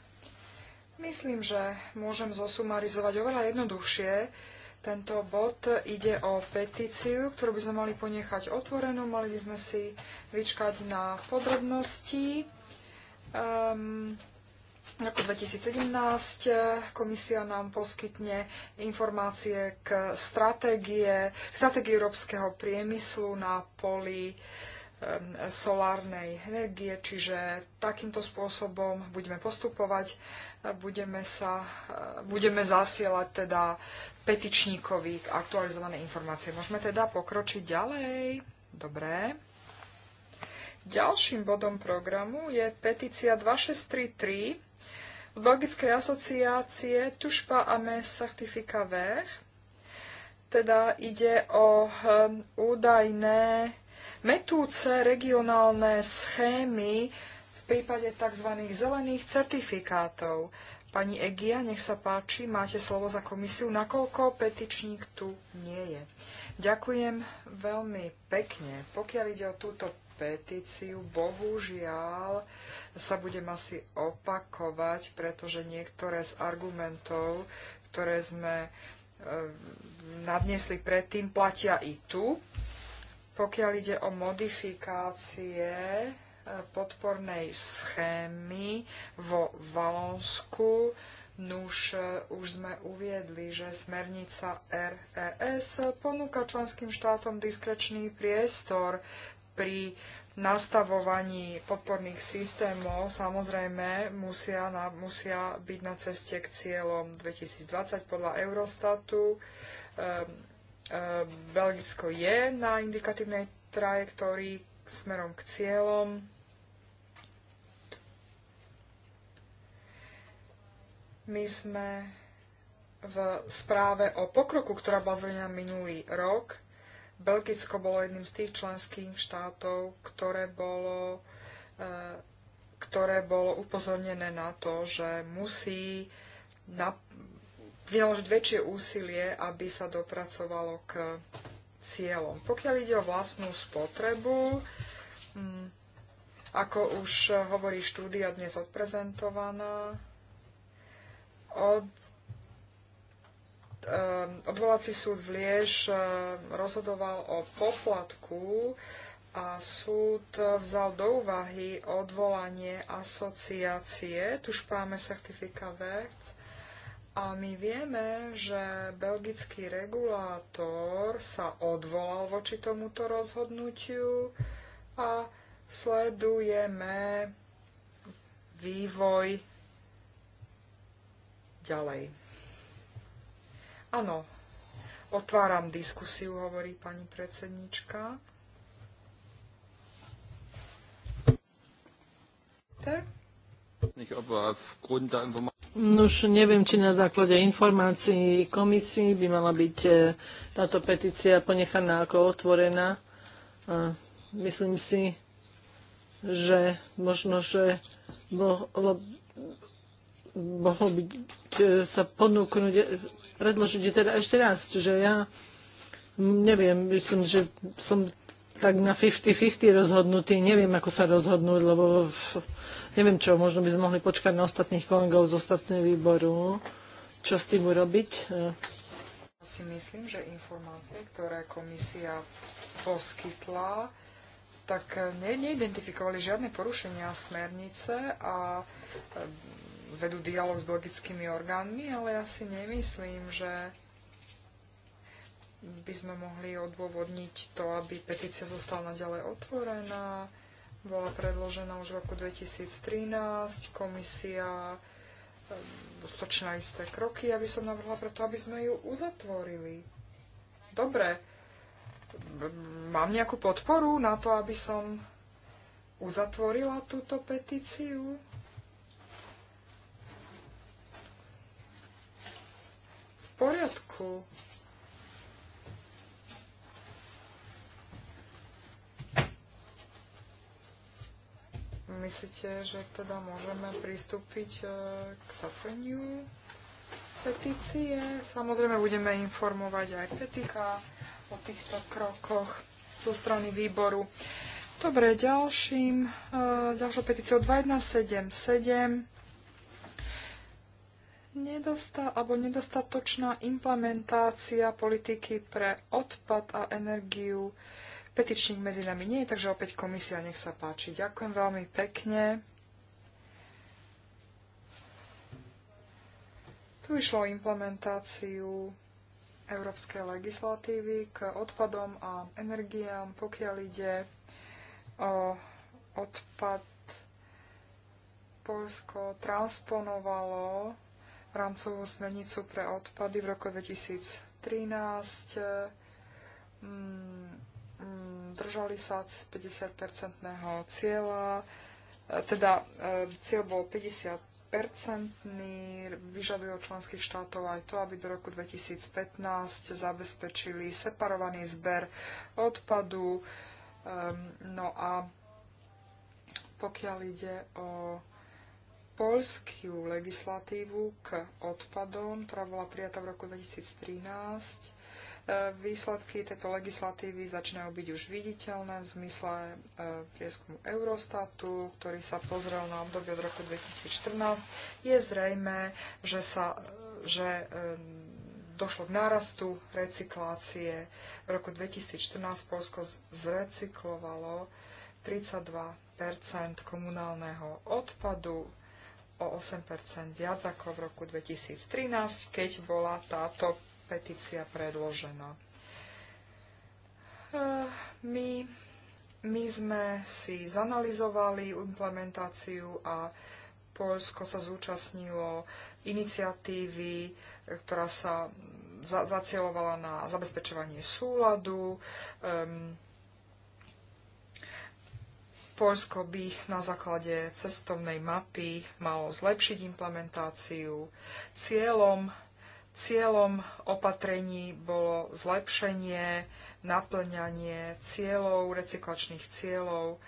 Myslím, že môžem zosumarizovať oveľa jednoduchšie. Tento bod ide o petíciu, ktorú by sme mali ponechať otvorenú, mali by sme si vyčkať na podrobnosti. Um, v roku 2017 eh, komisia nám poskytne informácie k stratégie, stratégii európskeho priemyslu na poli solárnej energie, čiže takýmto spôsobom budeme postupovať, eh, budeme, sa, eh, budeme zasielať teda petičníkovi aktualizované informácie. Môžeme teda pokročiť ďalej? Dobre. Ďalším bodom programu je petícia 2633 Belgickej asociácie Tušpa a mes certifika ver. Teda ide o hm, údajné metúce regionálne schémy v prípade tzv. zelených certifikátov. Pani Egia, nech sa páči, máte slovo za komisiu, nakoľko petičník tu nie je. Ďakujem veľmi pekne. Pokiaľ ide o túto petíciu. Bohužiaľ sa budem asi opakovať, pretože niektoré z argumentov, ktoré sme e, nadniesli predtým, platia i tu. Pokiaľ ide o modifikácie e, podpornej schémy vo Valonsku, Nuž e, už sme uviedli, že smernica RES ponúka členským štátom diskrečný priestor pri nastavovaní podporných systémov samozrejme musia, na, musia byť na ceste k cieľom 2020 podľa Eurostatu. e, Belgicko je na indikatívnej trajektórii smerom k cieľom. My sme v správe o pokroku, ktorá bola zverejnená minulý rok, Belgicko bolo jedným z tých členských štátov, ktoré bolo, e, ktoré bolo upozornené na to, že musí na, vynaložiť väčšie úsilie, aby sa dopracovalo k cieľom. Pokiaľ ide o vlastnú spotrebu, mm, ako už hovorí štúdia dnes odprezentovaná, od Ehm, odvolací súd v Liež ehm, rozhodoval o poplatku a súd vzal do úvahy odvolanie asociácie, tu špáme certifika VEC, a my vieme, že belgický regulátor sa odvolal voči tomuto rozhodnutiu a sledujeme vývoj ďalej. Áno, otváram diskusiu, hovorí pani predsednička. No už neviem, či na základe informácií komisii by mala byť e, táto petícia ponechaná ako otvorená. Myslím si, že možno, že mohlo, mohlo e, sa ponúknuť predložiť teda ešte raz, že ja neviem, myslím, že som tak na 50-50 rozhodnutý, neviem, ako sa rozhodnúť, lebo neviem čo, možno by sme mohli počkať na ostatných kolegov z ostatného výboru. Čo s tým urobiť? Si myslím, že informácie, ktoré komisia poskytla, tak ne, neidentifikovali žiadne porušenia smernice a vedú dialog s belgickými orgánmi, ale ja si nemyslím, že by sme mohli odôvodniť to, aby petícia zostala naďalej otvorená. Bola predložená už v roku 2013. Komisia ehm, stočila isté kroky, aby som navrhla preto, aby sme ju uzatvorili. Dobre, mám nejakú podporu na to, aby som uzatvorila túto petíciu? poriadku. Myslíte, že teda môžeme pristúpiť e, k zatvoreniu petície? Samozrejme budeme informovať aj Petika o týchto krokoch zo strany výboru. Dobre, ďalším, e, ďalšou petíciou 2177 Nedostá, alebo nedostatočná implementácia politiky pre odpad a energiu. Petičník medzi nami nie je, takže opäť komisia, nech sa páči. Ďakujem veľmi pekne. Tu išlo o implementáciu európskej legislatívy k odpadom a energiám, pokiaľ ide o odpad Polsko transponovalo rámcovú smernicu pre odpady v roku 2013. E, mm, mm, držali sa 50-percentného cieľa, e, teda e, cieľ bol 50 percentný, vyžaduje od členských štátov aj to, aby do roku 2015 zabezpečili separovaný zber odpadu. Ehm, no a pokiaľ ide o polskú legislatívu k odpadom, ktorá bola prijatá v roku 2013. E, výsledky tejto legislatívy začínajú byť už viditeľné v zmysle e, prieskumu Eurostatu, ktorý sa pozrel na obdobie od roku 2014. Je zrejme, že, sa, že e, došlo k nárastu recyklácie. V roku 2014 Polsko zrecyklovalo 32 komunálneho odpadu o 8 viac ako v roku 2013, keď bola táto petícia predložená. Eh, my, my sme si zanalizovali implementáciu a Polsko sa zúčastnilo iniciatívy, ktorá sa zacielovala na zabezpečovanie súladu. Um, Poľsko by na základe cestovnej mapy malo zlepšiť implementáciu. Cieľom, cieľom opatrení bolo zlepšenie, naplňanie cieľov, recyklačných cieľov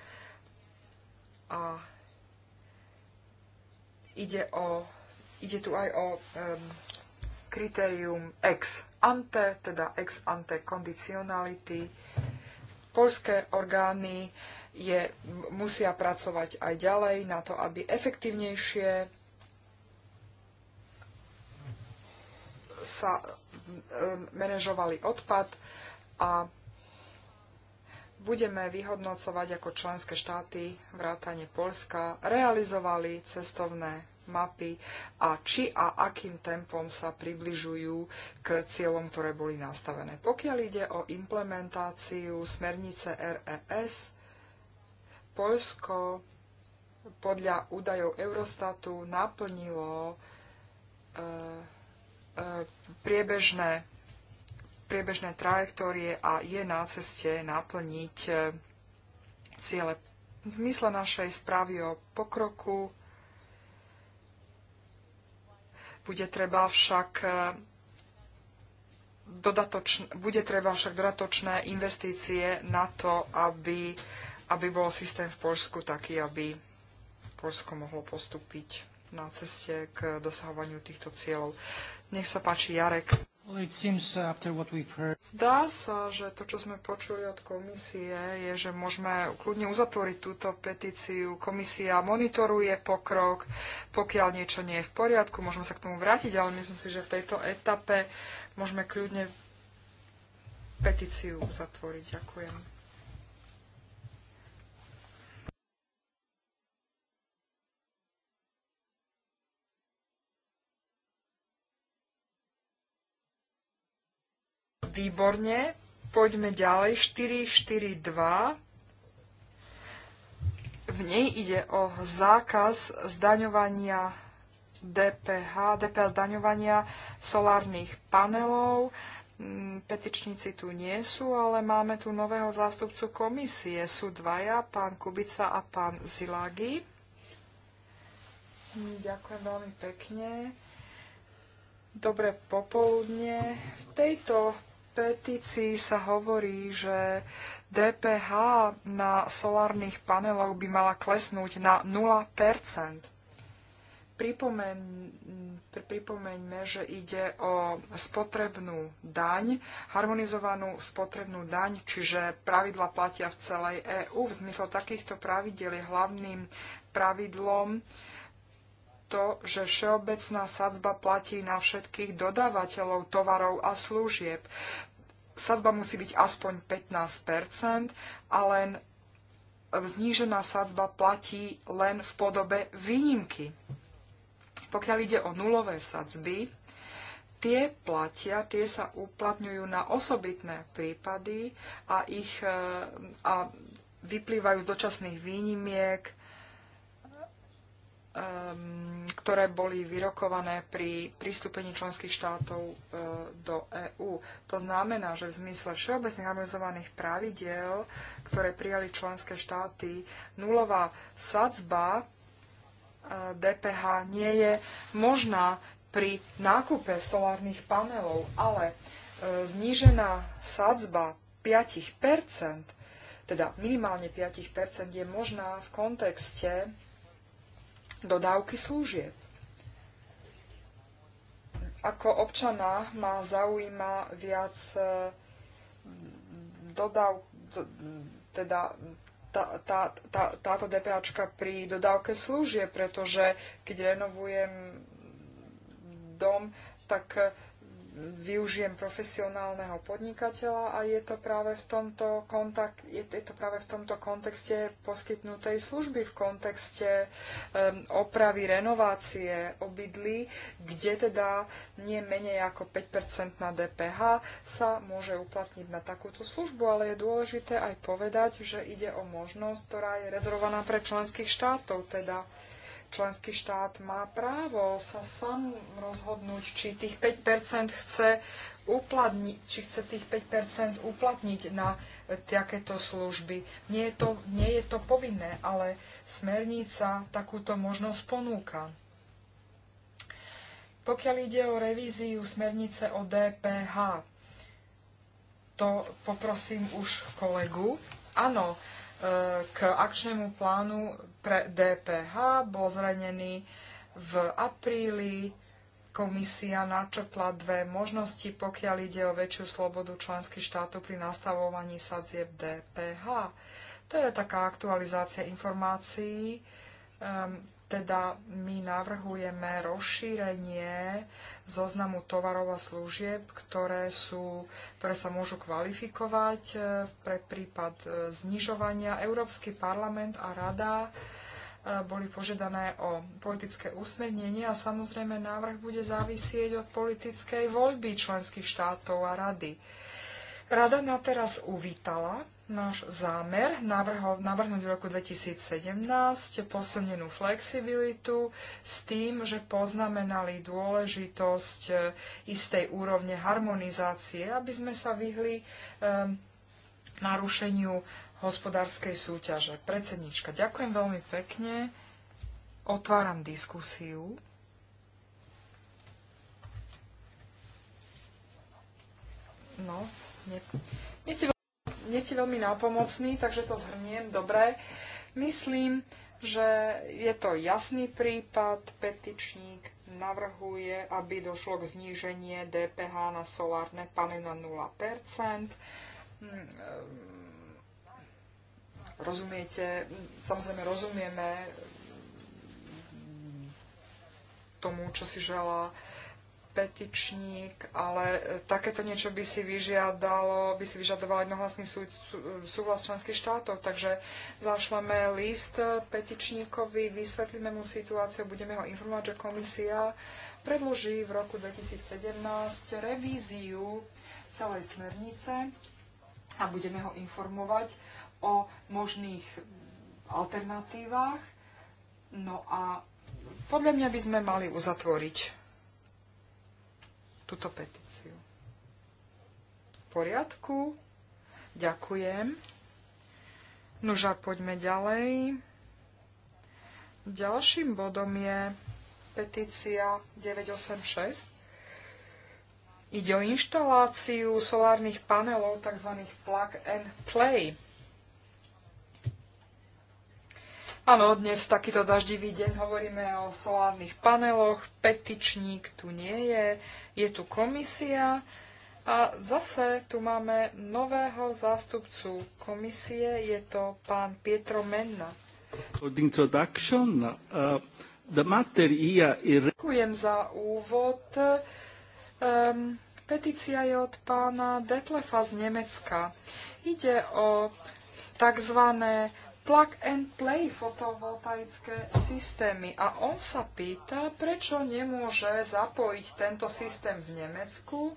a ide, o, ide tu aj o um, kritérium ex ante, teda ex ante kondicionality. Polské orgány je, musia pracovať aj ďalej na to, aby efektívnejšie sa manažovali odpad a budeme vyhodnocovať, ako členské štáty, vrátane Polska, realizovali cestovné mapy a či a akým tempom sa približujú k cieľom, ktoré boli nastavené. Pokiaľ ide o implementáciu smernice RES, Polsko podľa údajov Eurostatu naplnilo e, e, priebežné, priebežné trajektórie a je na ceste naplniť e, ciele. V zmysle našej správy o pokroku bude treba však dodatočné, bude treba však dodatočné investície na to, aby aby bol systém v Polsku taký, aby Polsko mohlo postúpiť na ceste k dosahovaniu týchto cieľov. Nech sa páči, Jarek. Uh, Zdá sa, že to, čo sme počuli od komisie, je, že môžeme kľudne uzatvoriť túto petíciu. Komisia monitoruje pokrok, pokiaľ niečo nie je v poriadku, môžeme sa k tomu vrátiť, ale myslím si, že v tejto etape môžeme kľudne petíciu uzatvoriť. Ďakujem. Výborne. Poďme ďalej. 442. V nej ide o zákaz zdaňovania DPH, DPH zdaňovania solárnych panelov. Mm, petičníci tu nie sú, ale máme tu nového zástupcu komisie. Sú dvaja, pán Kubica a pán Zilagi. Mm, ďakujem veľmi pekne. Dobré popoludne. V tejto petícii sa hovorí, že DPH na solárnych paneloch by mala klesnúť na 0%. Pripomeň, pripomeňme, že ide o spotrebnú daň, harmonizovanú spotrebnú daň, čiže pravidla platia v celej EÚ. V zmysle takýchto pravidel je hlavným pravidlom to, že všeobecná sadzba platí na všetkých dodávateľov tovarov a služieb. Sadzba musí byť aspoň 15 a len znížená sadzba platí len v podobe výnimky. Pokiaľ ide o nulové sadzby, tie platia, tie sa uplatňujú na osobitné prípady a, ich, e, a vyplývajú z dočasných výnimiek, Um, ktoré boli vyrokované pri pristúpení členských štátov uh, do EÚ. To znamená, že v zmysle všeobecných harmonizovaných pravidiel, ktoré prijali členské štáty, nulová sadzba DPH uh, nie je možná pri nákupe solárnych panelov, ale uh, znížená sadzba 5 teda minimálne 5 je možná v kontexte dodávky služieb. Ako občana ma zaujíma viac e, dodav, teda tá, tá, tá, táto DPAčka pri dodávke služieb, pretože keď renovujem dom, tak využijem profesionálneho podnikateľa a je to práve v tomto, kontakt, je, je to práve v tomto kontexte poskytnutej služby, v kontexte um, opravy, renovácie obydlí, kde teda nie menej ako 5% na DPH sa môže uplatniť na takúto službu, ale je dôležité aj povedať, že ide o možnosť, ktorá je rezervovaná pre členských štátov, teda členský štát má právo sa sám rozhodnúť, či tých 5% chce uplatniť, či chce tých 5% uplatniť na e, takéto služby. Nie je to, nie je to povinné, ale smernica takúto možnosť ponúka. Pokiaľ ide o revíziu smernice o DPH, to poprosím už kolegu. Áno, e, k akčnému plánu pre DPH bol zranený v apríli. Komisia načrtla dve možnosti, pokiaľ ide o väčšiu slobodu členských štátov pri nastavovaní sadzieb DPH. To je taká aktualizácia informácií, um, teda my navrhujeme rozšírenie zoznamu tovarov a služieb, ktoré, sú, ktoré sa môžu kvalifikovať e, pre prípad e, znižovania. Európsky parlament a rada e, boli požiadané o politické usmernenie a samozrejme návrh bude závisieť od politickej voľby členských štátov a rady. Rada na teraz uvítala náš zámer navrho, navrhnúť v roku 2017 posilnenú flexibilitu s tým, že poznamenali dôležitosť e, istej úrovne harmonizácie, aby sme sa vyhli narušeniu hospodárskej súťaže. Predsednička, ďakujem veľmi pekne. Otváram diskusiu. No, nie nie ste veľmi nápomocní, takže to zhrniem dobre. Myslím, že je to jasný prípad. Petičník navrhuje, aby došlo k zníženie DPH na solárne pany na 0%. Hmm, ehm, rozumiete, samozrejme rozumieme tomu, čo si želá petičník, ale e, takéto niečo by si vyžiadalo, by si vyžadoval jednohlasný súd, súhlas členských štátov. Takže zašleme list e, petičníkovi, vysvetlíme mu situáciu, budeme ho informovať, že komisia predloží v roku 2017 revíziu celej smernice a budeme ho informovať o možných alternatívach. No a podľa mňa by sme mali uzatvoriť túto petíciu. V poriadku. Ďakujem. Nuž a poďme ďalej. Ďalším bodom je petícia 986. Ide o inštaláciu solárnych panelov tzv. plug and play Áno, dnes takýto daždivý deň hovoríme o solárnych paneloch, petičník tu nie je, je tu komisia a zase tu máme nového zástupcu komisie, je to pán Pietro Menna. Uh, Ďakujem za úvod. Um, petícia je od pána Detlefa z Nemecka. Ide o tzv plug and play fotovoltaické systémy. A on sa pýta, prečo nemôže zapojiť tento systém v Nemecku,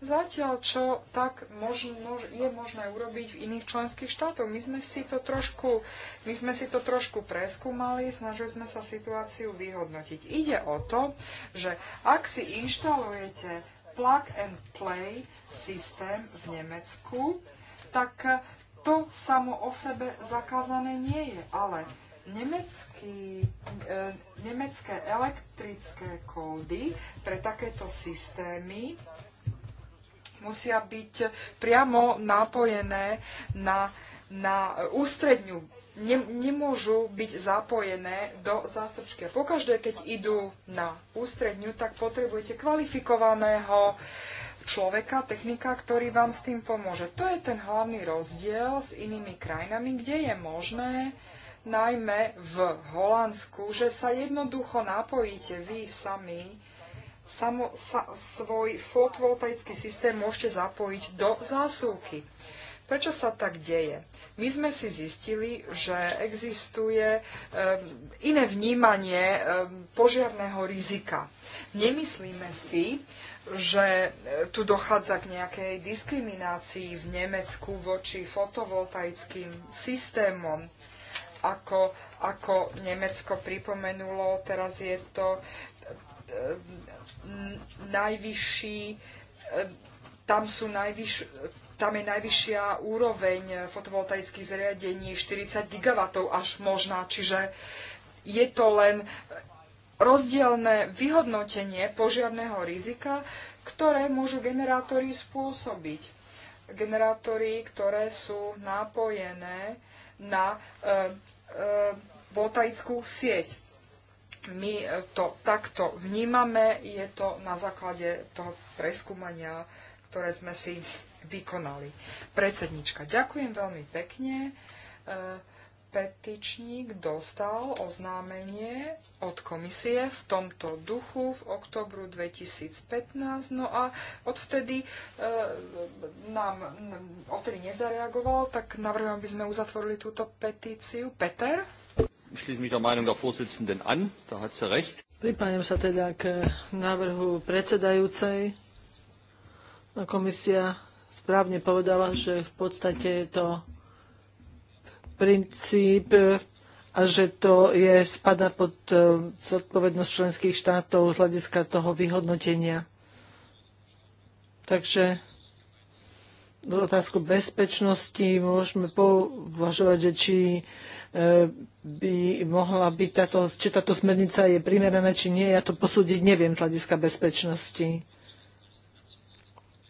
zatiaľ čo tak možno, je možné urobiť v iných členských štátoch. My sme si to trošku, my sme si to trošku preskúmali, snažili sme sa situáciu vyhodnotiť. Ide o to, že ak si inštalujete plug and play systém v Nemecku, tak to samo o sebe zakázané nie je, ale nemecký, e, nemecké elektrické kódy pre takéto systémy musia byť priamo napojené na, na ústredňu. Ne, nemôžu byť zapojené do zástrčky. pokaždé, keď idú na ústredňu, tak potrebujete kvalifikovaného človeka, technika, ktorý vám s tým pomôže. To je ten hlavný rozdiel s inými krajinami, kde je možné najmä v Holandsku, že sa jednoducho napojíte vy sami, samo, sa, svoj fotovoltaický systém môžete zapojiť do zásuvky. Prečo sa tak deje? My sme si zistili, že existuje um, iné vnímanie um, požiarného rizika. Nemyslíme si, že e, tu dochádza k nejakej diskriminácii v Nemecku voči fotovoltaickým systémom. Ako, ako Nemecko pripomenulo, teraz je to e, najvyšší, e, tam, sú najvyš, tam je najvyššia úroveň fotovoltaických zariadení 40 gigawatov až možná, čiže je to len rozdielne vyhodnotenie požiarného rizika, ktoré môžu generátory spôsobiť. Generátory, ktoré sú nápojené na e, e, voltaickú sieť. My e, to takto vnímame, je to na základe toho preskúmania, ktoré sme si vykonali. Predsednička, ďakujem veľmi pekne. E, petičník dostal oznámenie od komisie v tomto duchu v oktobru 2015, no a odvtedy e, nám mm, odtedy nezareagoval, tak navrhujem, aby sme uzatvorili túto petíciu. Peter? Pripájam sa teda k návrhu predsedajúcej. Komisia správne povedala, že v podstate to princíp a že to je, spada pod eh, zodpovednosť členských štátov z hľadiska toho vyhodnotenia. Takže otázku bezpečnosti môžeme považovať, že či eh, by mohla byť táto, či táto smernica je primeraná, či nie. Ja to posúdiť neviem z hľadiska bezpečnosti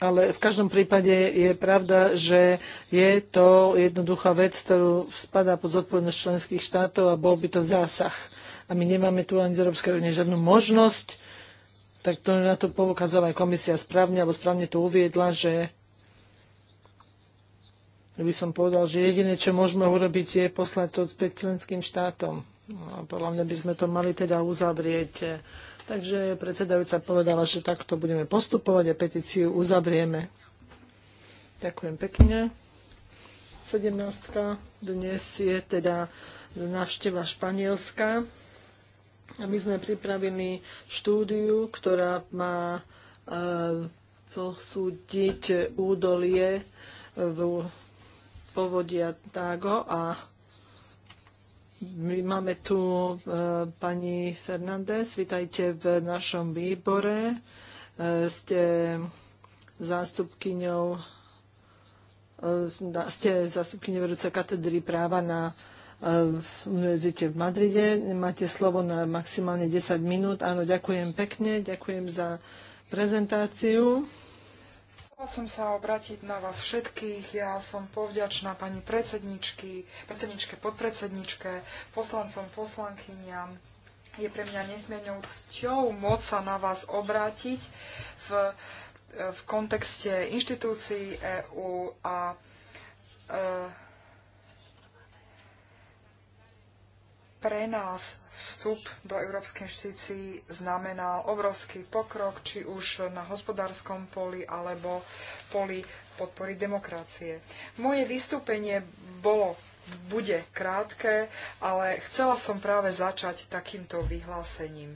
ale v každom prípade je pravda, že je to jednoduchá vec, ktorú spadá pod zodpovednosť členských štátov a bol by to zásah. A my nemáme tu ani z Európskej únie žiadnu možnosť, tak to na to poukázala aj komisia správne, alebo správne to uviedla, že by som povedal, že jediné, čo môžeme urobiť, je poslať to späť členským štátom. A no, podľa mňa by sme to mali teda uzavrieť Takže predsedajúca povedala, že takto budeme postupovať a petíciu uzavrieme. Ďakujem pekne. 17. Dnes je teda návšteva Španielska. A my sme pripravili štúdiu, ktorá má eh, posúdiť údolie v povodia Tago a my máme tu e, pani Fernández, Vítajte v našom výbore. E, ste zástupkyňou e, ste zástupkyňou vedúce katedry práva na univerzite v Madride. Máte slovo na maximálne 10 minút. Áno, ďakujem pekne, ďakujem za prezentáciu. Chcela som sa obrátiť na vás všetkých. Ja som povďačná pani predsedničky, predsedničke, podpredsedničke, poslancom, poslankyňam. Je pre mňa nesmiernou cťou moc sa na vás obrátiť v, v kontexte inštitúcií EÚ a e, pre nás vstup do Európskej inštitúcii znamená obrovský pokrok, či už na hospodárskom poli alebo poli podpory demokracie. Moje vystúpenie bolo, bude krátke, ale chcela som práve začať takýmto vyhlásením.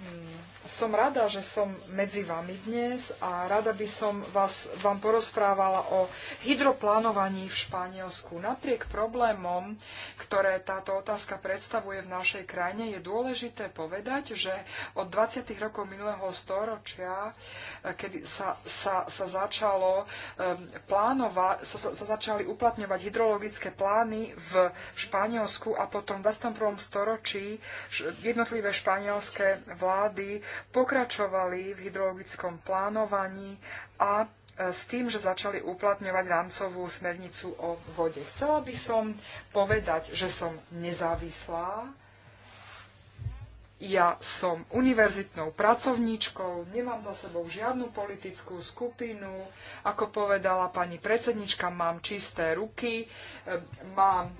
Mm, som rada, že som medzi vami dnes a rada by som vás, vám porozprávala o hydroplánovaní v Španielsku. Napriek problémom, ktoré táto otázka predstavuje v našej krajine, je dôležité povedať, že od 20. rokov minulého storočia, eh, kedy sa, sa, sa, začalo, eh, plánova, sa, sa, sa začali uplatňovať hydrologické plány v Španielsku a potom v 21. storočí jednotlivé španielské vlády pokračovali v hydrologickom plánovaní a e, s tým, že začali uplatňovať rámcovú smernicu o vode. Chcela by som povedať, že som nezávislá. Ja som univerzitnou pracovníčkou, nemám za sebou žiadnu politickú skupinu. Ako povedala pani predsednička, mám čisté ruky, e, mám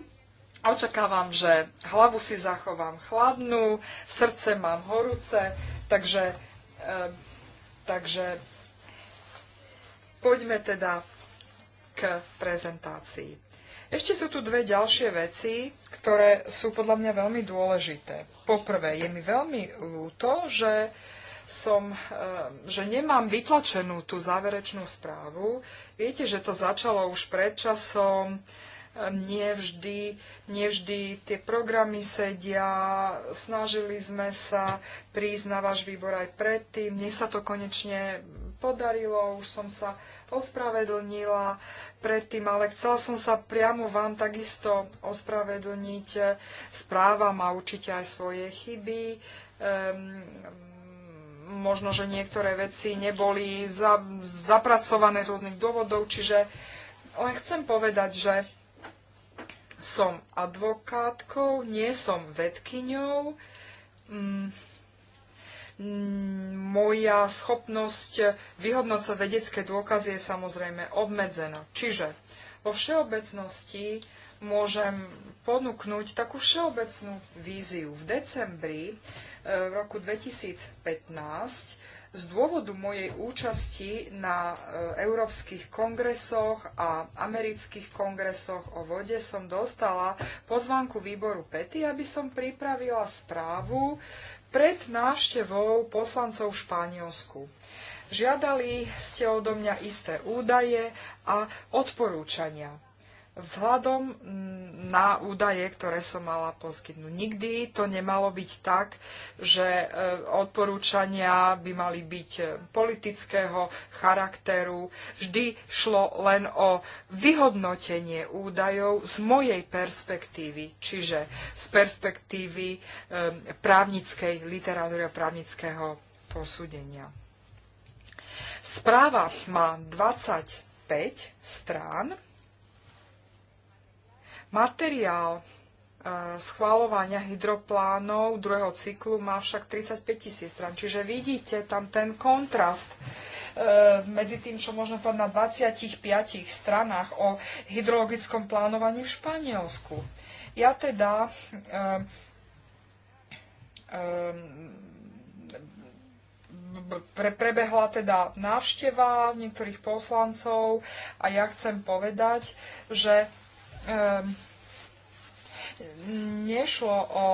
očakávam, že hlavu si zachovám chladnú, srdce mám horúce, takže, e, takže poďme teda k prezentácii. Ešte sú tu dve ďalšie veci, ktoré sú podľa mňa veľmi dôležité. Poprvé, je mi veľmi ľúto, že som, eh, že nemám vytlačenú tú záverečnú správu. Viete, že to začalo už pred časom, nevždy, nevždy tie programy sedia, snažili sme sa prísť na váš výbor aj predtým, mne sa to konečne podarilo, už som sa ospravedlnila predtým, ale chcela som sa priamo vám takisto ospravedlniť. Správa a určite aj svoje chyby. Um, možno, že niektoré veci neboli za, zapracované z rôznych dôvodov, čiže len chcem povedať, že som advokátkou, nie som vedkyňou. Mm, mm, moja schopnosť vyhodnocovať vedecké dôkazy je samozrejme obmedzená. Čiže vo všeobecnosti môžem ponúknuť takú všeobecnú víziu. V decembri eh, v roku 2015 z dôvodu mojej účasti na e, európskych kongresoch a amerických kongresoch o vode som dostala pozvanku výboru PETI, aby som pripravila správu pred návštevou poslancov v Španielsku. Žiadali ste odo mňa isté údaje a odporúčania. Vzhľadom na údaje, ktoré som mala poskytnúť, nikdy to nemalo byť tak, že e, odporúčania by mali byť e, politického charakteru. Vždy šlo len o vyhodnotenie údajov z mojej perspektívy, čiže z perspektívy e, právnickej literatúry a právnického posúdenia. Správa má 25 strán Materiál e, schváľovania hydroplánov druhého cyklu má však 35 tisíc stran. Čiže vidíte tam ten kontrast e, medzi tým, čo možno povedať na 25 stranách o hydrologickom plánovaní v Španielsku. Ja teda e, pre, prebehla teda návšteva niektorých poslancov a ja chcem povedať, že Ehm, nešlo o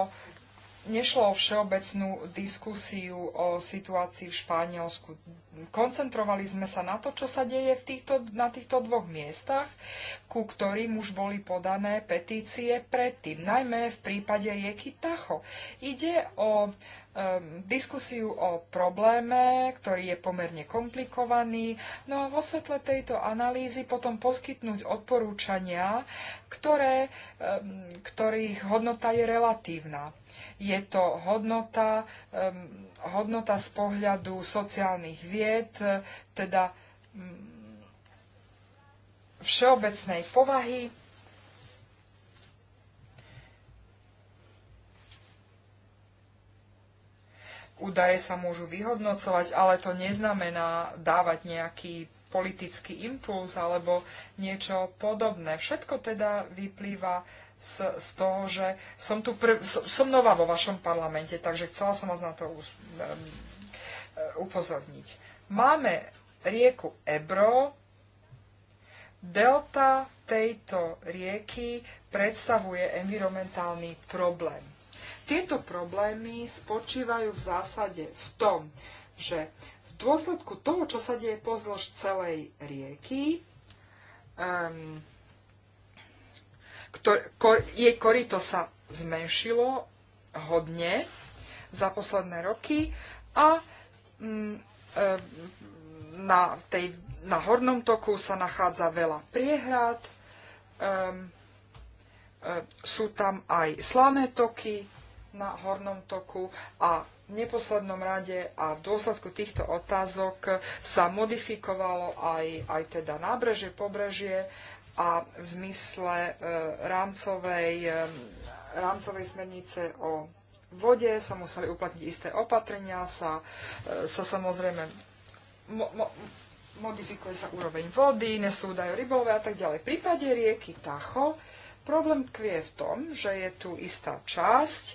Nešlo o všeobecnú diskusiu o situácii v Španielsku. Koncentrovali sme sa na to, čo sa deje v týchto, na týchto dvoch miestach, ku ktorým už boli podané petície predtým, najmä v prípade rieky Tacho. Ide o um, diskusiu o probléme, ktorý je pomerne komplikovaný. No a vo svetle tejto analýzy potom poskytnúť odporúčania, ktoré, um, ktorých hodnota je relatívna. Je to hodnota, um, hodnota z pohľadu sociálnych vied, teda um, všeobecnej povahy údaje sa môžu vyhodnocovať, ale to neznamená dávať nejaký politický impuls alebo niečo podobné. Všetko teda vyplýva z, z toho, že som, tu prv, som nová vo vašom parlamente, takže chcela som vás na to upozorniť. Máme rieku Ebro, delta tejto rieky predstavuje environmentálny problém. Tieto problémy spočívajú v zásade v tom, že v dôsledku toho, čo sa deje pozdĺž celej rieky, um, ktor, kor, jej korito sa zmenšilo hodne za posledné roky a um, um, na, tej, na hornom toku sa nachádza veľa priehrad, um, sú tam aj slané toky, na hornom toku a v neposlednom rade a v dôsledku týchto otázok sa modifikovalo aj, aj teda nábrežie, pobrežie a v zmysle e, rámcovej, e, rámcovej smernice o vode sa museli uplatniť isté opatrenia, sa, e, sa samozrejme mo, mo, modifikuje sa úroveň vody, nesúdajú rybové a tak ďalej. V prípade rieky Tacho Problém tkvie v tom, že je tu istá časť,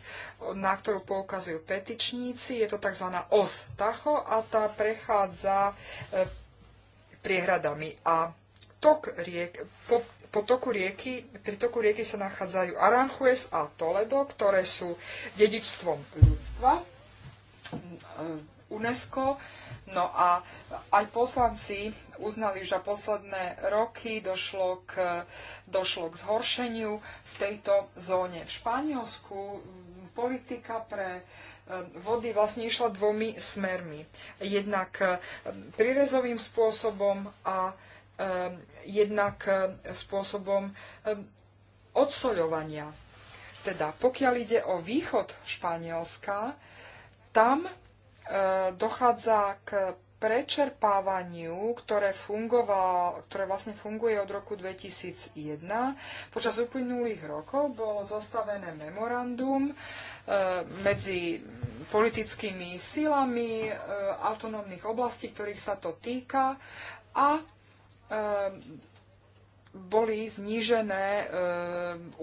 na ktorú poukazujú petičníci, je to tzv. os tacho a tá prechádza e, priehradami a tok riek, po, po toku rieky, pri toku rieky sa nachádzajú Aranjuez a Toledo, ktoré sú dedičstvom ľudstva. E, UNESCO. No a aj poslanci uznali, že posledné roky došlo k, došlo k zhoršeniu v tejto zóne. V Španielsku politika pre eh, vody vlastne išla dvomi smermi. Jednak eh, prirezovým spôsobom a eh, jednak spôsobom odsoľovania. Teda pokiaľ ide o východ Španielska, tam E, dochádza k prečerpávaniu, ktoré, fungoval, ktoré vlastne funguje od roku 2001. Počas uplynulých rokov bolo zostavené memorandum e, medzi politickými silami e, autonómnych oblastí, ktorých sa to týka a boli znížené e,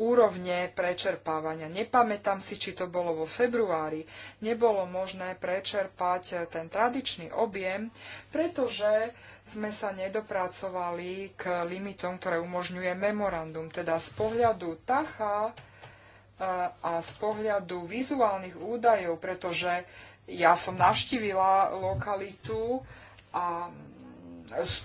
úrovne prečerpávania. Nepamätám si, či to bolo vo februári. Nebolo možné prečerpať e, ten tradičný objem, pretože sme sa nedopracovali k limitom, ktoré umožňuje memorandum. Teda z pohľadu Tacha e, a z pohľadu vizuálnych údajov, pretože ja som navštívila lokalitu a z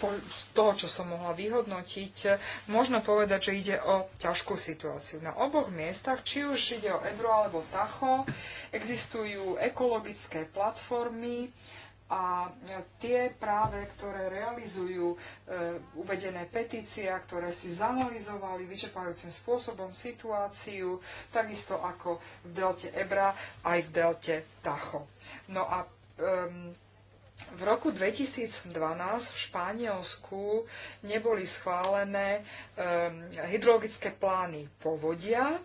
toho, čo som mohla vyhodnotiť, možno povedať, že ide o ťažkú situáciu. Na oboch miestach, či už ide o Ebro alebo Tacho, existujú ekologické platformy a tie práve, ktoré realizujú e, uvedené petície, ktoré si zanalizovali vyčerpajúcim spôsobom situáciu, takisto ako v delte Ebra aj v delte Tacho. No a v roku 2012 v Španielsku neboli schválené ehm, hydrologické plány povodia.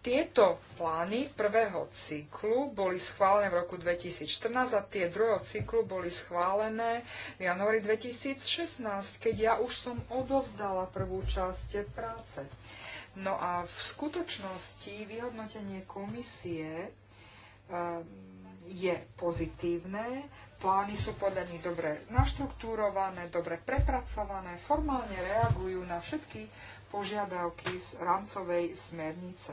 Tieto plány prvého cyklu boli schválené v roku 2014 a tie druhého cyklu boli schválené v januári 2016, keď ja už som odovzdala prvú časť práce. No a v skutočnosti vyhodnotenie komisie um, je pozitívne, plány sú podľa nich dobre naštruktúrované, dobre prepracované, formálne reagujú na všetky požiadavky z rámcovej smernice.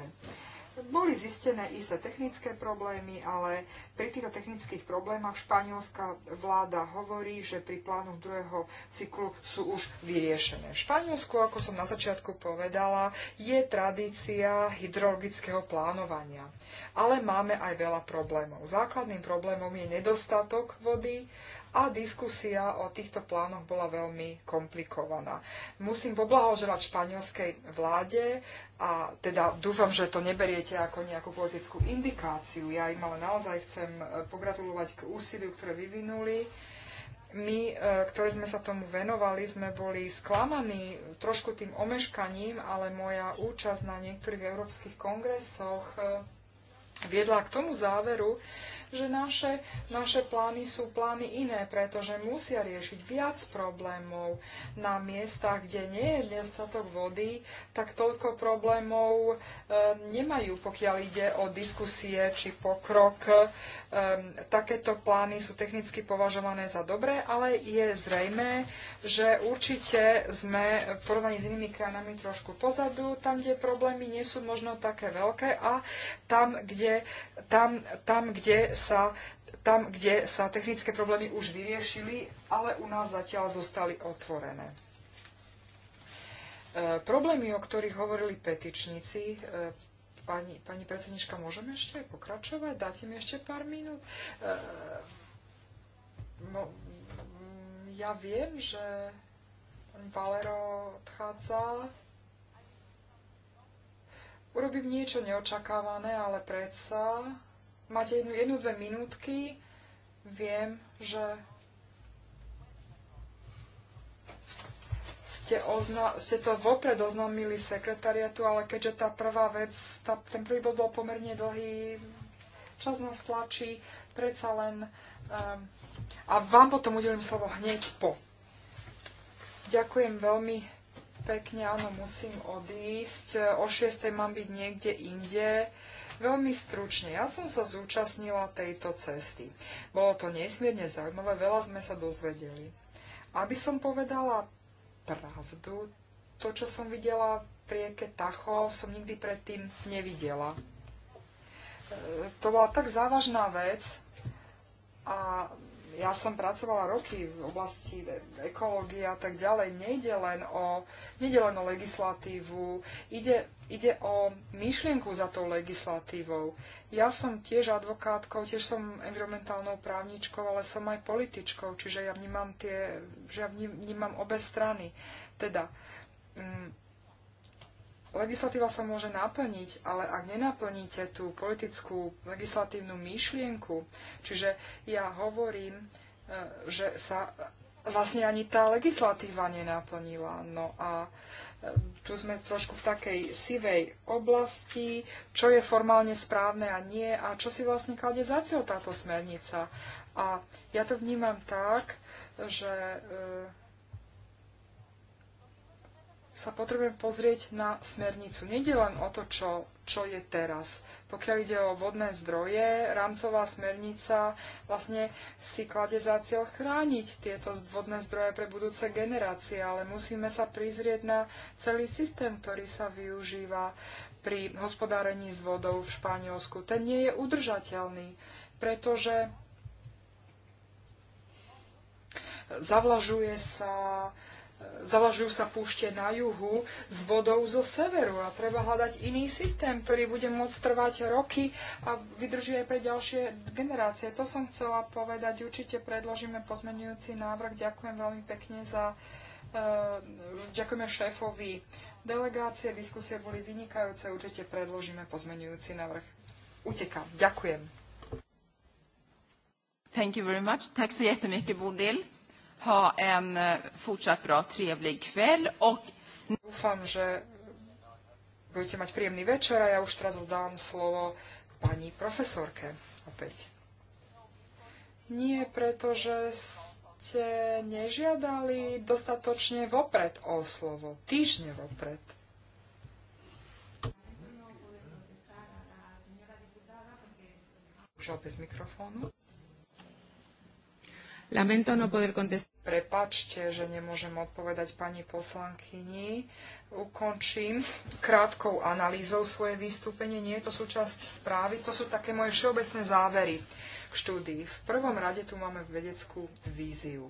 Boli zistené isté technické problémy, ale pri týchto technických problémach španielská vláda hovorí, že pri plánoch druhého cyklu sú už vyriešené. V Španielsku, ako som na začiatku povedala, je tradícia hydrologického plánovania. Ale máme aj veľa problémov. Základným problémom je nedostatok vody a diskusia o týchto plánoch bola veľmi komplikovaná. Musím poblahoželať španielskej vláde a teda dúfam, že to neberiete ako nejakú politickú indikáciu. Ja im ale naozaj chcem e, pogratulovať k úsiliu, ktoré vyvinuli my, e, ktoré sme sa tomu venovali, sme boli sklamaní trošku tým omeškaním, ale moja účasť na niektorých európskych kongresoch e, viedla k tomu záveru, že naše, naše plány sú plány iné, pretože musia riešiť viac problémov. Na miestach, kde nie je nedostatok vody, tak toľko problémov e, nemajú, pokiaľ ide o diskusie či pokrok takéto plány sú technicky považované za dobré, ale je zrejmé, že určite sme v porovnaní s inými krajinami trošku pozadu, tam, kde problémy nie sú možno také veľké a tam, kde, tam, tam, kde sa tam, kde sa technické problémy už vyriešili, ale u nás zatiaľ zostali otvorené. E, problémy, o ktorých hovorili petičníci, e, Pani, pani predsednička, môžem ešte pokračovať? Dáte mi ešte pár minút? E, mo, ja viem, že pán Valero odchádza. Urobím niečo neočakávané, ale predsa. Máte jednu, jednu dve minútky. Viem, že ste, ozna- ste to vopred oznámili sekretariatu, ale keďže tá prvá vec, tá, ten prvý bod bol pomerne dlhý, čas nás tlačí, predsa len... Um, a vám potom udelím slovo hneď po. Ďakujem veľmi pekne, áno, musím odísť. O 6. mám byť niekde inde. Veľmi stručne, ja som sa zúčastnila tejto cesty. Bolo to nesmierne zaujímavé, veľa sme sa dozvedeli. Aby som povedala pravdu. To, čo som videla v rieke Tacho, som nikdy predtým nevidela. E, to bola tak závažná vec a ja som pracovala roky v oblasti e, ekológie a tak ďalej. Nejde len o, nejde len o legislatívu, ide, ide o myšlienku za tou legislatívou. Ja som tiež advokátkou, tiež som environmentálnou právničkou, ale som aj političkou, čiže ja vnímam, tie, že ja vnímam obe strany. Teda, mm, legislatíva sa môže naplniť, ale ak nenaplníte tú politickú legislatívnu myšlienku, čiže ja hovorím, e, že sa vlastne ani tá legislatíva nenaplnila. No a e, tu sme trošku v takej sivej oblasti, čo je formálne správne a nie a čo si vlastne klade za cieľ táto smernica. A ja to vnímam tak, že e, sa potrebujem pozrieť na smernicu. Nejde len o to, čo, čo je teraz. Pokiaľ ide o vodné zdroje, rámcová smernica vlastne si klade za cieľ chrániť tieto vodné zdroje pre budúce generácie, ale musíme sa prizrieť na celý systém, ktorý sa využíva pri hospodárení s vodou v Španielsku. Ten nie je udržateľný, pretože zavlažuje sa, zalažujú sa púšte na juhu s vodou zo severu a treba hľadať iný systém, ktorý bude môcť trvať roky a vydrží aj pre ďalšie generácie. To som chcela povedať. Určite predložíme pozmenujúci návrh. Ďakujem veľmi pekne za... E, ďakujeme šéfovi delegácie. Diskusie boli vynikajúce. Určite predložíme pozmenujúci návrh. Utekám. Ďakujem. Thank you very much. Tack så ha en eh, fortsatt bra, trevlig kväll och... Dúfam, že budete mať príjemný večer a ja už teraz dám slovo pani profesorke opäť. Nie, pretože ste nežiadali dostatočne vopred o slovo, týždne vopred. Už z mikrofónu. Lamento no poder contestar. Prepačte, že nemôžem odpovedať pani poslankyni. Ukončím krátkou analýzou svoje vystúpenie. Nie je to súčasť správy, to sú také moje všeobecné závery k štúdii. V prvom rade tu máme vedeckú víziu.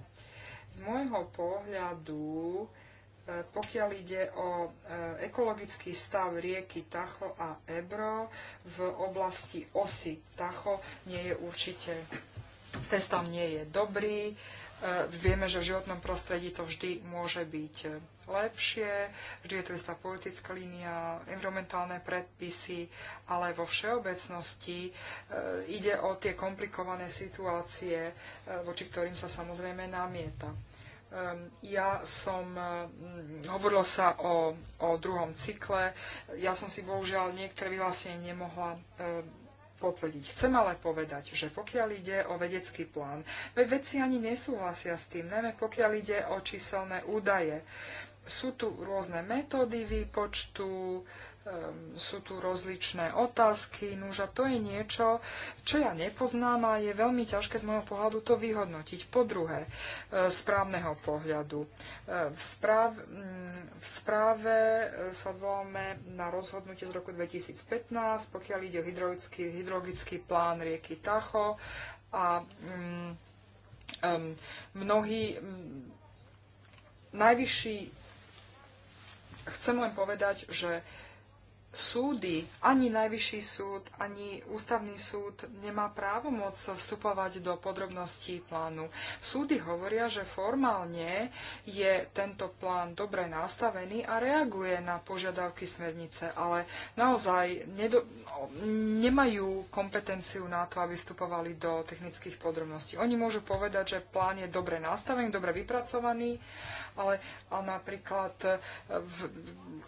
Z môjho pohľadu, e, pokiaľ ide o e, ekologický stav rieky Tacho a Ebro v oblasti osy Tacho, nie je určite tam nie je dobrý. E, vieme, že v životnom prostredí to vždy môže byť lepšie, vždy je to istá politická línia, environmentálne predpisy, ale vo všeobecnosti e, ide o tie komplikované situácie, e, voči ktorým sa samozrejme namieta. Ehm, ja som, hovorilo sa o, o druhom cykle, ja som si bohužiaľ niektoré vyhlásenie nemohla ehm, potvrdiť. Chcem ale povedať, že pokiaľ ide o vedecký plán, vedci ani nesúhlasia s tým, najmä pokiaľ ide o číselné údaje. Sú tu rôzne metódy výpočtu, Ehm, sú tu rozličné otázky, nuž a to je niečo, čo ja nepoznám a je veľmi ťažké z môjho pohľadu to vyhodnotiť. Po druhé, správneho e, pohľadu. E, v, správ, mm, v správe e, sa odvoláme na rozhodnutie z roku 2015, pokiaľ ide o hydrologický, hydrologický plán rieky Tacho a um, um, mnohí um, najvyšší Chcem len povedať, že súdy, ani Najvyšší súd, ani Ústavný súd nemá právo moc vstupovať do podrobností plánu. Súdy hovoria, že formálne je tento plán dobre nastavený a reaguje na požiadavky smernice, ale naozaj nedo- nemajú kompetenciu na to, aby vstupovali do technických podrobností. Oni môžu povedať, že plán je dobre nastavený, dobre vypracovaný ale, napríklad e, v,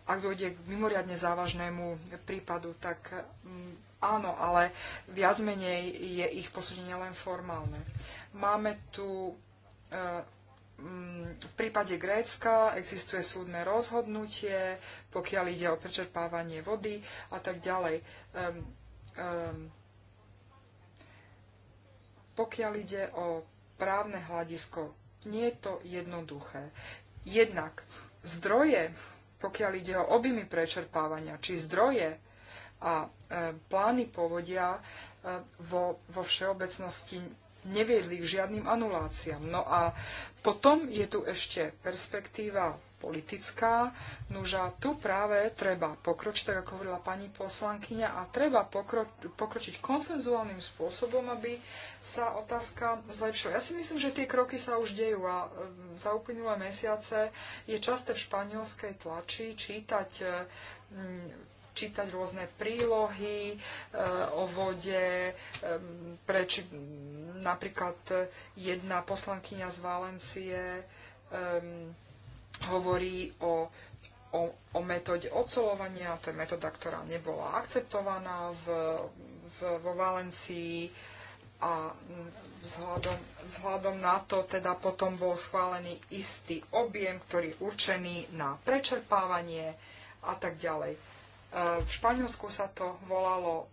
ak dojde k mimoriadne závažnému prípadu, tak mm, áno, ale viac menej je ich posúdenie len formálne. Máme tu e, mm, v prípade Grécka existuje súdne rozhodnutie, pokiaľ ide o prečerpávanie vody a tak ďalej. Ehm, ehm, pokiaľ ide o právne hľadisko nie je to jednoduché. Jednak zdroje, pokiaľ ide o objemy prečerpávania, či zdroje a e, plány povodia e, vo, vo všeobecnosti neviedli k žiadnym anuláciám. No a potom je tu ešte perspektíva politická. Nuža tu práve treba pokročiť, tak ako hovorila pani poslankyňa, a treba pokro- pokročiť konsenzuálnym spôsobom, aby sa otázka zlepšila. Ja si myslím, že tie kroky sa už dejú a e, za uplynulé mesiace je časté v španielskej tlači čítať e, čítať rôzne prílohy e, o vode. E, preč, napríklad jedna poslankyňa z Valencie e, hovorí o, o, o metóde obsolovania, to je metóda, ktorá nebola akceptovaná v, v, vo Valencii a vzhľadom, vzhľadom na to teda potom bol schválený istý objem, ktorý je určený na prečerpávanie a tak ďalej. E, v Španielsku sa to volalo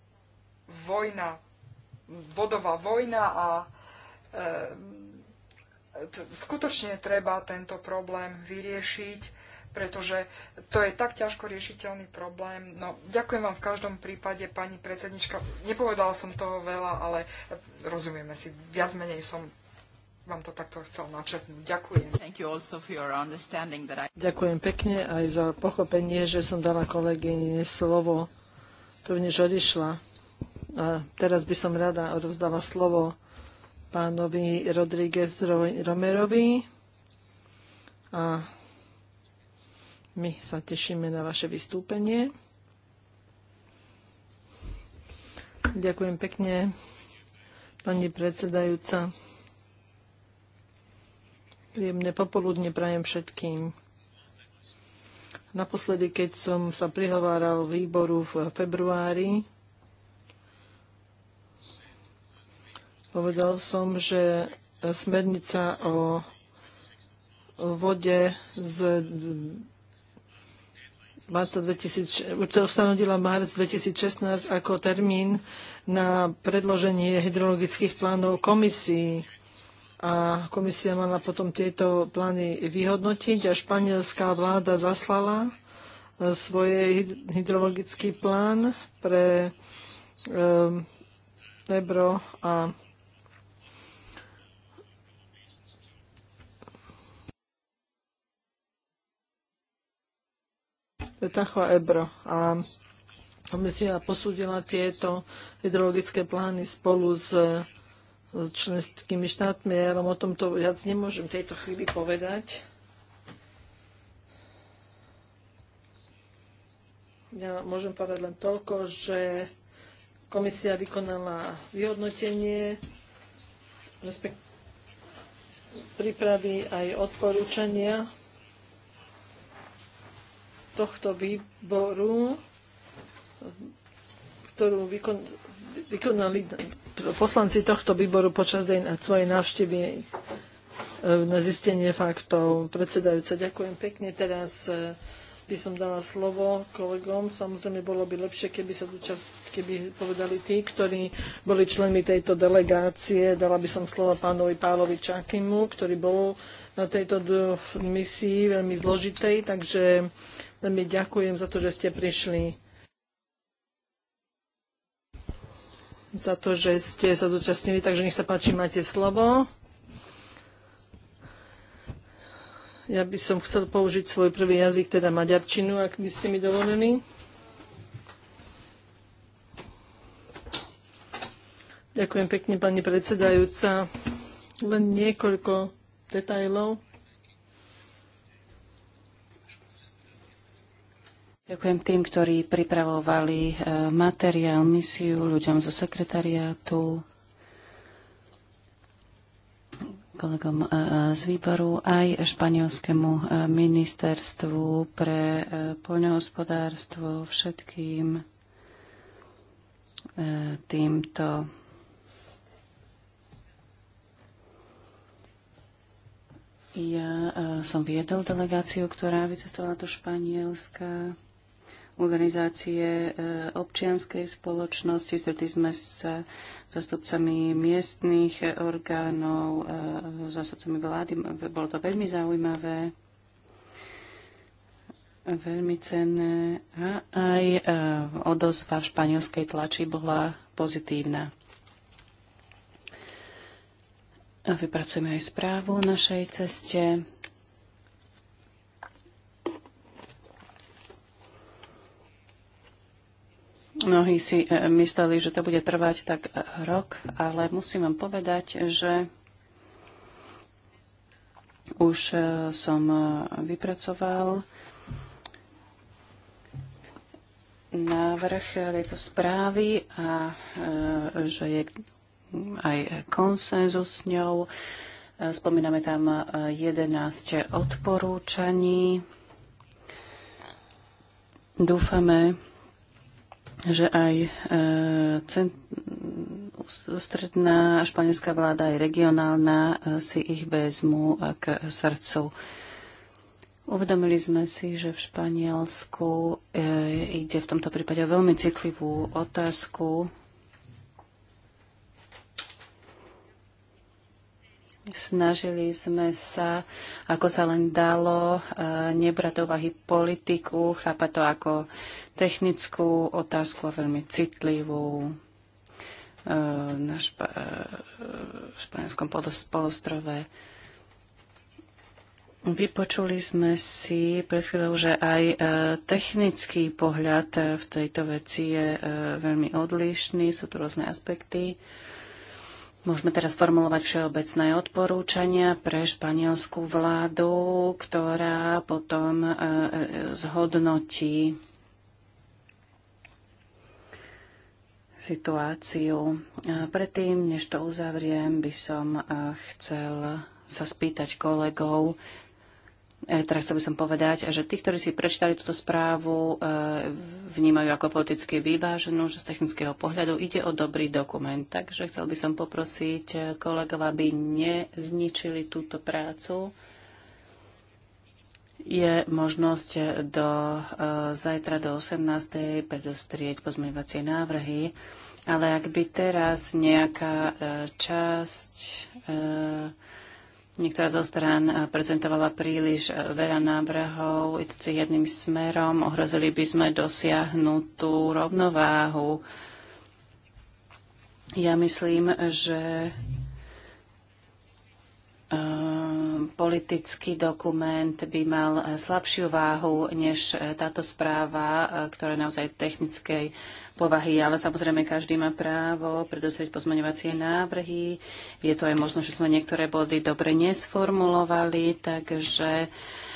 vojna, vodová vojna a e, skutočne treba tento problém vyriešiť, pretože to je tak ťažko riešiteľný problém. No, ďakujem vám v každom prípade, pani predsednička. Nepovedala som toho veľa, ale rozumieme si. Viac menej som vám to takto chcel načetnúť. Ďakujem. I... Ďakujem pekne aj za pochopenie, že som dala kolegyne slovo, prvnež odišla. A teraz by som rada odovzdala slovo pánovi Rodríguez Romerovi a my sa tešíme na vaše vystúpenie. Ďakujem pekne, pani predsedajúca. Príjemné popoludne prajem všetkým. Naposledy, keď som sa prihováral výboru v februári, Povedal som, že smernica o vode z 2000, ustanovila marec 2016 ako termín na predloženie hydrologických plánov komisii. A komisia mala potom tieto plány vyhodnotiť a španielská vláda zaslala svoj hydrologický plán pre um, Ebro a Tacho Ebro. A komisia posúdila tieto hydrologické plány spolu s členskými štátmi, Ja vám o tomto viac nemôžem v tejto chvíli povedať. Ja môžem povedať len toľko, že komisia vykonala vyhodnotenie, pripravy aj odporúčania tohto výboru, ktorú vykon, vykonali poslanci tohto výboru počas deň svojej návštevy e, na zistenie faktov. predsedajúce. ďakujem pekne. Teraz e, by som dala slovo kolegom. Samozrejme, bolo by lepšie, keby sa zúčast, keby povedali tí, ktorí boli členmi tejto delegácie. Dala by som slovo pánovi Pálovi Čakimu, ktorý bol na tejto misii veľmi zložitej, takže Veľmi ďakujem za to, že ste prišli. Za to, že ste sa zúčastnili, takže nech sa páči, máte slovo. Ja by som chcel použiť svoj prvý jazyk, teda maďarčinu, ak by ste mi dovolili. Ďakujem pekne, pani predsedajúca. Len niekoľko detajlov. Ďakujem tým, ktorí pripravovali eh, materiál, misiu, ľuďom zo sekretariátu, kolegom eh, z výboru, aj španielskému eh, ministerstvu pre poľnohospodárstvo, všetkým týmto Ja som viedol delegáciu, ktorá vycestovala do Španielska organizácie e, občianskej spoločnosti, stretli sme sa zastupcami miestných orgánov, e, zastupcami vlády. Bolo to veľmi zaujímavé, veľmi cenné a aj e, odozva v španielskej tlači bola pozitívna. Vypracujeme aj správu o našej ceste. Mnohí si e, mysleli, že to bude trvať tak e, rok, ale musím vám povedať, že už e, som vypracoval návrh tejto správy a že je aj konsenzus s ňou. Spomíname tam 11 odporúčaní. Dúfame, že aj e, cent... stredná španielská vláda, aj regionálna e, si ich vezmú k srdcu. Uvedomili sme si, že v Španielsku e, ide v tomto prípade o veľmi citlivú otázku Snažili sme sa, ako sa len dalo, e, nebrať do vahy politiku, chápať to ako technickú otázku a veľmi citlivú e, na špa- e, španielskom polostrove. Vypočuli sme si pred chvíľou, že aj technický pohľad v tejto veci je veľmi odlišný, sú tu rôzne aspekty. Môžeme teraz formulovať všeobecné odporúčania pre španielskú vládu, ktorá potom e, e, zhodnotí situáciu. Predtým, než to uzavriem, by som e, chcel sa spýtať kolegov, E, teraz chcel by som povedať, že tí, ktorí si prečítali túto správu, e, vnímajú ako politicky vyváženú, že z technického pohľadu ide o dobrý dokument. Takže chcel by som poprosiť e, kolegov, aby nezničili túto prácu. Je možnosť do zajtra do 18. predostrieť pozmeňovacie návrhy, ale ak by teraz nejaká časť Niektorá zo stran eh, prezentovala príliš eh, veľa návrhov idúci jedným smerom. Ohrozili by sme dosiahnutú rovnováhu. Ja myslím, že eh, politický dokument by mal slabšiu váhu než táto správa, ktorá je naozaj technickej povahy, ale samozrejme každý má právo predostrieť pozmeňovacie návrhy. Je to aj možno, že sme niektoré body dobre nesformulovali, takže eh,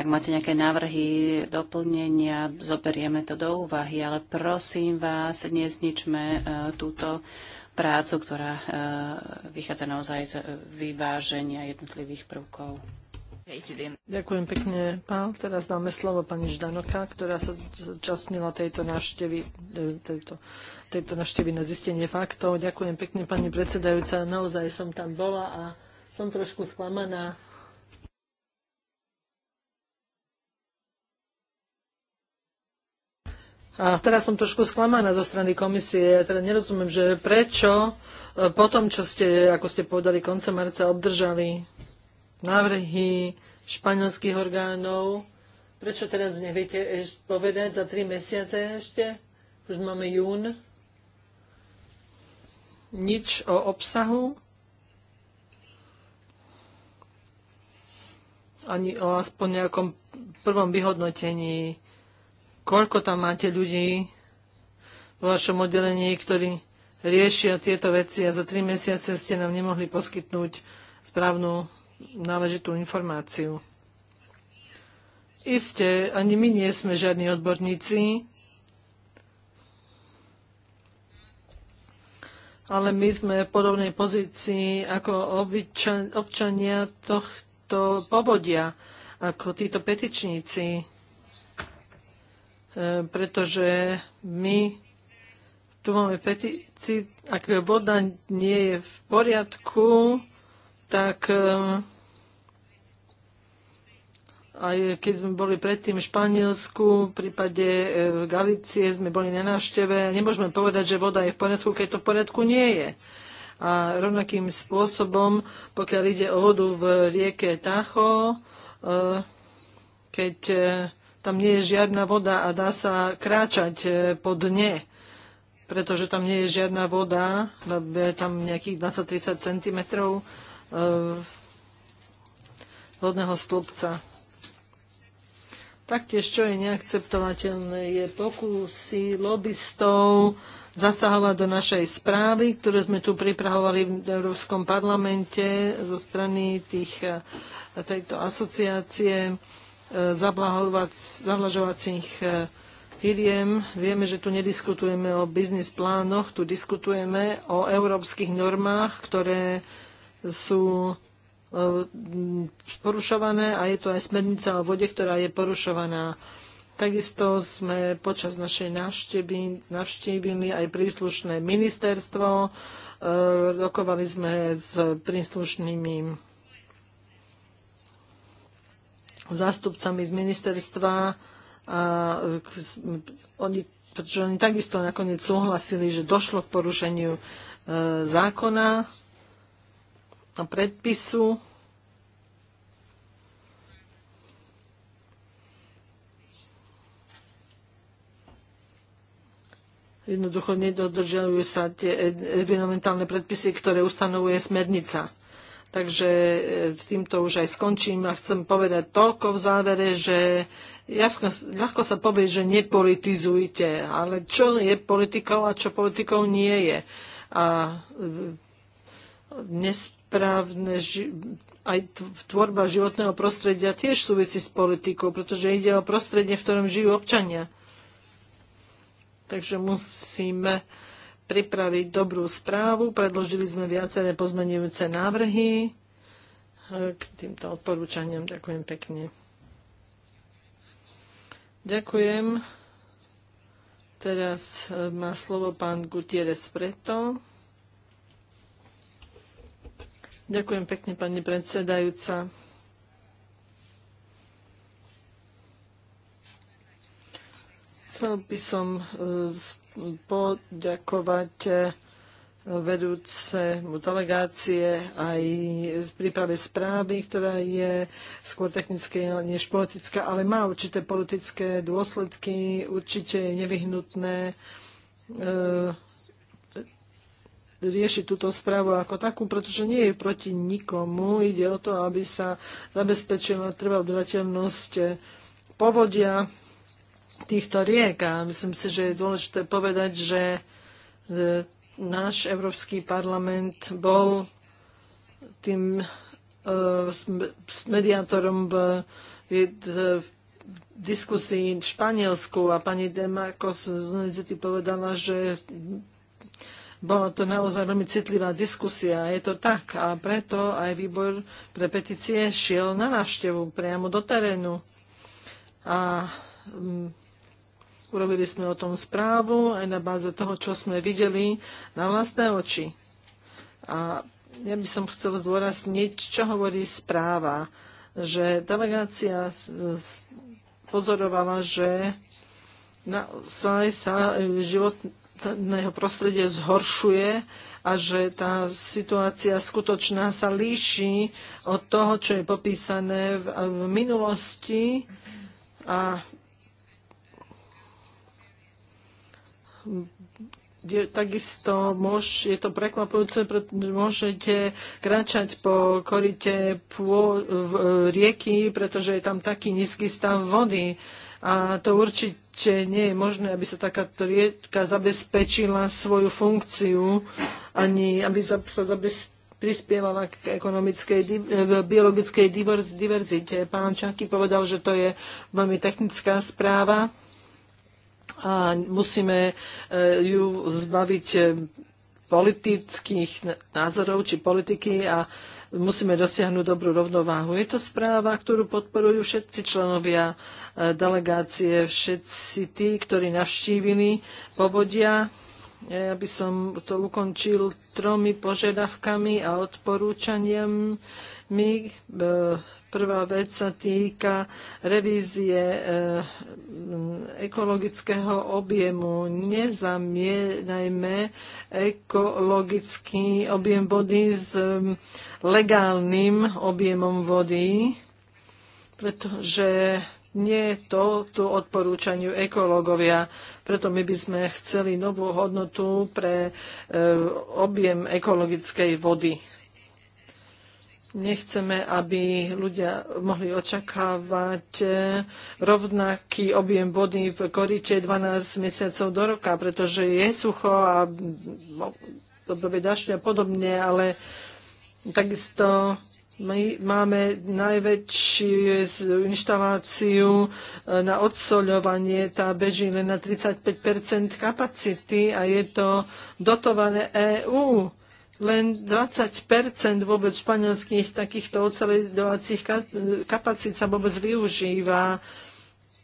ak máte nejaké návrhy, doplnenia, zoberieme to do úvahy, ale prosím vás, nezničme eh, túto prácu, ktorá eh, vychádza naozaj z vyváženia jednotlivých prvkov. Ďakujem pekne, pán. Teraz dáme slovo pani Ždanoka, ktorá sa zúčastnila tejto návštevy, e, tejto, tejto návštevy na zistenie faktov. Ďakujem pekne, pani predsedajúca. Naozaj som tam bola a som trošku sklamaná, A teraz som trošku sklamaná zo strany komisie. Ja teda nerozumiem, že prečo e, po tom, čo ste, ako ste povedali, konca marca obdržali návrhy španielských orgánov. Prečo teraz neviete povedať za tri mesiace ešte? Už máme jún. Nič o obsahu. Ani o aspoň nejakom prvom vyhodnotení. Koľko tam máte ľudí vo vašom oddelení, ktorí riešia tieto veci a za tri mesiace ste nám nemohli poskytnúť správnu náležitú informáciu. Isté, ani my nie sme žiadni odborníci, ale my sme v podobnej pozícii ako občania tohto povodia, ako títo petičníci, e, pretože my tu máme petícii, ak voda nie je v poriadku, tak eh, aj keď sme boli predtým v Španielsku, v prípade v eh, Galície sme boli na návšteve, nemôžeme povedať, že voda je v poriadku, keď to v poriadku nie je. A rovnakým spôsobom, pokiaľ ide o vodu v rieke Tacho, eh, keď tam nie je žiadna voda a dá sa kráčať po dne, pretože tam nie je žiadna voda, tam nejakých 20-30 cm E, vodného stĺpca. Taktiež, čo je neakceptovateľné, je pokusy lobbystov zasahovať do našej správy, ktoré sme tu pripravovali v Európskom parlamente zo strany tých, e, tejto asociácie e, zavlažovacích firiem. Vieme, že tu nediskutujeme o biznis plánoch, tu diskutujeme o európskych normách, ktoré sú e, porušované a je to aj smernica o vode, ktorá je porušovaná. Takisto sme počas našej návštevy navštívili aj príslušné ministerstvo, e, rokovali sme s príslušnými zástupcami z ministerstva a oni, pretože oni takisto nakoniec súhlasili, že došlo k porušeniu e, zákona predpisu. Jednoducho nedodržujú sa tie environmentálne predpisy, ktoré ustanovuje smernica. Takže e, s týmto už aj skončím a chcem povedať toľko v závere, že jasno, ľahko sa povie, že nepolitizujte, ale čo je politikou a čo politikou nie je. A e, dnes právne, aj tvorba životného prostredia tiež súvisí s politikou, pretože ide o prostredie, v ktorom žijú občania. Takže musíme pripraviť dobrú správu. Predložili sme viaceré pozmenujúce návrhy eh, k týmto odporúčaniam. Ďakujem pekne. Ďakujem. Teraz eh, má slovo pán Gutierrez Preto. Ďakujem pekne, pani predsedajúca. Chcel by som e, poďakovať e, vedúcemu delegácie aj v príprave správy, ktorá je skôr technická než politická, ale má určité politické dôsledky. Určite je nevyhnutné e, riešiť túto správu ako takú, pretože nie je proti nikomu. Ide o to, aby sa zabezpečila trvá udržateľnosť povodia týchto riek. A myslím si, že je dôležité povedať, že e, náš Európsky parlament bol tým e, mediátorom v, diskusii v Španielsku a pani Demarcos z univerzity povedala, že bola to naozaj veľmi citlivá diskusia. Je to tak a preto aj výbor pre petície šiel na návštevu priamo do terénu. A um, urobili sme o tom správu aj na báze toho, čo sme videli na vlastné oči. A ja by som chcel zdôrazniť, čo hovorí správa, že delegácia pozorovala, že naozaj sa život, jeho prostredie zhoršuje a že tá situácia skutočná sa líši od toho, čo je popísané v, v minulosti a je, takisto môž, je to prekvapujúce, pretože môžete kráčať po korite pô, v, rieky, pretože je tam taký nízky stav vody. A to určite nie je možné, aby sa takáto rieka zabezpečila svoju funkciu, ani aby sa zabezpečila prispievala k ekonomickej, eh, biologickej diverzite. Pán Čanky povedal, že to je veľmi technická správa a musíme eh, ju zbaviť eh, politických názorov či politiky a musíme dosiahnuť dobrú rovnováhu. Je to správa, ktorú podporujú všetci členovia e, delegácie, všetci tí, ktorí navštívili povodia. Ja e, by som to ukončil tromi požiadavkami a odporúčaniami e, Prvá vec sa týka revízie eh, ekologického objemu. Nezamienajme ekologický objem vody s eh, legálnym objemom vody, pretože nie to tu odporúčaniu ekológovia. Preto my by sme chceli novú hodnotu pre eh, objem ekologickej vody nechceme, aby ľudia mohli očakávať eh, rovnaký objem vody v korite 12 mesiacov do roka, pretože je sucho a mm, obdobie dažďa a podobne, ale takisto my máme najväčšiu inštaláciu eh, na odsoľovanie, tá beží len na 35 kapacity a je to dotované EÚ len 20 vôbec španielských takýchto oceľovacích kapacít sa vôbec využíva.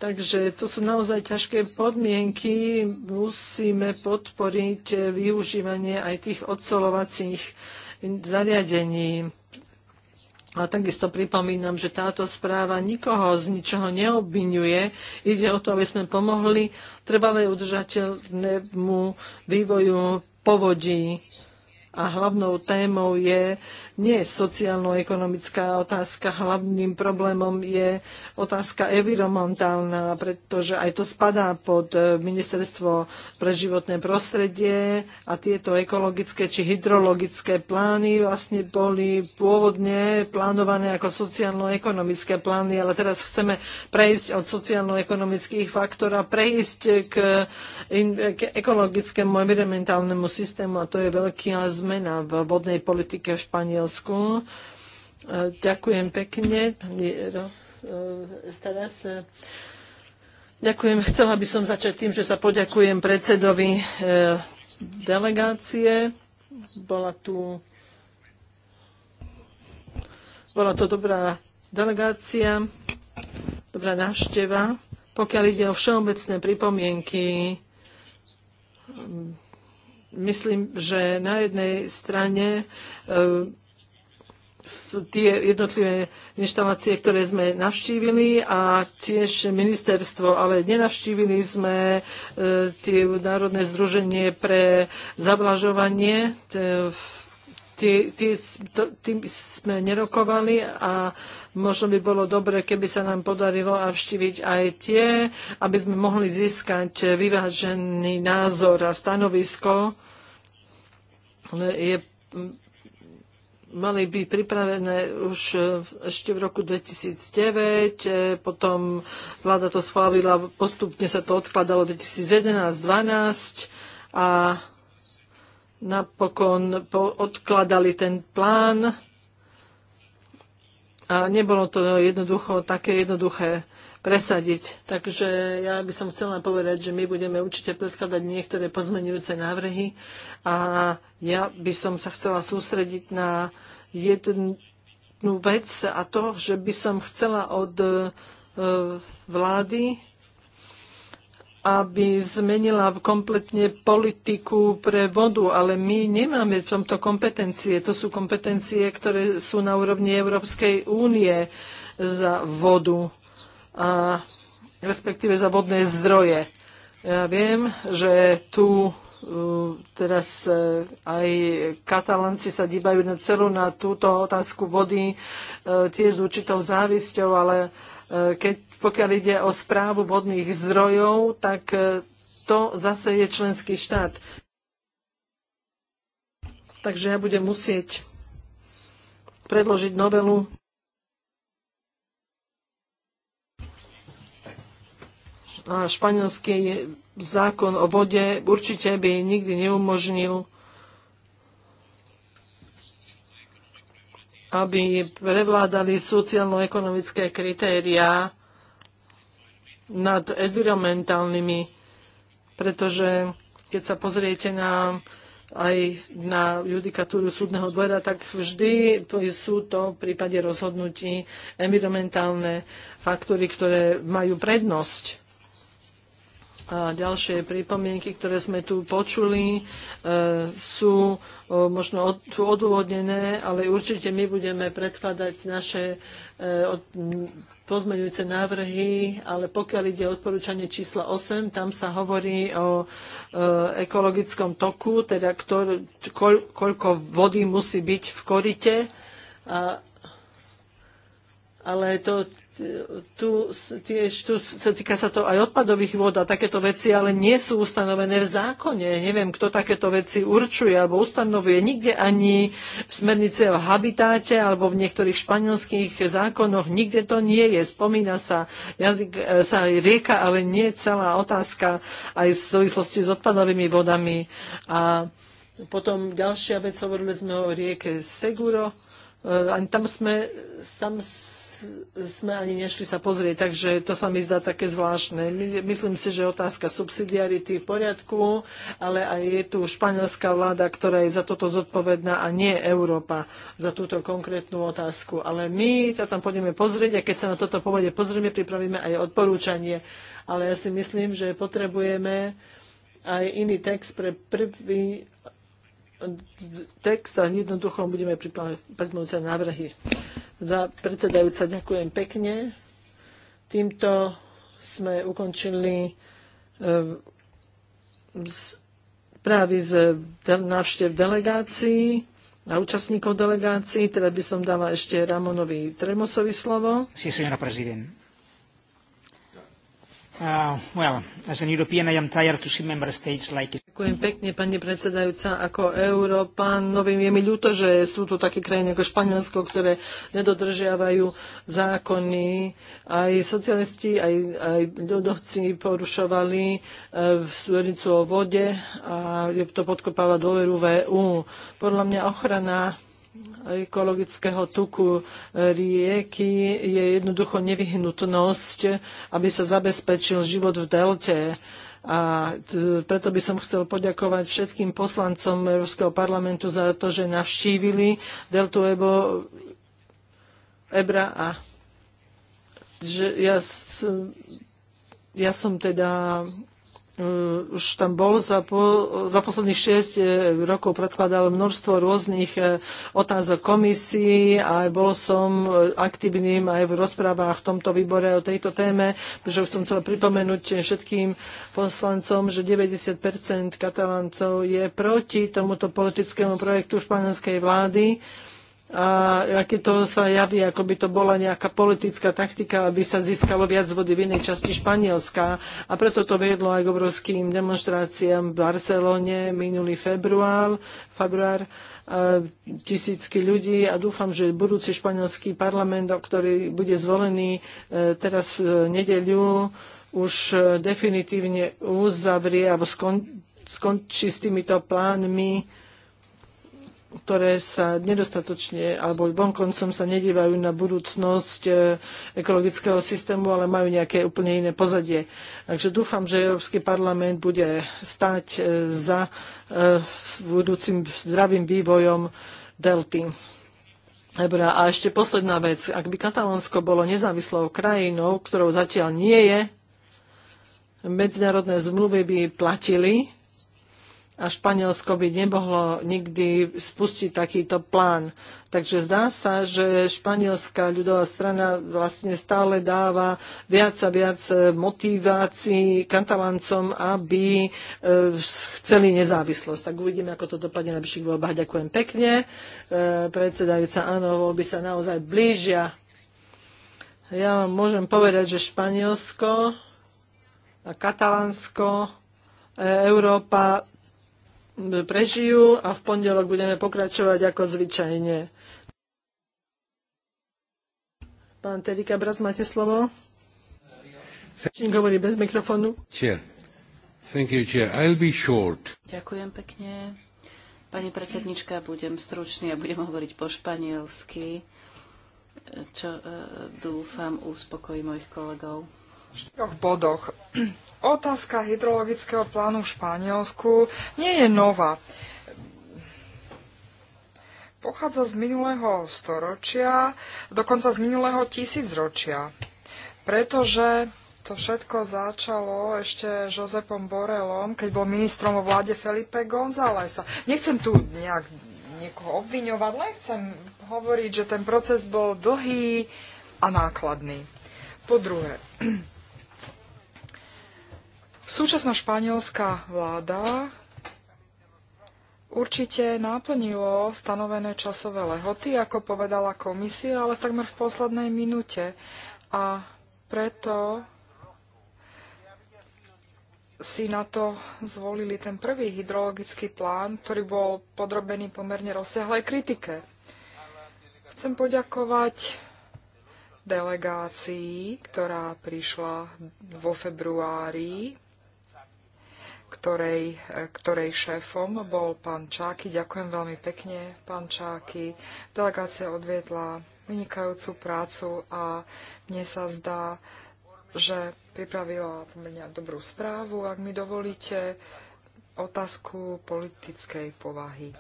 Takže to sú naozaj ťažké podmienky. Musíme podporiť využívanie aj tých ocelovacích zariadení. A takisto pripomínam, že táto správa nikoho z ničoho neobvinuje. Ide o to, aby sme pomohli trvalej udržateľnému vývoju povodí a hlavnou témou je nie sociálno-ekonomická otázka. Hlavným problémom je otázka environmentálna, pretože aj to spadá pod e, ministerstvo pre životné prostredie a tieto ekologické či hydrologické plány vlastne boli pôvodne plánované ako sociálno-ekonomické plány, ale teraz chceme prejsť od sociálno-ekonomických faktor a prejsť k, k ekologickému environmentálnemu systému a to je veľká zmena v vodnej politike v Španielsku. Slovensku. Ďakujem pekne. E, Teraz Ďakujem. Chcela by som začať tým, že sa poďakujem predsedovi e, delegácie. Bola tu bola to dobrá delegácia, dobrá návšteva. Pokiaľ ide o všeobecné pripomienky, myslím, že na jednej strane e, sú tie jednotlivé inštalácie, ktoré sme navštívili a tiež ministerstvo, ale nenavštívili sme e, tie Národné združenie pre zablažovanie. Tým sme nerokovali a možno by bolo dobre, keby sa nám podarilo navštíviť aj tie, aby sme mohli získať vyvážený názor a stanovisko. Je mali byť pripravené už e, ešte v roku 2009, e, potom vláda to schválila, postupne sa to odkladalo 2011-2012 a napokon odkladali ten plán a nebolo to jednoducho také jednoduché presadiť. Takže ja by som chcela povedať, že my budeme určite predkladať niektoré pozmenujúce návrhy a ja by som sa chcela sústrediť na jednu vec a to, že by som chcela od e, vlády aby zmenila kompletne politiku pre vodu, ale my nemáme v tomto kompetencie. To sú kompetencie, ktoré sú na úrovni Európskej únie za vodu a respektíve za vodné zdroje. Ja viem, že tu uh, teraz uh, aj katalanci sa dívajú na celú na túto otázku vody uh, tiež s určitou závisťou, ale keď, pokiaľ ide o správu vodných zdrojov, tak to zase je členský štát. Takže ja budem musieť predložiť novelu a španielský zákon o vode určite by nikdy neumožnil aby prevládali sociálno-ekonomické kritériá nad environmentálnymi, pretože keď sa pozriete na, aj na judikatúru súdneho dvora, tak vždy sú to v prípade rozhodnutí environmentálne faktory, ktoré majú prednosť ďalšie pripomienky, ktoré sme tu počuli, e, sú e, možno tu odôvodnené, ale určite my budeme predkladať naše e, pozmeňujúce návrhy, ale pokiaľ ide o odporúčanie číslo 8, tam sa hovorí o ekologickom toku, teda ktor, koľko vody musí byť v korite. A ale to tu tiež tu, týka sa to aj odpadových vod a takéto veci, ale nie sú ustanovené v zákone. Neviem, kto takéto veci určuje alebo ustanovuje. Nikde ani v smernice o habitáte alebo v niektorých španielských zákonoch nikde to nie je. Spomína sa, jazyk, e, sa aj rieka, ale nie celá otázka aj v súvislosti s odpadovými vodami. A potom ďalšia vec, hovorili sme o rieke Seguro. E, tam sme, tam sme sme ani nešli sa pozrieť, takže to sa mi zdá také zvláštne. Myslím si, že otázka subsidiarity v poriadku, ale aj je tu španielská vláda, ktorá je za toto zodpovedná a nie Európa za túto konkrétnu otázku. Ale my sa tam pôjdeme pozrieť a keď sa na toto povede pozrieme, pripravíme aj odporúčanie. Ale ja si myslím, že potrebujeme aj iný text pre prvý text a jednoducho budeme pripravať sa návrhy. Za predsedajúca ďakujem pekne. Týmto sme ukončili eh, správy z návštev delegácií a účastníkov delegácií. Teda by som dala ešte Ramonovi Tremosovi slovo. Sí, señora prezident. Uh, Ďakujem pekne, pani predsedajúca. Ako Európan, novým je mi ľúto, že sú tu také krajiny ako Španielsko, ktoré nedodržiavajú zákony. Aj socialisti, aj, aj ľudovci porušovali eh, súvernicu o vode a to podkopáva dôveru VÚ. E Podľa mňa ochrana ekologického tuku rieky je jednoducho nevyhnutnosť, aby sa zabezpečil život v delte. A preto by som chcel poďakovať všetkým poslancom Európskeho parlamentu za to, že navštívili deltu Ebo, Ebra a že ja, ja som teda Eh, už tam bol za, po, za posledných 6 eh, rokov predkladal množstvo rôznych eh, otázok komisii a bol som aktívnym aj v rozprávach v tomto výbore o tejto téme, pretože som chcela pripomenúť všetkým poslancom, že 90 kataláncov je proti tomuto politickému projektu španielskej vlády a aké to sa javí, ako by to bola nejaká politická taktika, aby sa získalo viac vody v inej časti Španielska. A preto to viedlo aj k obrovským demonstráciám v Barcelone minulý február, február tisícky ľudí a dúfam, že budúci španielský parlament, ktorý bude zvolený e, teraz v nedeľu, už e, definitívne uzavrie alebo skon, skončí s týmito plánmi ktoré sa nedostatočne alebo vonkoncom sa nedívajú na budúcnosť e, ekologického systému, ale majú nejaké úplne iné pozadie. Takže dúfam, že Európsky parlament bude stať e, za e, budúcim zdravým vývojom delty. Dobre, a ešte posledná vec. Ak by Katalónsko bolo nezávislou krajinou, ktorou zatiaľ nie je, medzinárodné zmluvy by platili, a Španielsko by nemohlo nikdy spustiť takýto plán. Takže zdá sa, že španielská ľudová strana vlastne stále dáva viac a viac e, motivácií kataláncom, aby e, chceli nezávislosť. Tak uvidíme, ako to dopadne na bližších voľbách. Ďakujem pekne. E, predsedajúca, áno, voľby sa naozaj blížia. Ja vám môžem povedať, že Španielsko a Katalánsko Európa prežijú a v pondelok budeme pokračovať ako zvyčajne. Pán Terika Braz, máte slovo? Čím hovorí bez mikrofónu? Chair. Thank you, chair. I'll be short. Ďakujem pekne. Pani predsednička, budem stručný a budem hovoriť po španielsky, čo eh, dúfam uspokojí mojich kolegov v štyroch bodoch. *clears throat* Otázka hydrologického plánu v Španielsku nie je nová. Pochádza z minulého storočia, dokonca z minulého tisícročia, pretože to všetko začalo ešte Josepom Borelom, keď bol ministrom o vláde Felipe Gonzálesa. Nechcem tu nejak niekoho obviňovať, len chcem hovoriť, že ten proces bol dlhý a nákladný. Po druhé, *clears throat* Súčasná španielská vláda určite náplnilo stanovené časové lehoty, ako povedala komisia, ale takmer v poslednej minúte. A preto si na to zvolili ten prvý hydrologický plán, ktorý bol podrobený pomerne rozsiahlej kritike. Chcem poďakovať delegácii, ktorá prišla vo februári ktorej, ktorej šéfom bol pán Čáky. Ďakujem veľmi pekne, pán Čáky. Delegácia odviedla vynikajúcu prácu a mne sa zdá, že pripravila pomerne dobrú správu, ak mi dovolíte, otázku politickej povahy.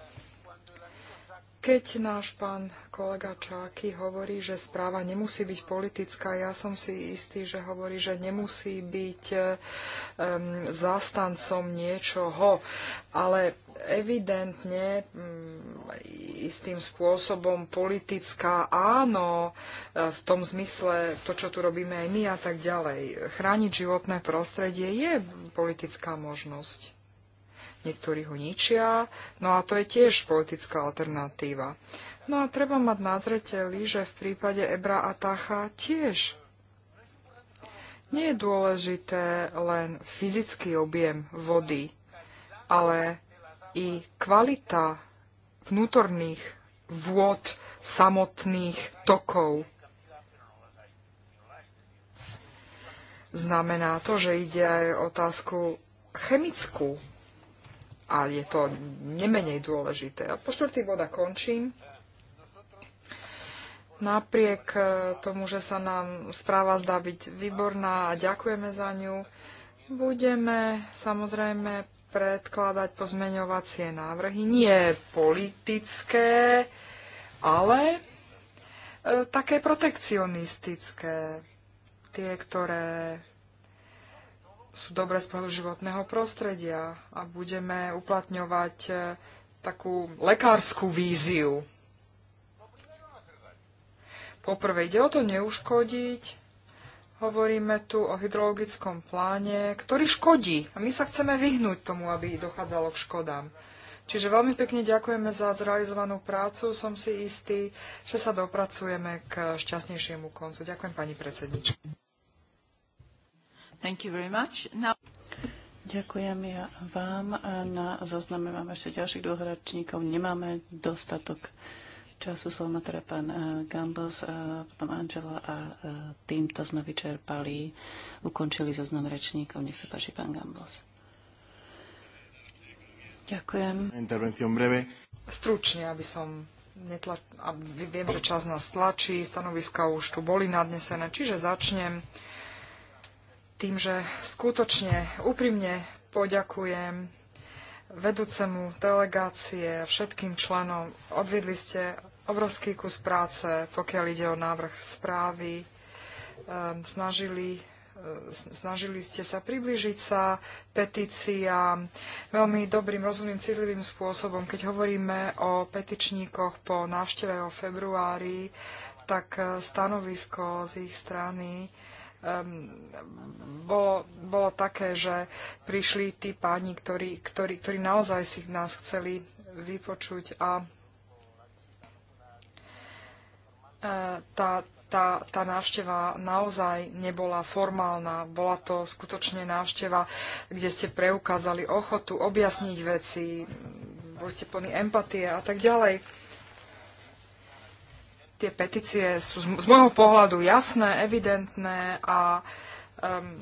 Keď náš pán kolega Čáky hovorí, že správa nemusí byť politická, ja som si istý, že hovorí, že nemusí byť um, zástancom niečoho, ale evidentne um, istým spôsobom politická áno, e, v tom zmysle to, čo tu robíme aj my a tak ďalej. Chrániť životné prostredie je politická možnosť niektorí ho ničia, no a to je tiež politická alternatíva. No a treba mať na zreteli, že v prípade Ebra a Tacha tiež nie je dôležité len fyzický objem vody, ale i kvalita vnútorných vôd samotných tokov. Znamená to, že ide aj otázku chemickú a je to nemenej dôležité. A po štvrtý bod a končím. Napriek e, tomu, že sa nám správa zdá byť výborná a ďakujeme za ňu, budeme samozrejme predkladať pozmeňovacie návrhy, nie politické, ale e, také protekcionistické, tie, ktoré sú dobré z pohľadu životného prostredia a budeme uplatňovať e, takú lekárskú víziu. Poprvé ide o to neuškodiť. Hovoríme tu o hydrologickom pláne, ktorý škodí. A my sa chceme vyhnúť tomu, aby dochádzalo k škodám. Čiže veľmi pekne ďakujeme za zrealizovanú prácu. Som si istý, že sa dopracujeme k šťastnejšiemu koncu. Ďakujem pani predsednička. Ďakujem ja vám. Na zozname máme ešte ďalších dvoch hračníkov. Nemáme dostatok času. Slovo má teda pán eh, Gambos, eh, potom Angela a eh, týmto sme vyčerpali, ukončili zoznam rečníkov. Nech sa páči, pán Gambos. Ďakujem. breve. Stručne, aby som netlač... Viem, že čas nás tlačí, stanoviska už tu boli nadnesené, čiže začnem tým, že skutočne úprimne poďakujem vedúcemu delegácie a všetkým členom. Odvedli ste obrovský kus práce, pokiaľ ide o návrh správy. Ehm, snažili e, snažili ste sa priblížiť sa petíciám veľmi dobrým, rozumným, citlivým spôsobom. Keď hovoríme o petičníkoch po návšteve o februári, tak e, stanovisko z ich strany um, ehm, bolo, bolo také, že prišli tí páni, ktorí, ktorí, ktorí naozaj si nás chceli vypočuť a e, tá, tá, tá návšteva naozaj nebola formálna. Bola to skutočne návšteva, kde ste preukázali ochotu objasniť veci, boli ste plní empatie a tak ďalej tie petície sú z, z môjho pohľadu jasné, evidentné a um,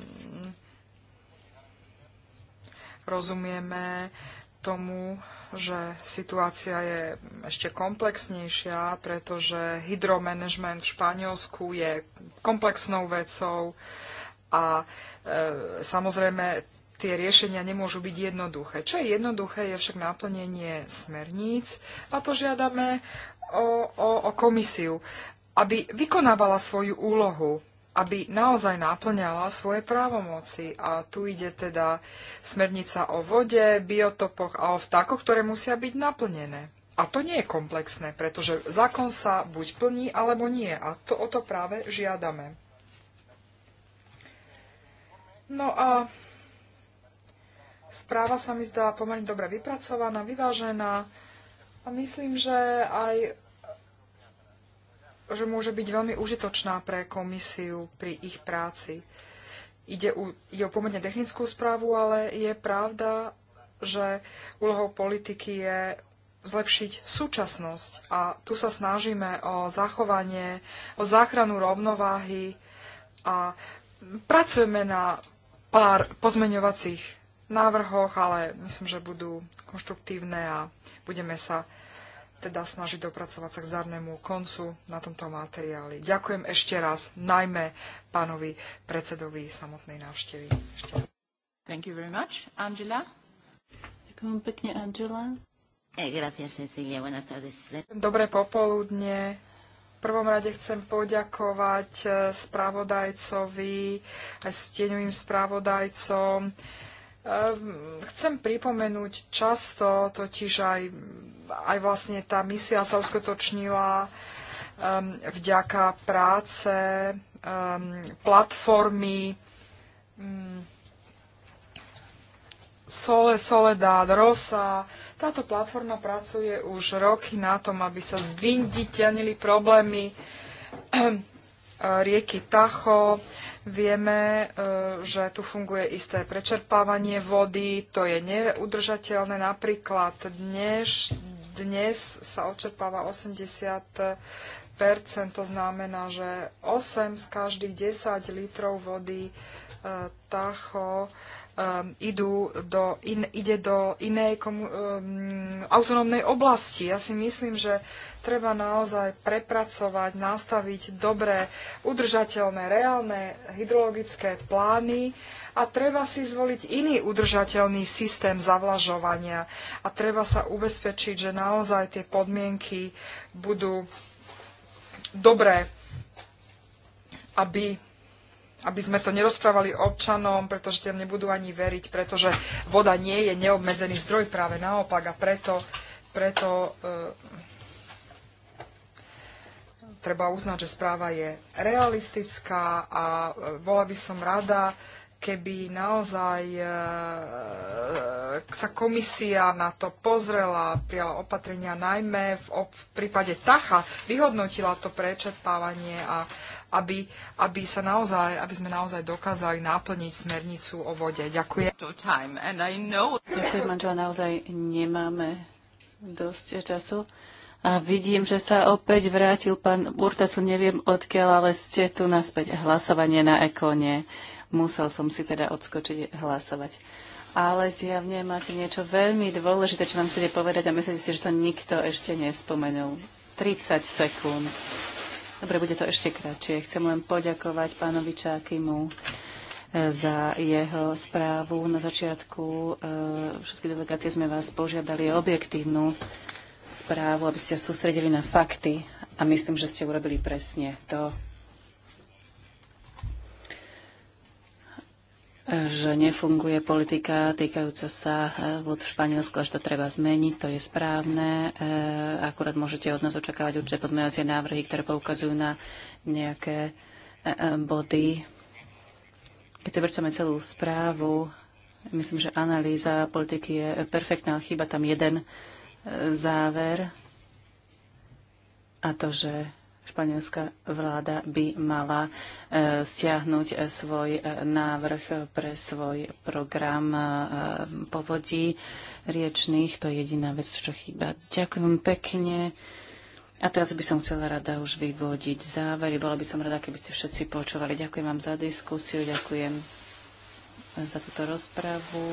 rozumieme tomu, že situácia je ešte komplexnejšia, pretože hydromanagement v Španielsku je komplexnou vecou a e, samozrejme tie riešenia nemôžu byť jednoduché. Čo je jednoduché, je však naplnenie smerníc a to žiadame o, o, o komisiu, aby vykonávala svoju úlohu, aby naozaj naplňala svoje právomoci. A tu ide teda smernica o vode, biotopoch a o vtákoch, ktoré musia byť naplnené. A to nie je komplexné, pretože zákon sa buď plní, alebo nie. A to, o to práve žiadame. No a správa sa mi zdá pomerne dobre vypracovaná, vyvážená. A myslím, že aj že môže byť veľmi užitočná pre komisiu pri ich práci. Ide, u, ide o pomerne technickú správu, ale je pravda, že úlohou politiky je zlepšiť súčasnosť. A tu sa snažíme o zachovanie, o záchranu rovnováhy a pracujeme na pár pozmeňovacích návrhoch, ale myslím, že budú konštruktívne a budeme sa teda snažiť dopracovať sa k zdarnému koncu na tomto materiáli. Ďakujem ešte raz, najmä pánovi predsedovi samotnej návštevy. Thank you very much. Angela? Ďakujem pekne, Angela. Eh, Dobré popoludne. V prvom rade chcem poďakovať eh, spravodajcovi aj tieňovým spravodajcom Ehm, chcem pripomenúť často, totiž aj, aj vlastne tá misia sa uskutočnila ehm, vďaka práce ehm, platformy mm, Sole Soledad Rosa. Táto platforma pracuje už roky na tom, aby sa zvinditeľnili problémy *clears throat* rieky Tacho. Vieme, e, že tu funguje isté prečerpávanie vody, to je neudržateľné. Napríklad dnes, dnes sa očerpáva 80 to znamená, že 8 z každých 10 litrov vody e, Tacho um, idú do in, ide do inej komu, um, autonómnej oblasti. Ja si myslím, že treba naozaj prepracovať, nastaviť dobré, udržateľné, reálne hydrologické plány a treba si zvoliť iný udržateľný systém zavlažovania a treba sa ubezpečiť, že naozaj tie podmienky budú dobré, aby aby sme to nerozprávali občanom, pretože tam nebudú ani veriť, pretože voda nie je neobmedzený zdroj, práve naopak. A preto, preto e, treba uznať, že správa je realistická a e, bola by som rada, keby naozaj e, e, sa komisia na to pozrela, prijala opatrenia, najmä v, v prípade Tacha vyhodnotila to prečerpávanie a aby, aby, sa naozaj, aby sme naozaj dokázali naplniť smernicu o vode. Ďakujem. Ďakujem, manžel, naozaj nemáme dosť času. A vidím, že sa opäť vrátil pán Burtasu, neviem odkiaľ, ale ste tu naspäť. Hlasovanie na ekone. Musel som si teda odskočiť hlasovať. Ale zjavne máte niečo veľmi dôležité, čo vám chcete povedať a myslíte si, že to nikto ešte nespomenul. 30 sekúnd. Dobre, bude to ešte kratšie. Chcem len poďakovať pánovi Čákymu e, za jeho správu. Na začiatku e, všetky delegácie sme vás požiadali o objektívnu správu, aby ste sústredili na fakty a myslím, že ste urobili presne to, že nefunguje politika týkajúca sa eh, vod v Španielsku, až to treba zmeniť, to je správne. Eh, akurát môžete od nás očakávať určite podmenovacie návrhy, ktoré poukazujú na nejaké eh, body. Keď si vrčame celú správu, myslím, že analýza politiky je perfektná, ale chýba tam jeden záver a to, že španielská vláda by mala e, stiahnuť e, svoj e, návrh pre svoj program povodí riečných. To je jediná vec, čo chýba. Ďakujem pekne. A teraz by som chcela rada už vyvodiť závery. Bola by som rada, keby ste všetci počúvali. Ďakujem vám za diskusiu, ďakujem za túto rozpravu.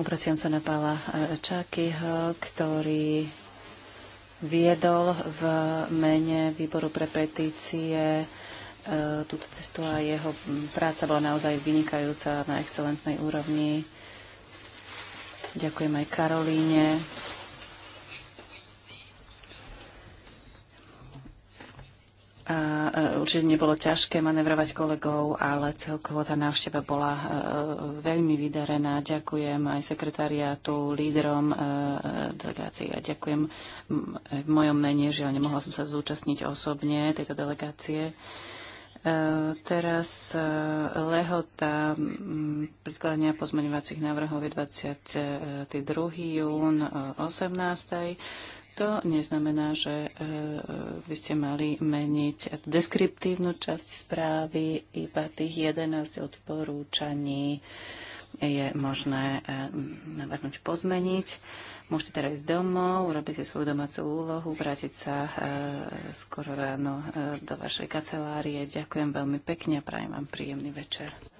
Upraciam sa na Pála Čakyho, ktorý viedol v mene výboru pre petície e, túto cestu a jeho práca bola naozaj vynikajúca na excelentnej úrovni. Ďakujem aj Karolíne. A určite nebolo ťažké manevrovať kolegov, ale celkovo tá návšteva bola veľmi vydarená. Ďakujem aj sekretariátu, lídrom delegácií a ďakujem v mojom mene, že nemohla som sa zúčastniť osobne tejto delegácie. Teraz lehota predkladania pozmeňovacích návrhov je 22. jún 18. To neznamená, že by e, e, ste mali meniť deskriptívnu časť správy, iba tých 11 odporúčaní je možné e, navrhnúť pozmeniť. Môžete teraz ísť domov, urobiť si svoju domácu úlohu, vrátiť sa skoro ráno do vašej kancelárie. Ďakujem veľmi pekne a prajem vám príjemný večer.